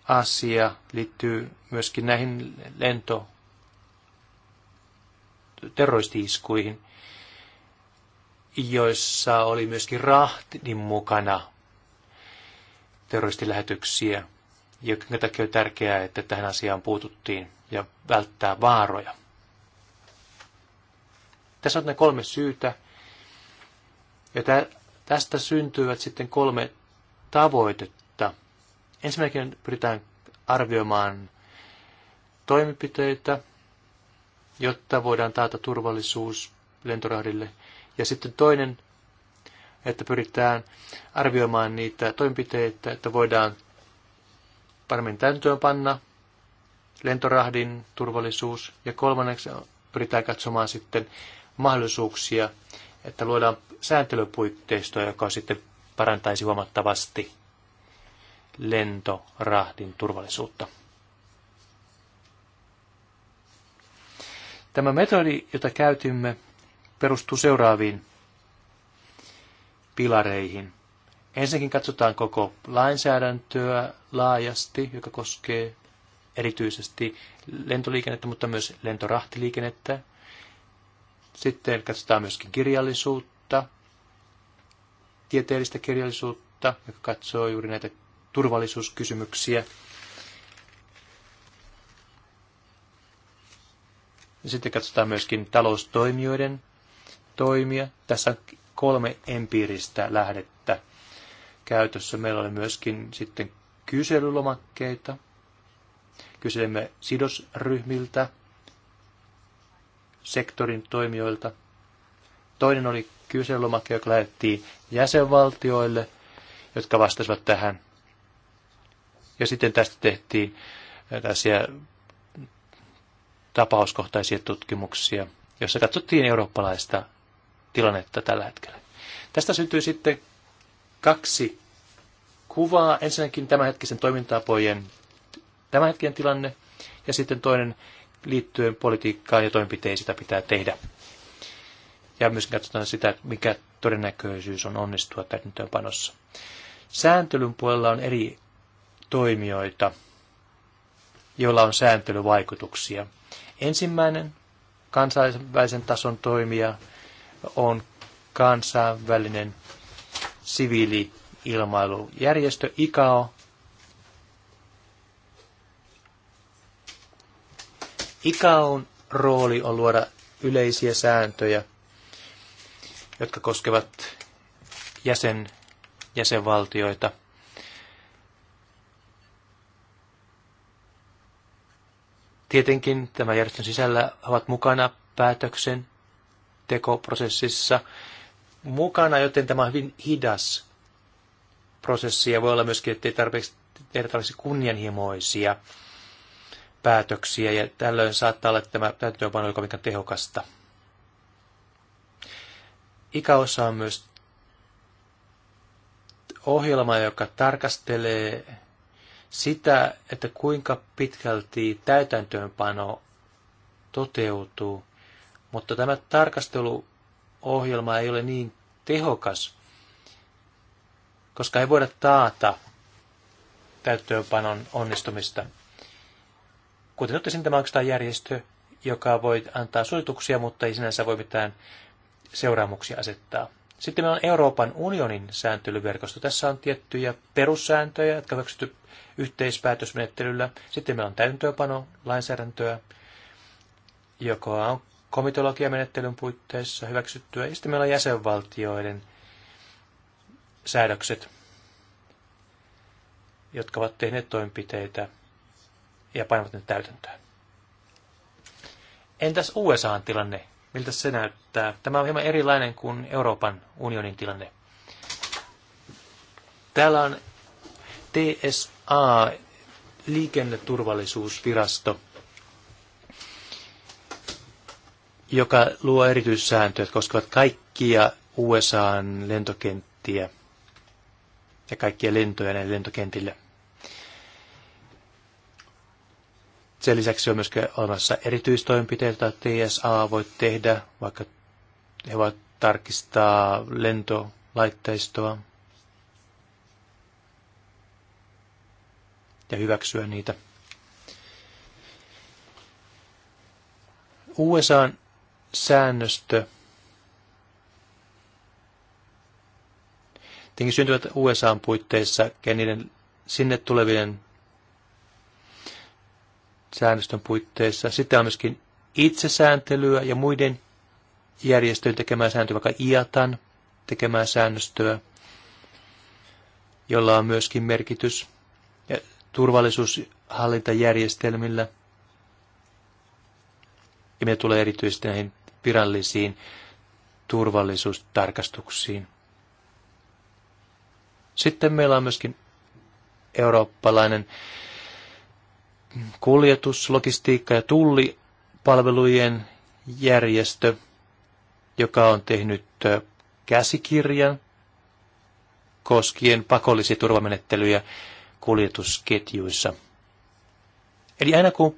asia liittyy myöskin näihin lento iskuihin joissa oli myöskin rahtin mukana terroristilähetyksiä, jonka takia on tärkeää, että tähän asiaan puututtiin ja välttää vaaroja. Tässä on ne kolme syytä. Ja tästä syntyvät sitten kolme tavoitetta. Ensinnäkin pyritään arvioimaan toimenpiteitä, jotta voidaan taata turvallisuus lentorahdille. Ja sitten toinen, että pyritään arvioimaan niitä toimenpiteitä, että voidaan paremmin täytäntöön panna lentorahdin turvallisuus. Ja kolmanneksi pyritään katsomaan sitten mahdollisuuksia, että luodaan sääntelypuitteistoa, joka sitten parantaisi huomattavasti lentorahdin turvallisuutta. Tämä metodi, jota käytimme, perustuu seuraaviin pilareihin. Ensinnäkin katsotaan koko lainsäädäntöä laajasti, joka koskee erityisesti lentoliikennettä, mutta myös lentorahtiliikennettä sitten katsotaan myöskin kirjallisuutta, tieteellistä kirjallisuutta, joka katsoo juuri näitä turvallisuuskysymyksiä. Sitten katsotaan myöskin taloustoimijoiden toimia. Tässä on kolme empiiristä lähdettä käytössä. Meillä oli myöskin sitten kyselylomakkeita. kyselemme sidosryhmiltä sektorin toimijoilta. Toinen oli kyselylomake, joka lähetettiin jäsenvaltioille, jotka vastasivat tähän. Ja sitten tästä tehtiin äh, tällaisia tapauskohtaisia tutkimuksia, jossa katsottiin eurooppalaista tilannetta tällä hetkellä. Tästä syntyi sitten kaksi kuvaa. Ensinnäkin tämänhetkisen toimintapojen tämänhetkinen tilanne ja sitten toinen liittyen politiikkaan ja toimenpiteisiin, sitä pitää tehdä. Ja myös katsotaan sitä, mikä todennäköisyys on onnistua täytäntöönpanossa. Sääntelyn puolella on eri toimijoita, joilla on sääntelyvaikutuksia. Ensimmäinen kansainvälisen tason toimija on kansainvälinen siviili ilmailujärjestö ICAO, ikaun rooli on luoda yleisiä sääntöjä, jotka koskevat jäsen, jäsenvaltioita. Tietenkin tämä järjestön sisällä ovat mukana päätöksen tekoprosessissa mukana, joten tämä on hyvin hidas prosessi ja voi olla myöskin, ettei tarpeeksi tehdä tarpeeksi kunnianhimoisia päätöksiä ja tällöin saattaa olla tämä täytäntöönpano joka mikä tehokasta. Ikäosa on myös ohjelma, joka tarkastelee sitä, että kuinka pitkälti täytäntöönpano toteutuu, mutta tämä tarkasteluohjelma ei ole niin tehokas, koska ei voida taata täyttöönpanon onnistumista. Kuten sinne tämä on järjestö, joka voi antaa suosituksia, mutta ei sinänsä voi mitään seuraamuksia asettaa. Sitten meillä on Euroopan unionin sääntelyverkosto. Tässä on tiettyjä perussääntöjä, jotka on hyväksytty yhteispäätösmenettelyllä. Sitten meillä on täytäntöönpano lainsäädäntöä, joka on komitologiamenettelyn puitteissa hyväksyttyä. Ja sitten meillä on jäsenvaltioiden säädökset, jotka ovat tehneet toimenpiteitä – ja painavat nyt täytäntöön. Entäs USAn tilanne? Miltä se näyttää? Tämä on hieman erilainen kuin Euroopan unionin tilanne. Täällä on TSA, liikenneturvallisuusvirasto, joka luo erityissääntöjä, jotka koskevat kaikkia USAn lentokenttiä ja kaikkia lentoja näille lentokentille – Sen lisäksi on myöskin olemassa erityistoimenpiteitä, joita TSA voi tehdä, vaikka he voivat tarkistaa lentolaitteistoa ja hyväksyä niitä. USAn säännöstö tietenkin syntyvät USAn puitteissa ja niiden sinne tulevien säännöstön puitteissa. Sitten on myöskin itsesääntelyä ja muiden järjestöjen tekemää sääntöä, vaikka IATAN tekemää säännöstöä, jolla on myöskin merkitys ja turvallisuushallintajärjestelmillä. Ja me tulee erityisesti näihin virallisiin turvallisuustarkastuksiin. Sitten meillä on myöskin eurooppalainen kuljetus, logistiikka ja tullipalvelujen järjestö, joka on tehnyt käsikirjan koskien pakollisia turvamenettelyjä kuljetusketjuissa. Eli aina kun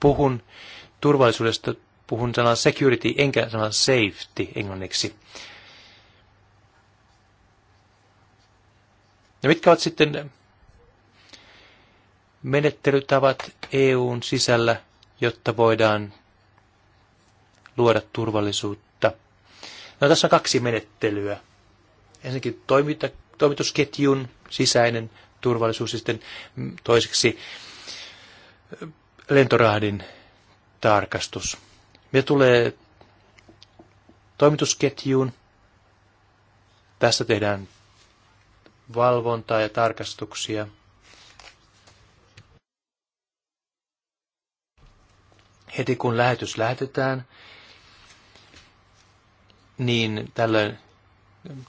puhun turvallisuudesta, puhun sanan security enkä sanan safety englanniksi. Ja mitkä ovat sitten menettelytavat EUn sisällä, jotta voidaan luoda turvallisuutta. No tässä on kaksi menettelyä. Ensinnäkin toimita, toimitusketjun sisäinen turvallisuus ja sitten toiseksi lentorahdin tarkastus. Me tulee toimitusketjuun. Tässä tehdään valvontaa ja tarkastuksia heti kun lähetys lähetetään, niin tällöin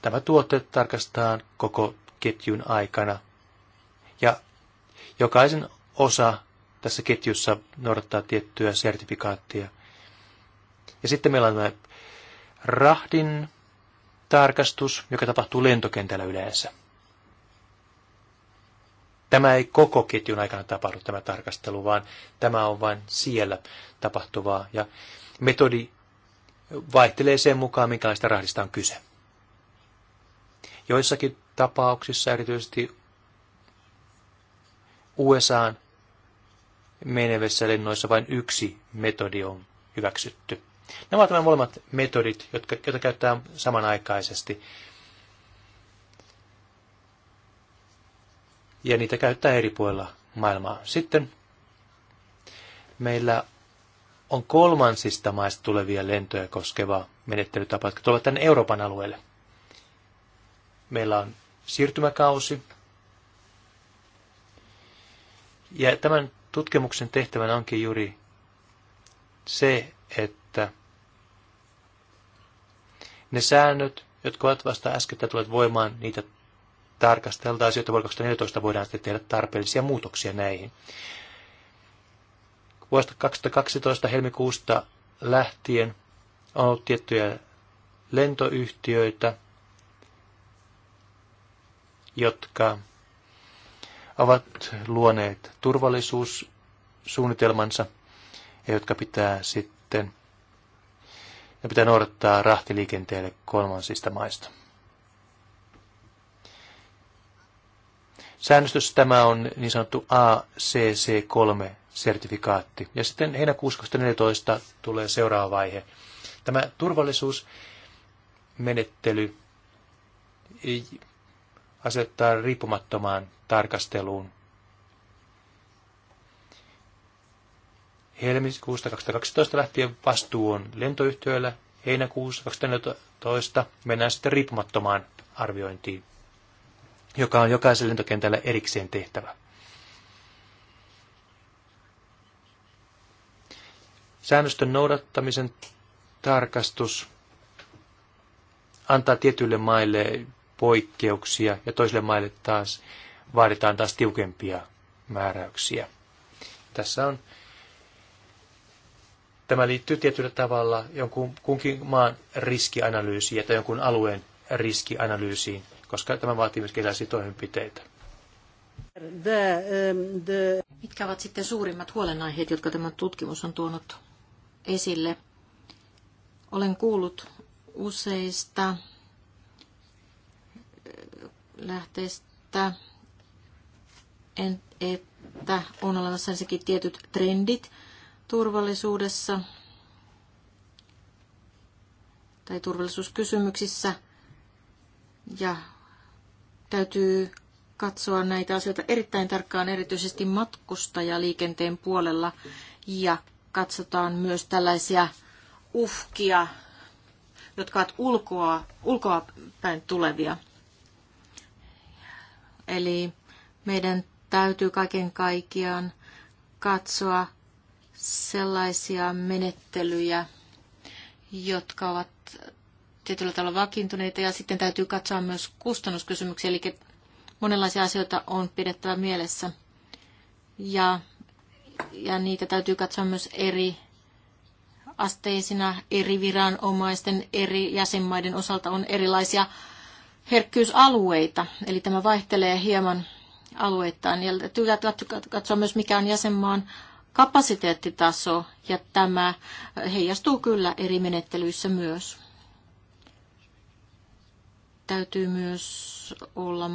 tämä tuote tarkastetaan koko ketjun aikana. Ja jokaisen osa tässä ketjussa noudattaa tiettyä sertifikaattia. Ja sitten meillä on tämä rahdin tarkastus, joka tapahtuu lentokentällä yleensä. Tämä ei koko ketjun aikana tapahdu tämä tarkastelu, vaan tämä on vain siellä tapahtuvaa. Ja metodi vaihtelee sen mukaan, minkälaista rahdista on kyse. Joissakin tapauksissa, erityisesti USAan menevissä lennoissa vain yksi metodi on hyväksytty. Nämä ovat nämä molemmat metodit, jotka, joita käytetään samanaikaisesti. ja niitä käyttää eri puolilla maailmaa. Sitten meillä on kolmansista maista tulevia lentoja koskeva menettelytapa, jotka tulevat tänne Euroopan alueelle. Meillä on siirtymäkausi. Ja tämän tutkimuksen tehtävän onkin juuri se, että ne säännöt, jotka ovat vasta äskettä tulleet voimaan, niitä tarkasteltaisiin, jotta vuonna 2014 voidaan sitten tehdä tarpeellisia muutoksia näihin. Vuodesta 2012 helmikuusta lähtien on ollut tiettyjä lentoyhtiöitä, jotka ovat luoneet turvallisuussuunnitelmansa ja jotka pitää sitten ne pitää noudattaa rahtiliikenteelle kolmansista maista. säännöstössä tämä on niin sanottu ACC3-sertifikaatti. Ja sitten heinäkuussa 2014 tulee seuraava vaihe. Tämä turvallisuusmenettely asettaa riippumattomaan tarkasteluun. Helmikuusta 2012 lähtien vastuu on lentoyhtiöillä. Heinäkuussa 2014 mennään sitten riippumattomaan arviointiin joka on jokaiselle lentokentälle erikseen tehtävä. Säännöstön noudattamisen tarkastus antaa tietyille maille poikkeuksia ja toisille maille taas vaaditaan taas tiukempia määräyksiä. Tässä on Tämä liittyy tietyllä tavalla jonkun kunkin maan riskianalyysiin tai jonkun alueen riskianalyysiin koska tämä vaatii myös erilaisia toimenpiteitä. The, um, the... Mitkä ovat sitten suurimmat huolenaiheet, jotka tämä tutkimus on tuonut esille? Olen kuullut useista lähteistä, että on olemassa ensinnäkin tietyt trendit turvallisuudessa tai turvallisuuskysymyksissä ja täytyy katsoa näitä asioita erittäin tarkkaan, erityisesti matkustajaliikenteen puolella, ja katsotaan myös tällaisia uhkia, jotka ovat ulkoa, ulkoa päin tulevia. Eli meidän täytyy kaiken kaikkiaan katsoa sellaisia menettelyjä, jotka ovat tietyllä tavalla vakiintuneita ja sitten täytyy katsoa myös kustannuskysymyksiä, eli monenlaisia asioita on pidettävä mielessä ja, ja niitä täytyy katsoa myös eri asteisina eri viranomaisten, eri jäsenmaiden osalta on erilaisia herkkyysalueita, eli tämä vaihtelee hieman alueittain. Ja täytyy katsoa myös, mikä on jäsenmaan kapasiteettitaso, ja tämä heijastuu kyllä eri menettelyissä myös täytyy myös olla,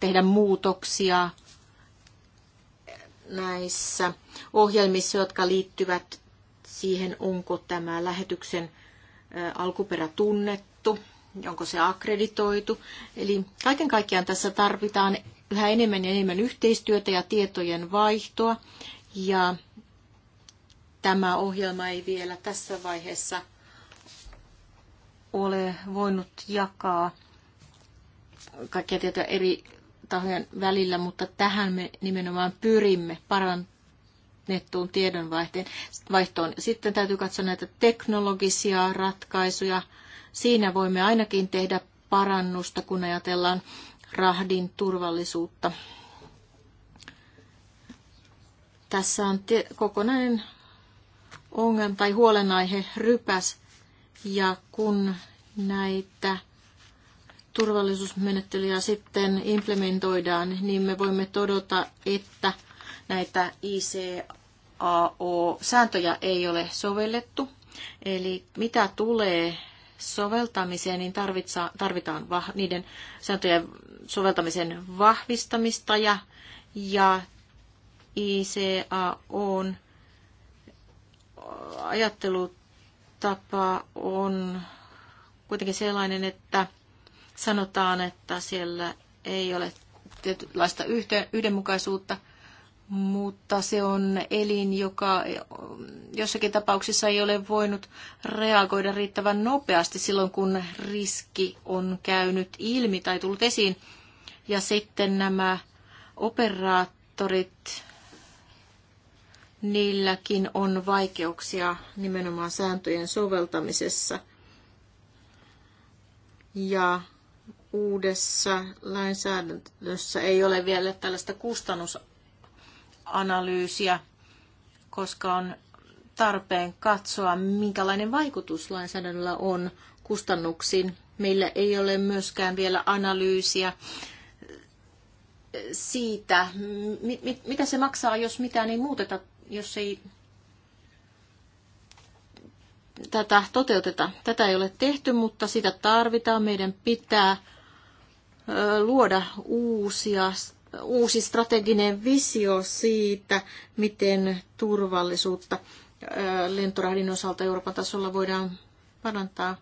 tehdä muutoksia näissä ohjelmissa, jotka liittyvät siihen, onko tämä lähetyksen alkuperä tunnettu, onko se akkreditoitu. Eli kaiken kaikkiaan tässä tarvitaan yhä enemmän ja enemmän yhteistyötä ja tietojen vaihtoa. Ja tämä ohjelma ei vielä tässä vaiheessa – ole voinut jakaa kaikkia tietoja eri tahojen välillä, mutta tähän me nimenomaan pyrimme parannettuun tiedonvaihtoon. Sitten täytyy katsoa näitä teknologisia ratkaisuja. Siinä voimme ainakin tehdä parannusta, kun ajatellaan rahdin turvallisuutta. Tässä on kokonainen ongelma tai huolenaihe rypäs ja kun näitä turvallisuusmenettelyjä sitten implementoidaan, niin me voimme todeta, että näitä ICAO-sääntöjä ei ole sovellettu. Eli mitä tulee soveltamiseen, niin tarvitaan niiden sääntöjen soveltamisen vahvistamista ja, ja ICAOn ajattelut tapa on kuitenkin sellainen, että sanotaan, että siellä ei ole tietynlaista yhdenmukaisuutta, mutta se on elin, joka jossakin tapauksissa ei ole voinut reagoida riittävän nopeasti silloin, kun riski on käynyt ilmi tai tullut esiin. Ja sitten nämä operaattorit niilläkin on vaikeuksia nimenomaan sääntöjen soveltamisessa. Ja uudessa lainsäädännössä ei ole vielä tällaista kustannusanalyysiä, koska on tarpeen katsoa, minkälainen vaikutus lainsäädännöllä on kustannuksiin. Meillä ei ole myöskään vielä analyysiä siitä, mitä se maksaa, jos mitään ei muuteta jos ei tätä toteuteta. Tätä ei ole tehty, mutta sitä tarvitaan. Meidän pitää luoda uusia, uusi strateginen visio siitä, miten turvallisuutta lentorahdin osalta Euroopan tasolla voidaan parantaa.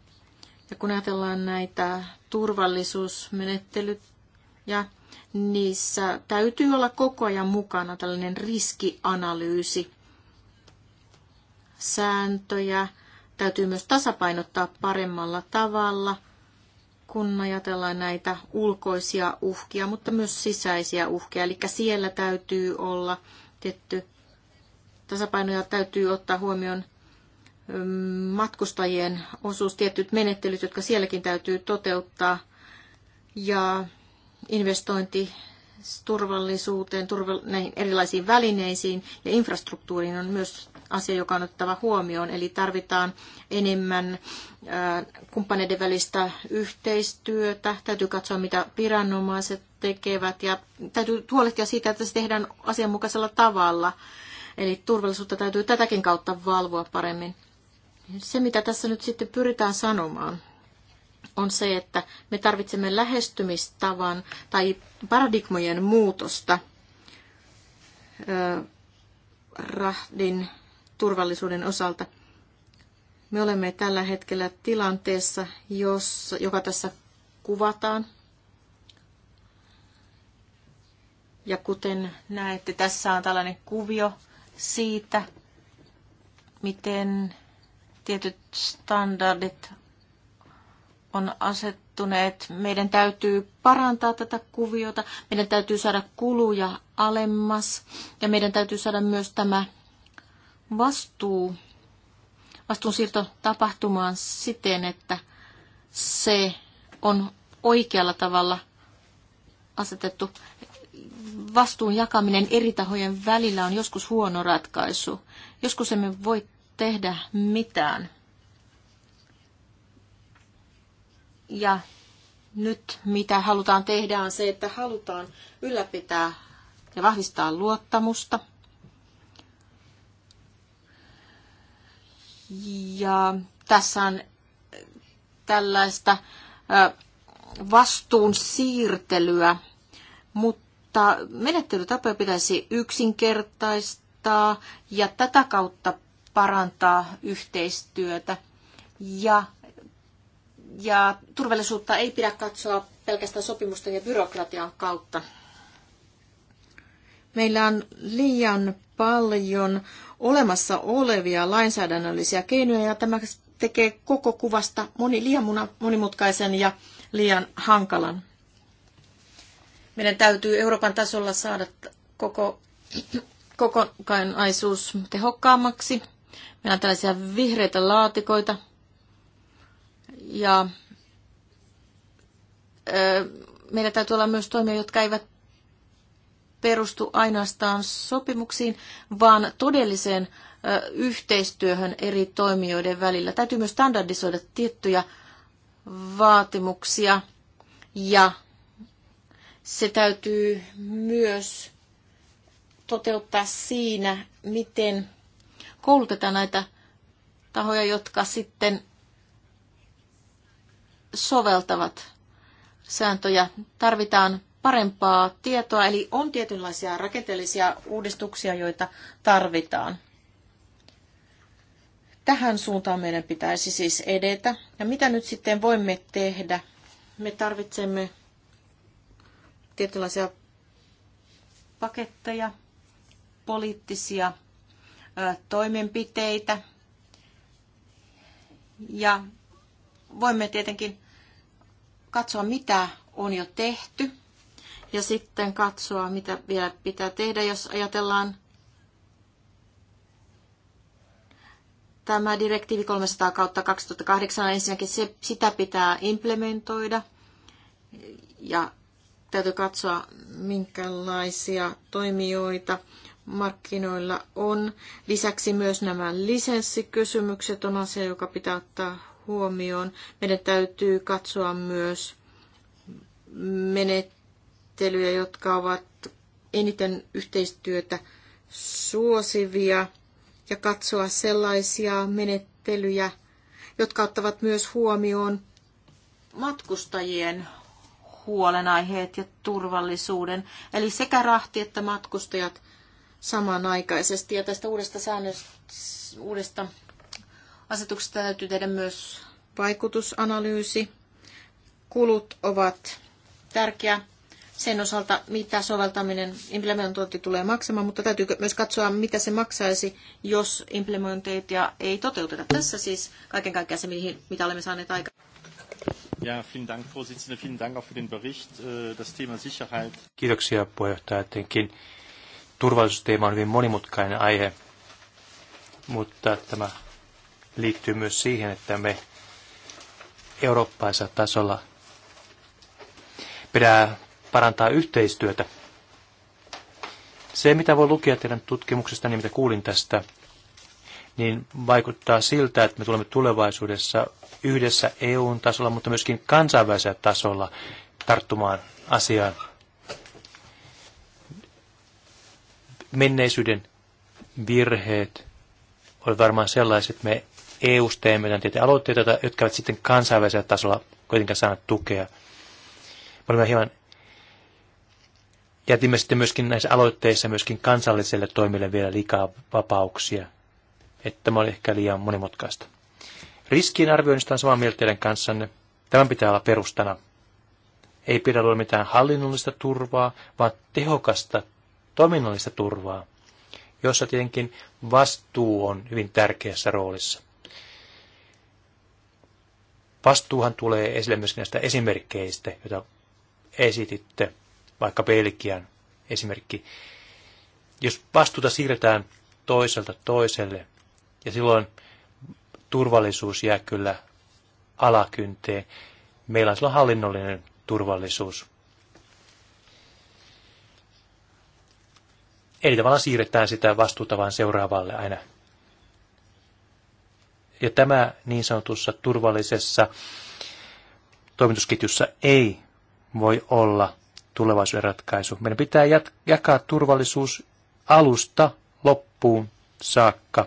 Ja kun ajatellaan näitä turvallisuusmenettelyt, ja niissä täytyy olla koko ajan mukana tällainen riskianalyysi. Sääntöjä täytyy myös tasapainottaa paremmalla tavalla, kun ajatellaan näitä ulkoisia uhkia, mutta myös sisäisiä uhkia. Eli siellä täytyy olla tietty tasapainoja täytyy ottaa huomioon mm, matkustajien osuus, tietyt menettelyt, jotka sielläkin täytyy toteuttaa. Ja investointi turvallisuuteen, turva, näihin erilaisiin välineisiin ja infrastruktuuriin on myös asia, joka on otettava huomioon. Eli tarvitaan enemmän äh, kumppaneiden välistä yhteistyötä. Täytyy katsoa, mitä viranomaiset tekevät ja täytyy huolehtia siitä, että se tehdään asianmukaisella tavalla. Eli turvallisuutta täytyy tätäkin kautta valvoa paremmin. Se, mitä tässä nyt sitten pyritään sanomaan, on se, että me tarvitsemme lähestymistavan tai paradigmojen muutosta rahdin turvallisuuden osalta. Me olemme tällä hetkellä tilanteessa, jossa, joka tässä kuvataan. Ja kuten näette, tässä on tällainen kuvio siitä, miten tietyt standardit on asettuneet. Meidän täytyy parantaa tätä kuviota, meidän täytyy saada kuluja alemmas ja meidän täytyy saada myös tämä vastuu, vastuunsiirto tapahtumaan siten, että se on oikealla tavalla asetettu. Vastuun jakaminen eri tahojen välillä on joskus huono ratkaisu. Joskus emme voi tehdä mitään Ja nyt mitä halutaan tehdä on se, että halutaan ylläpitää ja vahvistaa luottamusta. Ja tässä on tällaista vastuun siirtelyä, mutta menettelytapoja pitäisi yksinkertaistaa ja tätä kautta parantaa yhteistyötä ja ja turvallisuutta ei pidä katsoa pelkästään sopimusten ja byrokratian kautta. Meillä on liian paljon olemassa olevia lainsäädännöllisiä keinoja ja tämä tekee koko kuvasta moni, liian monimutkaisen ja liian hankalan. Meidän täytyy Euroopan tasolla saada koko kokonaisuus tehokkaammaksi. Meillä on tällaisia vihreitä laatikoita, ja meillä täytyy olla myös toimia, jotka eivät perustu ainoastaan sopimuksiin, vaan todelliseen yhteistyöhön eri toimijoiden välillä. Täytyy myös standardisoida tiettyjä vaatimuksia ja se täytyy myös toteuttaa siinä, miten koulutetaan näitä tahoja, jotka sitten soveltavat sääntöjä. Tarvitaan parempaa tietoa, eli on tietynlaisia rakenteellisia uudistuksia, joita tarvitaan. Tähän suuntaan meidän pitäisi siis edetä. Ja mitä nyt sitten voimme tehdä? Me tarvitsemme tietynlaisia paketteja, poliittisia toimenpiteitä. Ja voimme tietenkin katsoa, mitä on jo tehty ja sitten katsoa, mitä vielä pitää tehdä, jos ajatellaan tämä direktiivi 300 kautta 2008, ensinnäkin se, sitä pitää implementoida ja täytyy katsoa, minkälaisia toimijoita markkinoilla on. Lisäksi myös nämä lisenssikysymykset on asia, joka pitää ottaa huomioon. Meidän täytyy katsoa myös menettelyjä, jotka ovat eniten yhteistyötä suosivia ja katsoa sellaisia menettelyjä, jotka ottavat myös huomioon matkustajien huolenaiheet ja turvallisuuden. Eli sekä rahti että matkustajat samanaikaisesti. Ja tästä uudesta, säännöstä, uudesta asetuksesta täytyy tehdä myös vaikutusanalyysi. Kulut ovat tärkeä sen osalta, mitä soveltaminen, implementointi tulee maksamaan, mutta täytyy myös katsoa, mitä se maksaisi, jos implementointia ei toteuteta. Tässä siis kaiken kaikkiaan se, mihin, mitä olemme saaneet aikaan. Ja, vielen Dank, Vorsitzende. Vielen Dank auch für den Bericht. Äh, das Thema Sicherheit. Kiitoksia puheenjohtaja. Etenkin turvallisuusteema on hyvin monimutkainen aihe, mutta tämä liittyy myös siihen, että me eurooppaisella tasolla pitää parantaa yhteistyötä. Se, mitä voi lukea teidän tutkimuksesta, niin mitä kuulin tästä, niin vaikuttaa siltä, että me tulemme tulevaisuudessa yhdessä EUn tasolla, mutta myöskin kansainvälisellä tasolla tarttumaan asiaan. Menneisyyden virheet olivat varmaan sellaiset, että me EU-teemme jotain aloitteita, jotka ovat sitten kansainvälisellä tasolla kuitenkaan saaneet tukea. Me olemme hieman jätimme sitten myöskin näissä aloitteissa myöskin kansalliselle toimille vielä liikaa vapauksia. Että tämä oli ehkä liian monimutkaista. Riskien arvioinnista on samaa mieltä teidän kanssanne. Tämän pitää olla perustana. Ei pidä olla mitään hallinnollista turvaa, vaan tehokasta toiminnallista turvaa, jossa tietenkin vastuu on hyvin tärkeässä roolissa. Vastuuhan tulee esille myös näistä esimerkkeistä, joita esititte, vaikka Belgian esimerkki. Jos vastuuta siirretään toiselta toiselle, ja silloin turvallisuus jää kyllä alakynteen. Meillä on silloin hallinnollinen turvallisuus. Eli tavallaan siirretään sitä vastuuta vain seuraavalle aina ja tämä niin sanotussa turvallisessa toimitusketjussa ei voi olla tulevaisuuden ratkaisu. Meidän pitää jakaa turvallisuus alusta loppuun saakka,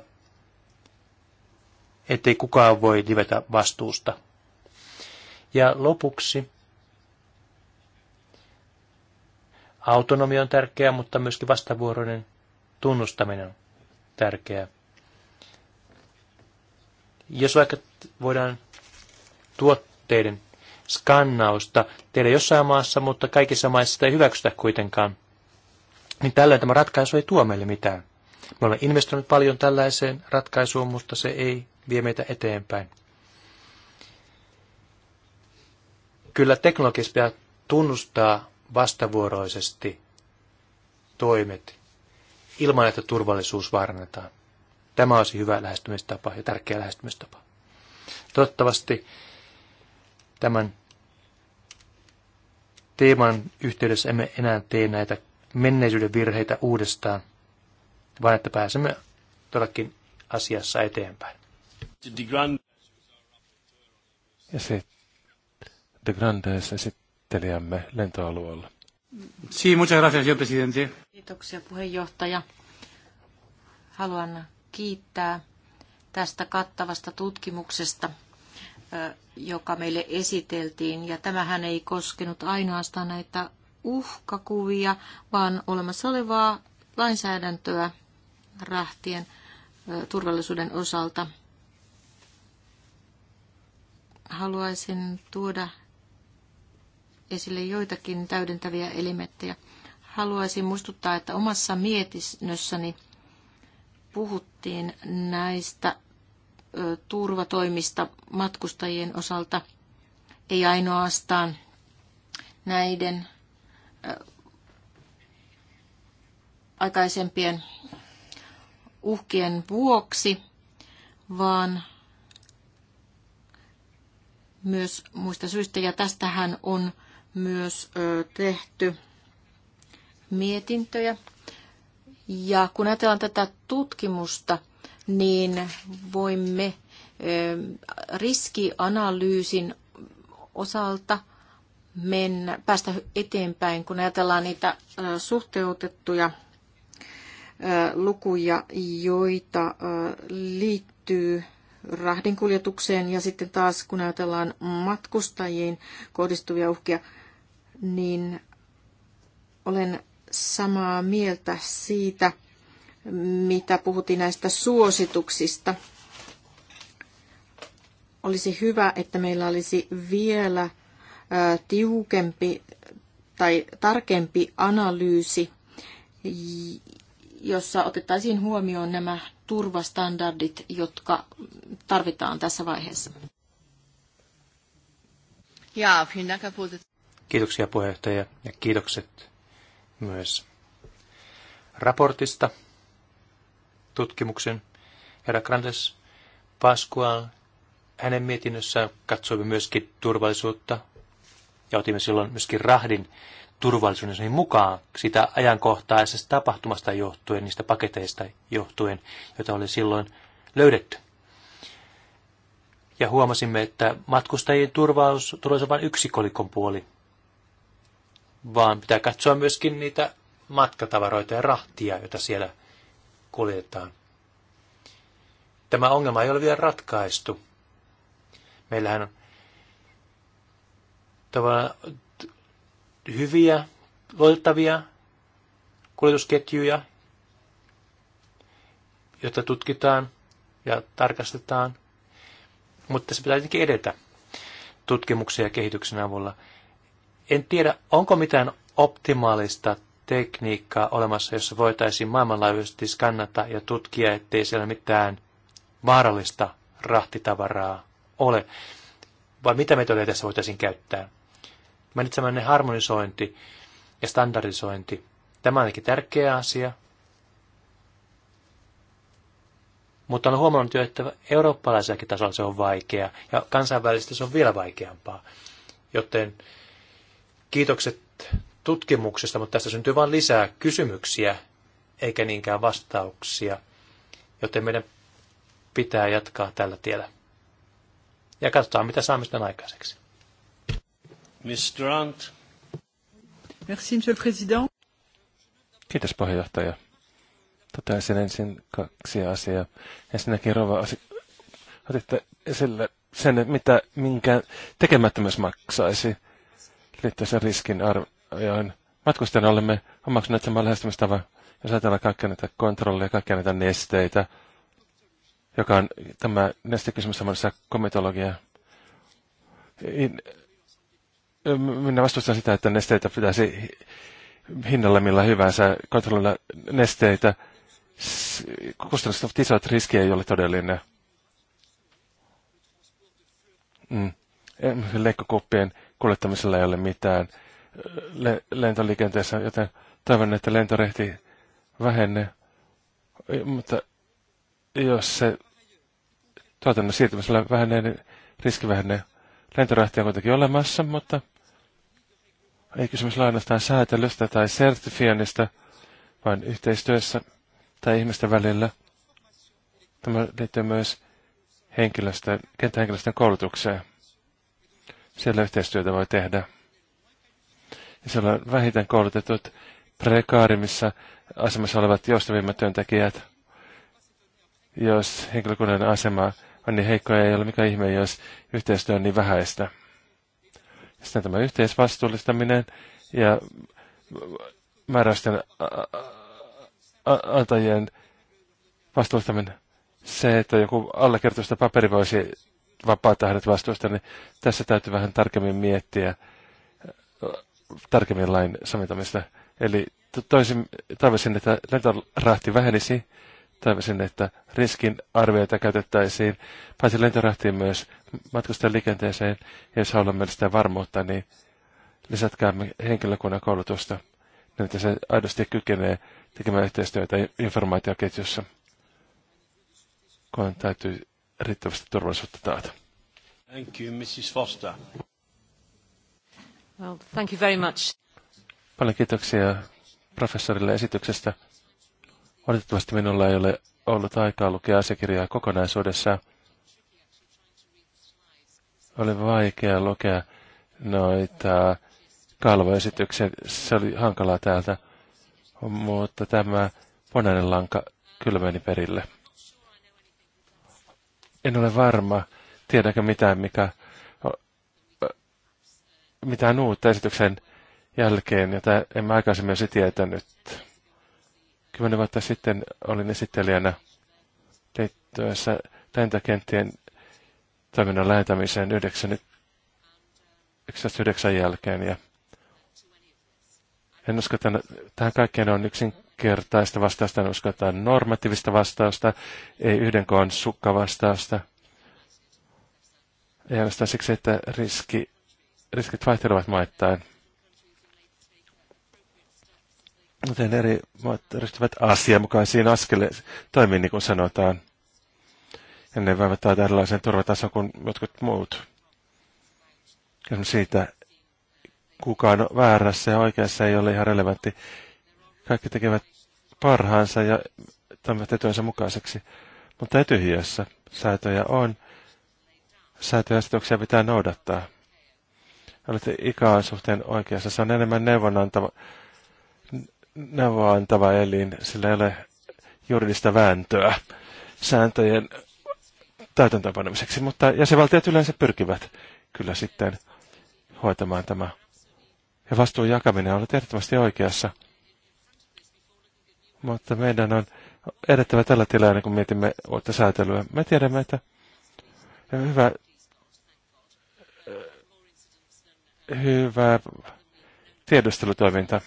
ettei kukaan voi livetä vastuusta. Ja lopuksi autonomia on tärkeää, mutta myöskin vastavuoroinen tunnustaminen on tärkeää. Jos vaikka voidaan tuotteiden skannausta tehdä jossain maassa, mutta kaikissa maissa sitä ei hyväksytä kuitenkaan, niin tällöin tämä ratkaisu ei tuo meille mitään. Me olemme investoineet paljon tällaiseen ratkaisuun, mutta se ei vie meitä eteenpäin. Kyllä teknologiassa pitää tunnustaa vastavuoroisesti toimet ilman, että turvallisuus varnetaan. Tämä olisi hyvä lähestymistapa ja tärkeä lähestymistapa. Toivottavasti tämän teeman yhteydessä emme enää tee näitä menneisyyden virheitä uudestaan, vaan että pääsemme todellakin asiassa eteenpäin. Ja se De Grandes esittelijämme lentoalueella. Sí, muchas gracias, señor presidente. Kiitoksia puheenjohtaja. Haluan kiittää tästä kattavasta tutkimuksesta, joka meille esiteltiin. Ja tämähän ei koskenut ainoastaan näitä uhkakuvia, vaan olemassa olevaa lainsäädäntöä rahtien turvallisuuden osalta. Haluaisin tuoda esille joitakin täydentäviä elementtejä. Haluaisin muistuttaa, että omassa mietinnössäni puhuttiin näistä turvatoimista matkustajien osalta, ei ainoastaan näiden aikaisempien uhkien vuoksi, vaan myös muista syistä. Ja tästähän on myös tehty mietintöjä ja kun ajatellaan tätä tutkimusta, niin voimme riskianalyysin osalta mennä, päästä eteenpäin, kun ajatellaan niitä suhteutettuja lukuja, joita liittyy rahdinkuljetukseen ja sitten taas kun ajatellaan matkustajiin kohdistuvia uhkia, niin olen samaa mieltä siitä, mitä puhuttiin näistä suosituksista. Olisi hyvä, että meillä olisi vielä tiukempi tai tarkempi analyysi, jossa otettaisiin huomioon nämä turvastandardit, jotka tarvitaan tässä vaiheessa. Kiitoksia puheenjohtaja ja kiitokset myös raportista tutkimuksen. Herra Grandes Pascual, hänen mietinnössään katsoimme myöskin turvallisuutta ja otimme silloin myöskin rahdin turvallisuuden mukaan sitä ajankohtaisesta tapahtumasta johtuen, niistä paketeista johtuen, joita oli silloin löydetty. Ja huomasimme, että matkustajien turvallisuus, turvallisuus on vain yksi kolikon puoli vaan pitää katsoa myöskin niitä matkatavaroita ja rahtia, joita siellä kuljetaan. Tämä ongelma ei ole vielä ratkaistu. Meillähän on tavallaan hyviä, luotettavia kuljetusketjuja, joita tutkitaan ja tarkastetaan, mutta se pitää tietenkin edetä tutkimuksen ja kehityksen avulla – en tiedä, onko mitään optimaalista tekniikkaa olemassa, jossa voitaisiin maailmanlaajuisesti skannata ja tutkia, ettei siellä mitään vaarallista rahtitavaraa ole. Vai mitä metodeja tässä voitaisiin käyttää? Mainitsemanne harmonisointi ja standardisointi. Tämä on ainakin tärkeä asia. Mutta olen huomannut jo, että eurooppalaisellakin tasolla se on vaikea ja kansainvälisesti se on vielä vaikeampaa. Joten Kiitokset tutkimuksesta, mutta tästä syntyy vain lisää kysymyksiä eikä niinkään vastauksia, joten meidän pitää jatkaa tällä tiellä. Ja katsotaan, mitä saamme sitten aikaiseksi. Miss Durant. Merci, Monsieur le Président. Kiitos, puheenjohtaja. Toteaisin ensin kaksi asiaa. Ensinnäkin Rova, otitte esille sen, mitä minkään tekemättömyys maksaisi sen riskin arvioin. Matkustajana olemme omaksuneet saman lähestymistavan, jos ajatellaan kaikkia näitä kontrolleja, kaikkia näitä nesteitä, joka on tämä nestekysymys samassa komitologia. Minä vastustan sitä, että nesteitä pitäisi hinnalla millä hyvänsä kontrolloida nesteitä. Kustannukset ovat isot, riski ei ole todellinen. Mm. Leikkokuppien kuljettamisella ei ole mitään le- lentoliikenteessä, joten toivon, että lentorehti vähenee. Mutta jos se tuotannon siirtymisellä vähenee, niin riski vähenee. Lentorehti on kuitenkin olemassa, mutta ei kysymys ainoastaan säätelystä tai sertifioinnista, vaan yhteistyössä tai ihmisten välillä. Tämä liittyy myös henkilöstön, kenttähenkilöstön koulutukseen. Siellä yhteistyötä voi tehdä. Ja siellä on vähiten koulutetut prekaarimissa asemassa olevat joustavimmat työntekijät. Jos henkilökunnan asema on niin heikkoja, ei ole mikään ihme, jos yhteistyö on niin vähäistä. Sitten tämä yhteisvastuullistaminen ja määräysten antajien vastuullistaminen. Se, että joku allekirjoitusta paperi voisi vapaata hänet vastuusta, niin tässä täytyy vähän tarkemmin miettiä tarkemmin lain samentamista. Eli toisin, toivoisin, että lentorahti vähenisi, toivoisin, että riskin arvioita käytettäisiin paitsi lentorahtiin myös liikenteeseen, ja jos haluamme sitä varmuutta, niin lisätkäämme henkilökunnan koulutusta, niin että se aidosti kykenee tekemään yhteistyötä informaatioketjussa, kun täytyy riittävästi turvallisuutta taata. Thank you, Mrs. Foster. Well, thank you very much. Paljon kiitoksia professorille esityksestä. Valitettavasti minulla ei ole ollut aikaa lukea asiakirjaa kokonaisuudessaan. Oli vaikea lukea noita kalvoesityksiä. Se oli hankalaa täältä, mutta tämä punainen lanka kyllä meni perille en ole varma, tiedäkö mitään, mikä, mitään uutta esityksen jälkeen, jota en mä aikaisemmin olisi tietänyt. Kymmenen vuotta sitten olin esittelijänä liittyessä lentokenttien toiminnan lähetämiseen 99 jälkeen. Ja en usko, että tähän kaikkeen on yksin yksinkertaista vastausta, en usko, että on normatiivista vastausta, ei yhden koon vastausta, Ei ainoastaan siksi, että riski, riskit vaihtelevat maittain. Miten eri maat ryhtyvät asianmukaisiin askeleisiin toimiin, niin kuin sanotaan. Ja ne voivat taata erilaisen turvatason kuin jotkut muut. Kysymys siitä, kukaan on väärässä ja oikeassa ei ole ihan relevantti kaikki tekevät parhaansa ja toimivat etuensa mukaiseksi. Mutta etyhiössä säätöjä on. asetuksia pitää noudattaa. Olette ikään suhteen oikeassa. Se on enemmän neuvonantava, neuvonantava elin. Sillä ei ole juridista vääntöä sääntöjen täytäntöönpanemiseksi, mutta jäsenvaltiot yleensä pyrkivät kyllä sitten hoitamaan tämä. Ja vastuun jakaminen on ehdottomasti oikeassa mutta meidän on edettävä tällä tilalla, niin kun mietimme uutta säätelyä. Me tiedämme, että eh, hyvä, eh, hyvä tiedustelutoiminta.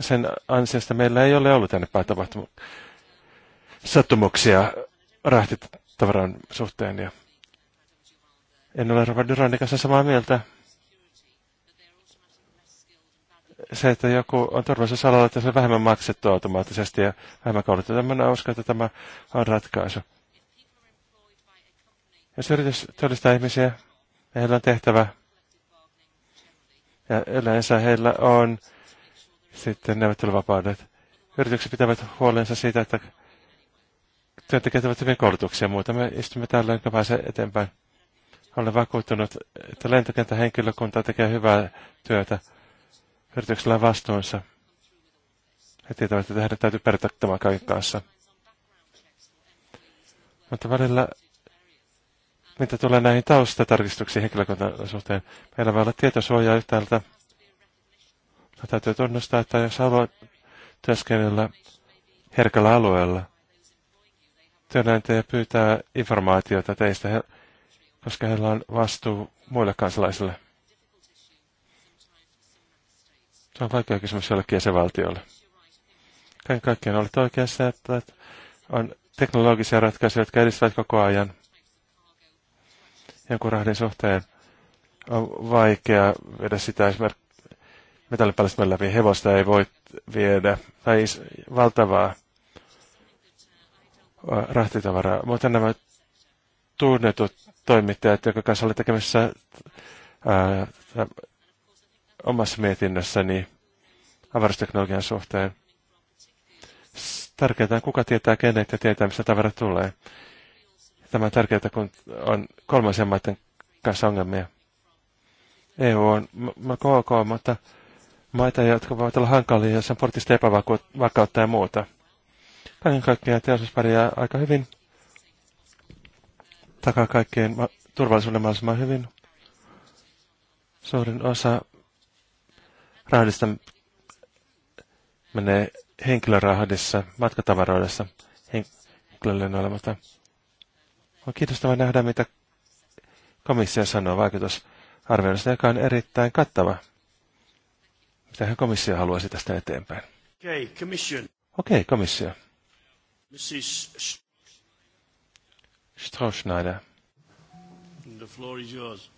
Sen ansiosta meillä ei ole ollut tänne sattumuksia rahtitavaran suhteen. Ja en ole Robert Duranin kanssa samaa mieltä. se, että joku on alalla, että se on vähemmän maksettu automaattisesti ja vähemmän koulutettu. on uskon, että tämä on ratkaisu. Jos yritys todistaa ihmisiä heillä on tehtävä, ja yleensä heillä on sitten neuvotteluvapaudet. Yritykset pitävät huolensa siitä, että työntekijät ovat hyvin koulutuksia ja muuta. Me istumme täällä, enkä pääse eteenpäin. Olen vakuuttunut, että henkilökunta tekee hyvää työtä. Yrityksellä vastuunsa. He tietävät, että heidän täytyy pärjätä tämän kaiken kanssa. Mutta välillä, mitä tulee näihin taustatarkistuksiin henkilökunnan suhteen, meillä voi olla tietosuojaa yhtäältä. Mutta täytyy tunnustaa, että jos haluaa työskennellä herkällä alueella, työnantaja pyytää informaatiota teistä, koska heillä on vastuu muille kansalaisille. Se on vaikea kysymys jollekin jäsenvaltiolle. Kaiken kaikkiaan olet oikeassa, että on teknologisia ratkaisuja, jotka edistävät koko ajan. Jonkun rahdin suhteen on vaikea viedä sitä esimerkiksi metallipalstamalla läpi. Hevosta ei voi viedä, tai valtavaa rahtitavaraa. Mutta nämä tunnetut toimittajat, jotka kanssa olivat tekemässä ää, omassa mietinnössäni avaruusteknologian suhteen. Tärkeintä on, kuka tietää kenet ja tietää, mistä tavara tulee. Tämä on tärkeää, kun on kolmansien maiden kanssa ongelmia. EU on KK, mutta maita, jotka voivat olla hankalia, jos on portista epävakautta ja muuta. Kaiken kaikkiaan teosuus pärjää aika hyvin. Takaa kaikkien turvallisuuden mahdollisimman hyvin. Suurin osa rahdista menee henkilörahdissa, matkatavaroidessa olemassa. on kiinnostava nähdä, mitä komissio sanoo vaikutusarvioinnista, joka on erittäin kattava. Mitä hän komissio haluaisi tästä eteenpäin? Okei, okay, okay, komissio. Mrs. Strauss-Schneider. The floor is yours.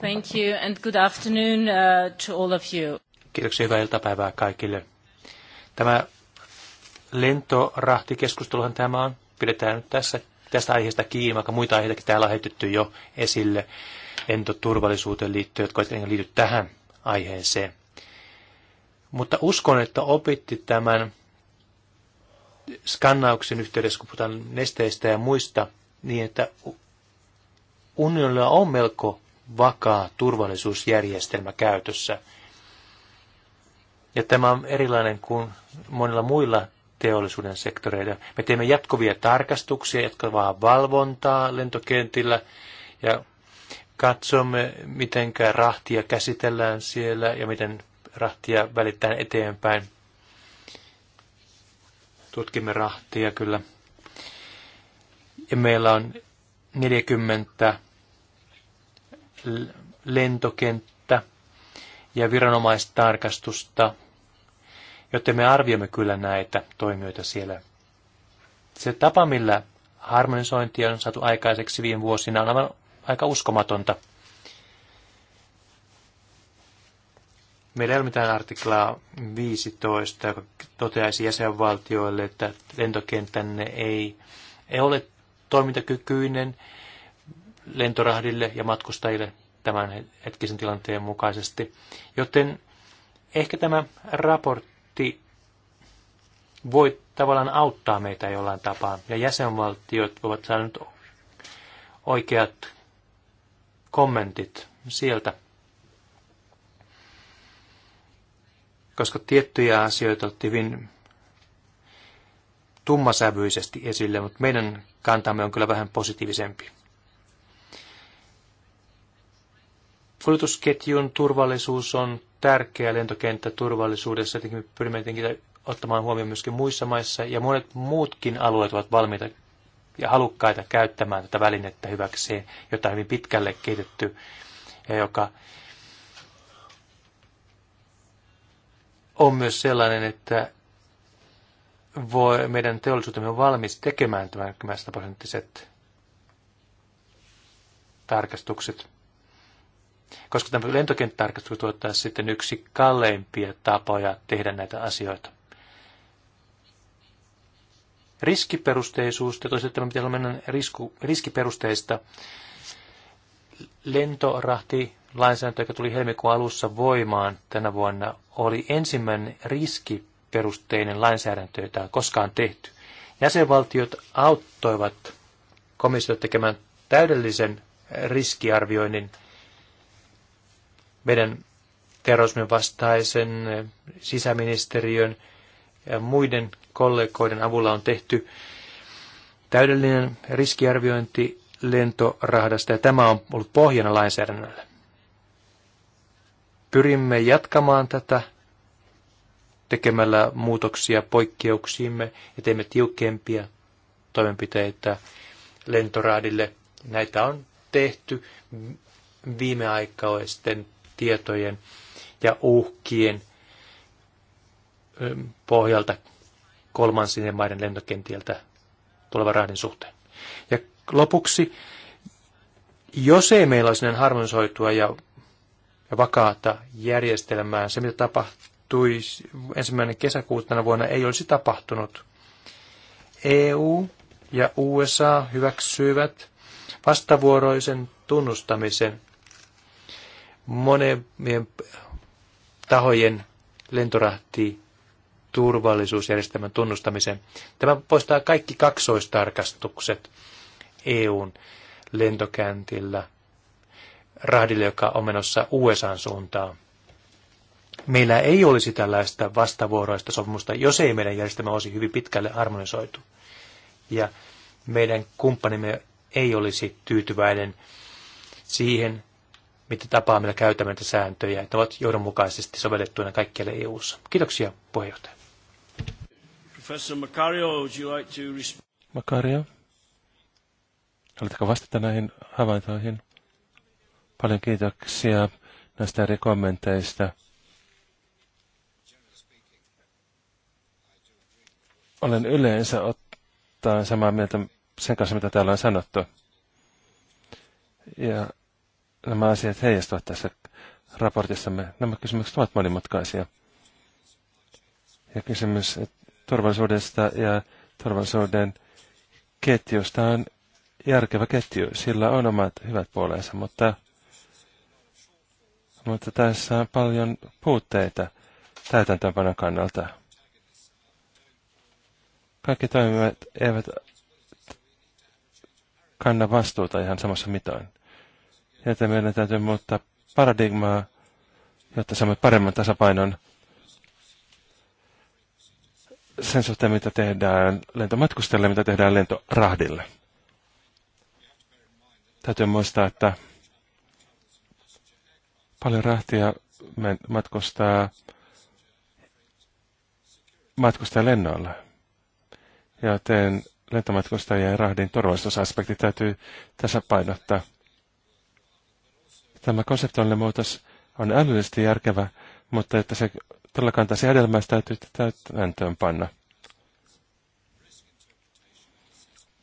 Thank you and good afternoon uh, to all of you. Kiitoksia, hyvää iltapäivää kaikille. Tämä lentorahtikeskusteluhan tämä on. Pidetään nyt tässä, tästä aiheesta kiinni, vaikka muita aiheitakin täällä on heitetty jo esille lentoturvallisuuteen liittyen, jotka eivät liity tähän aiheeseen. Mutta uskon, että opitti tämän skannauksen yhteydessä, kun puhutaan nesteistä ja muista, niin että unionilla on melko vakaa turvallisuusjärjestelmä käytössä. Ja tämä on erilainen kuin monilla muilla teollisuuden sektoreilla. Me teemme jatkuvia tarkastuksia, vaan valvontaa lentokentillä ja katsomme, miten rahtia käsitellään siellä ja miten rahtia välittää eteenpäin. Tutkimme rahtia kyllä. Ja meillä on 40 lentokenttä ja viranomaistarkastusta, joten me arvioimme kyllä näitä toimijoita siellä. Se tapa, millä harmonisointia on saatu aikaiseksi viime vuosina, on aivan aika uskomatonta. Meillä ei ole mitään artiklaa 15, joka toteaisi jäsenvaltioille, että lentokenttänne ei, ei ole toimintakykyinen lentorahdille ja matkustajille tämän hetkisen tilanteen mukaisesti. Joten ehkä tämä raportti voi tavallaan auttaa meitä jollain tapaa. Ja jäsenvaltiot voivat saada nyt oikeat kommentit sieltä. Koska tiettyjä asioita otti hyvin tummasävyisesti esille, mutta meidän kantamme on kyllä vähän positiivisempi. Kuljetusketjun turvallisuus on tärkeä turvallisuudessa. Tietenkin pyrimme tietenkin ottamaan huomioon myöskin muissa maissa, ja monet muutkin alueet ovat valmiita ja halukkaita käyttämään tätä välinettä hyväkseen, jota on hyvin pitkälle kehitetty, ja joka on myös sellainen, että voi, meidän teollisuutemme on valmis tekemään tämän 10 prosenttiset tarkastukset koska tämä lentokenttätarkastus tuottaa sitten yksi kalleimpia tapoja tehdä näitä asioita. Riskiperusteisuus, ja toisaalta tämä pitää mennä risku, riskiperusteista. Lentorahti lainsäädäntö, joka tuli helmikuun alussa voimaan tänä vuonna, oli ensimmäinen riskiperusteinen lainsäädäntö, jota on koskaan tehty. Jäsenvaltiot auttoivat komissiota tekemään täydellisen riskiarvioinnin meidän terrorismin vastaisen sisäministeriön ja muiden kollegoiden avulla on tehty täydellinen riskiarviointi lentorahdasta ja tämä on ollut pohjana lainsäädännölle. Pyrimme jatkamaan tätä tekemällä muutoksia poikkeuksiimme ja teemme tiukempia toimenpiteitä lentoraadille. Näitä on tehty viimeaikaisten tietojen ja uhkien pohjalta kolmansien maiden lentokentiltä tulevan rahdin suhteen. Ja lopuksi, jos ei meillä olisi harmonisoitua ja, ja vakaata järjestelmää, se mitä tapahtui ensimmäinen kesäkuuta tänä vuonna ei olisi tapahtunut. EU ja USA hyväksyivät vastavuoroisen tunnustamisen monen tahojen lentorahti turvallisuusjärjestelmän tunnustamisen. Tämä poistaa kaikki kaksoistarkastukset EUn lentokäntillä rahdille, joka on menossa USAn suuntaan. Meillä ei olisi tällaista vastavuoroista sopimusta, jos ei meidän järjestelmä olisi hyvin pitkälle harmonisoitu. Ja meidän kumppanimme ei olisi tyytyväinen siihen, mitä tapaa meillä käytämme näitä sääntöjä, että ne ovat johdonmukaisesti sovellettuina kaikkialle EU-ssa. Kiitoksia puheenjohtaja. Professor Macario, would you like to respond? Macario, haluatteko vastata näihin havaintoihin? Paljon kiitoksia näistä eri kommenteista. Olen yleensä ottaen samaa mieltä sen kanssa, mitä täällä on sanottu. Ja nämä asiat heijastuvat tässä raportissamme. Nämä kysymykset ovat monimutkaisia. Ja kysymys turvallisuudesta ja turvallisuuden ketjusta on järkevä ketju. Sillä on omat hyvät puolensa, mutta, mutta tässä on paljon puutteita täytäntöönpanon kannalta. Kaikki toimivat eivät kanna vastuuta ihan samassa mitoin että meidän täytyy muuttaa paradigmaa, jotta saamme paremman tasapainon sen suhteen, mitä tehdään lentomatkustajalle, mitä tehdään lentorahdille. Täytyy muistaa, että paljon rahtia matkustaa, matkustaa lennoilla. Joten lentomatkustajien rahdin turvallisuusaspekti täytyy tässä painottaa. Tämä konseptuaalinen muutos on älyllisesti järkevä, mutta että se todella kantaisi hedelmää, se täytyy täytäntöön panna.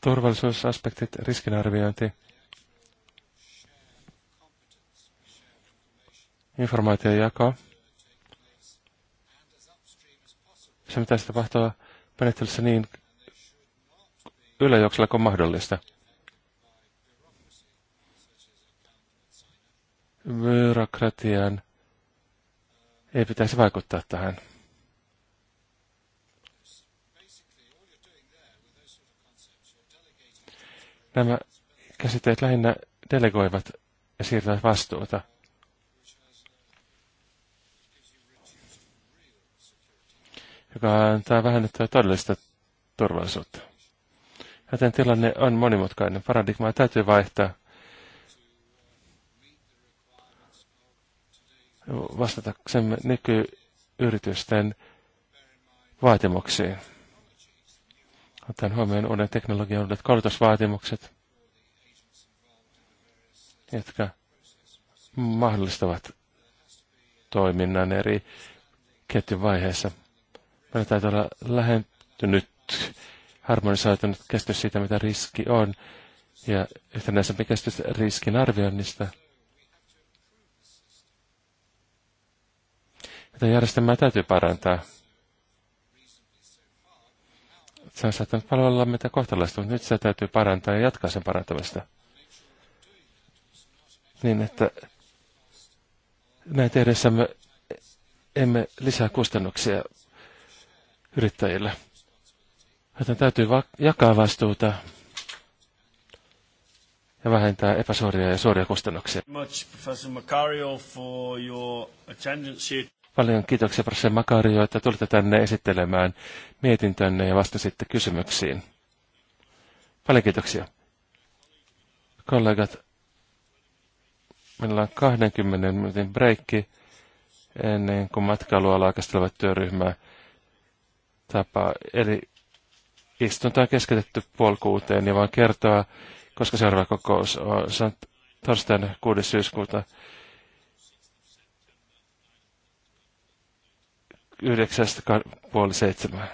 Turvallisuusaspektit, riskinarviointi, informaation jako. Se pitäisi tapahtuu menettelyssä niin yläjouksella kuin mahdollista. byrokratian ei pitäisi vaikuttaa tähän. Nämä käsitteet lähinnä delegoivat ja siirtävät vastuuta. joka antaa vähennettyä todellista turvallisuutta. Joten tilanne on monimutkainen. Paradigmaa täytyy vaihtaa. vastataksemme nykyyritysten vaatimuksiin. Otan huomioon uuden teknologian uudet koulutusvaatimukset, jotka mahdollistavat toiminnan eri ketjun vaiheessa. Meillä täytyy olla lähentynyt, harmonisoitunut käsitys siitä, mitä riski on, ja yhtenäisempi käsitys riskin arvioinnista – Tätä järjestelmää täytyy parantaa. Se on saattanut palvella meitä kohtalaista, mutta nyt se täytyy parantaa ja jatkaa sen parantamista. Niin, että näin me emme lisää kustannuksia yrittäjille. Joten täytyy jakaa vastuuta ja vähentää epäsuoria ja suoria kustannuksia. Paljon kiitoksia professori Makario, että tulitte tänne esittelemään mietintönne ja vastasitte kysymyksiin. Paljon kiitoksia. Kollegat, meillä on 20 minuutin breikki ennen kuin matkailualaa käsittelevä työryhmä tapaa. Eli istunto on keskitetty puolkuuteen ja voin kertoa, koska seuraava kokous on, se on torstaina 6. syyskuuta yhdeksästä puoli seitsemään.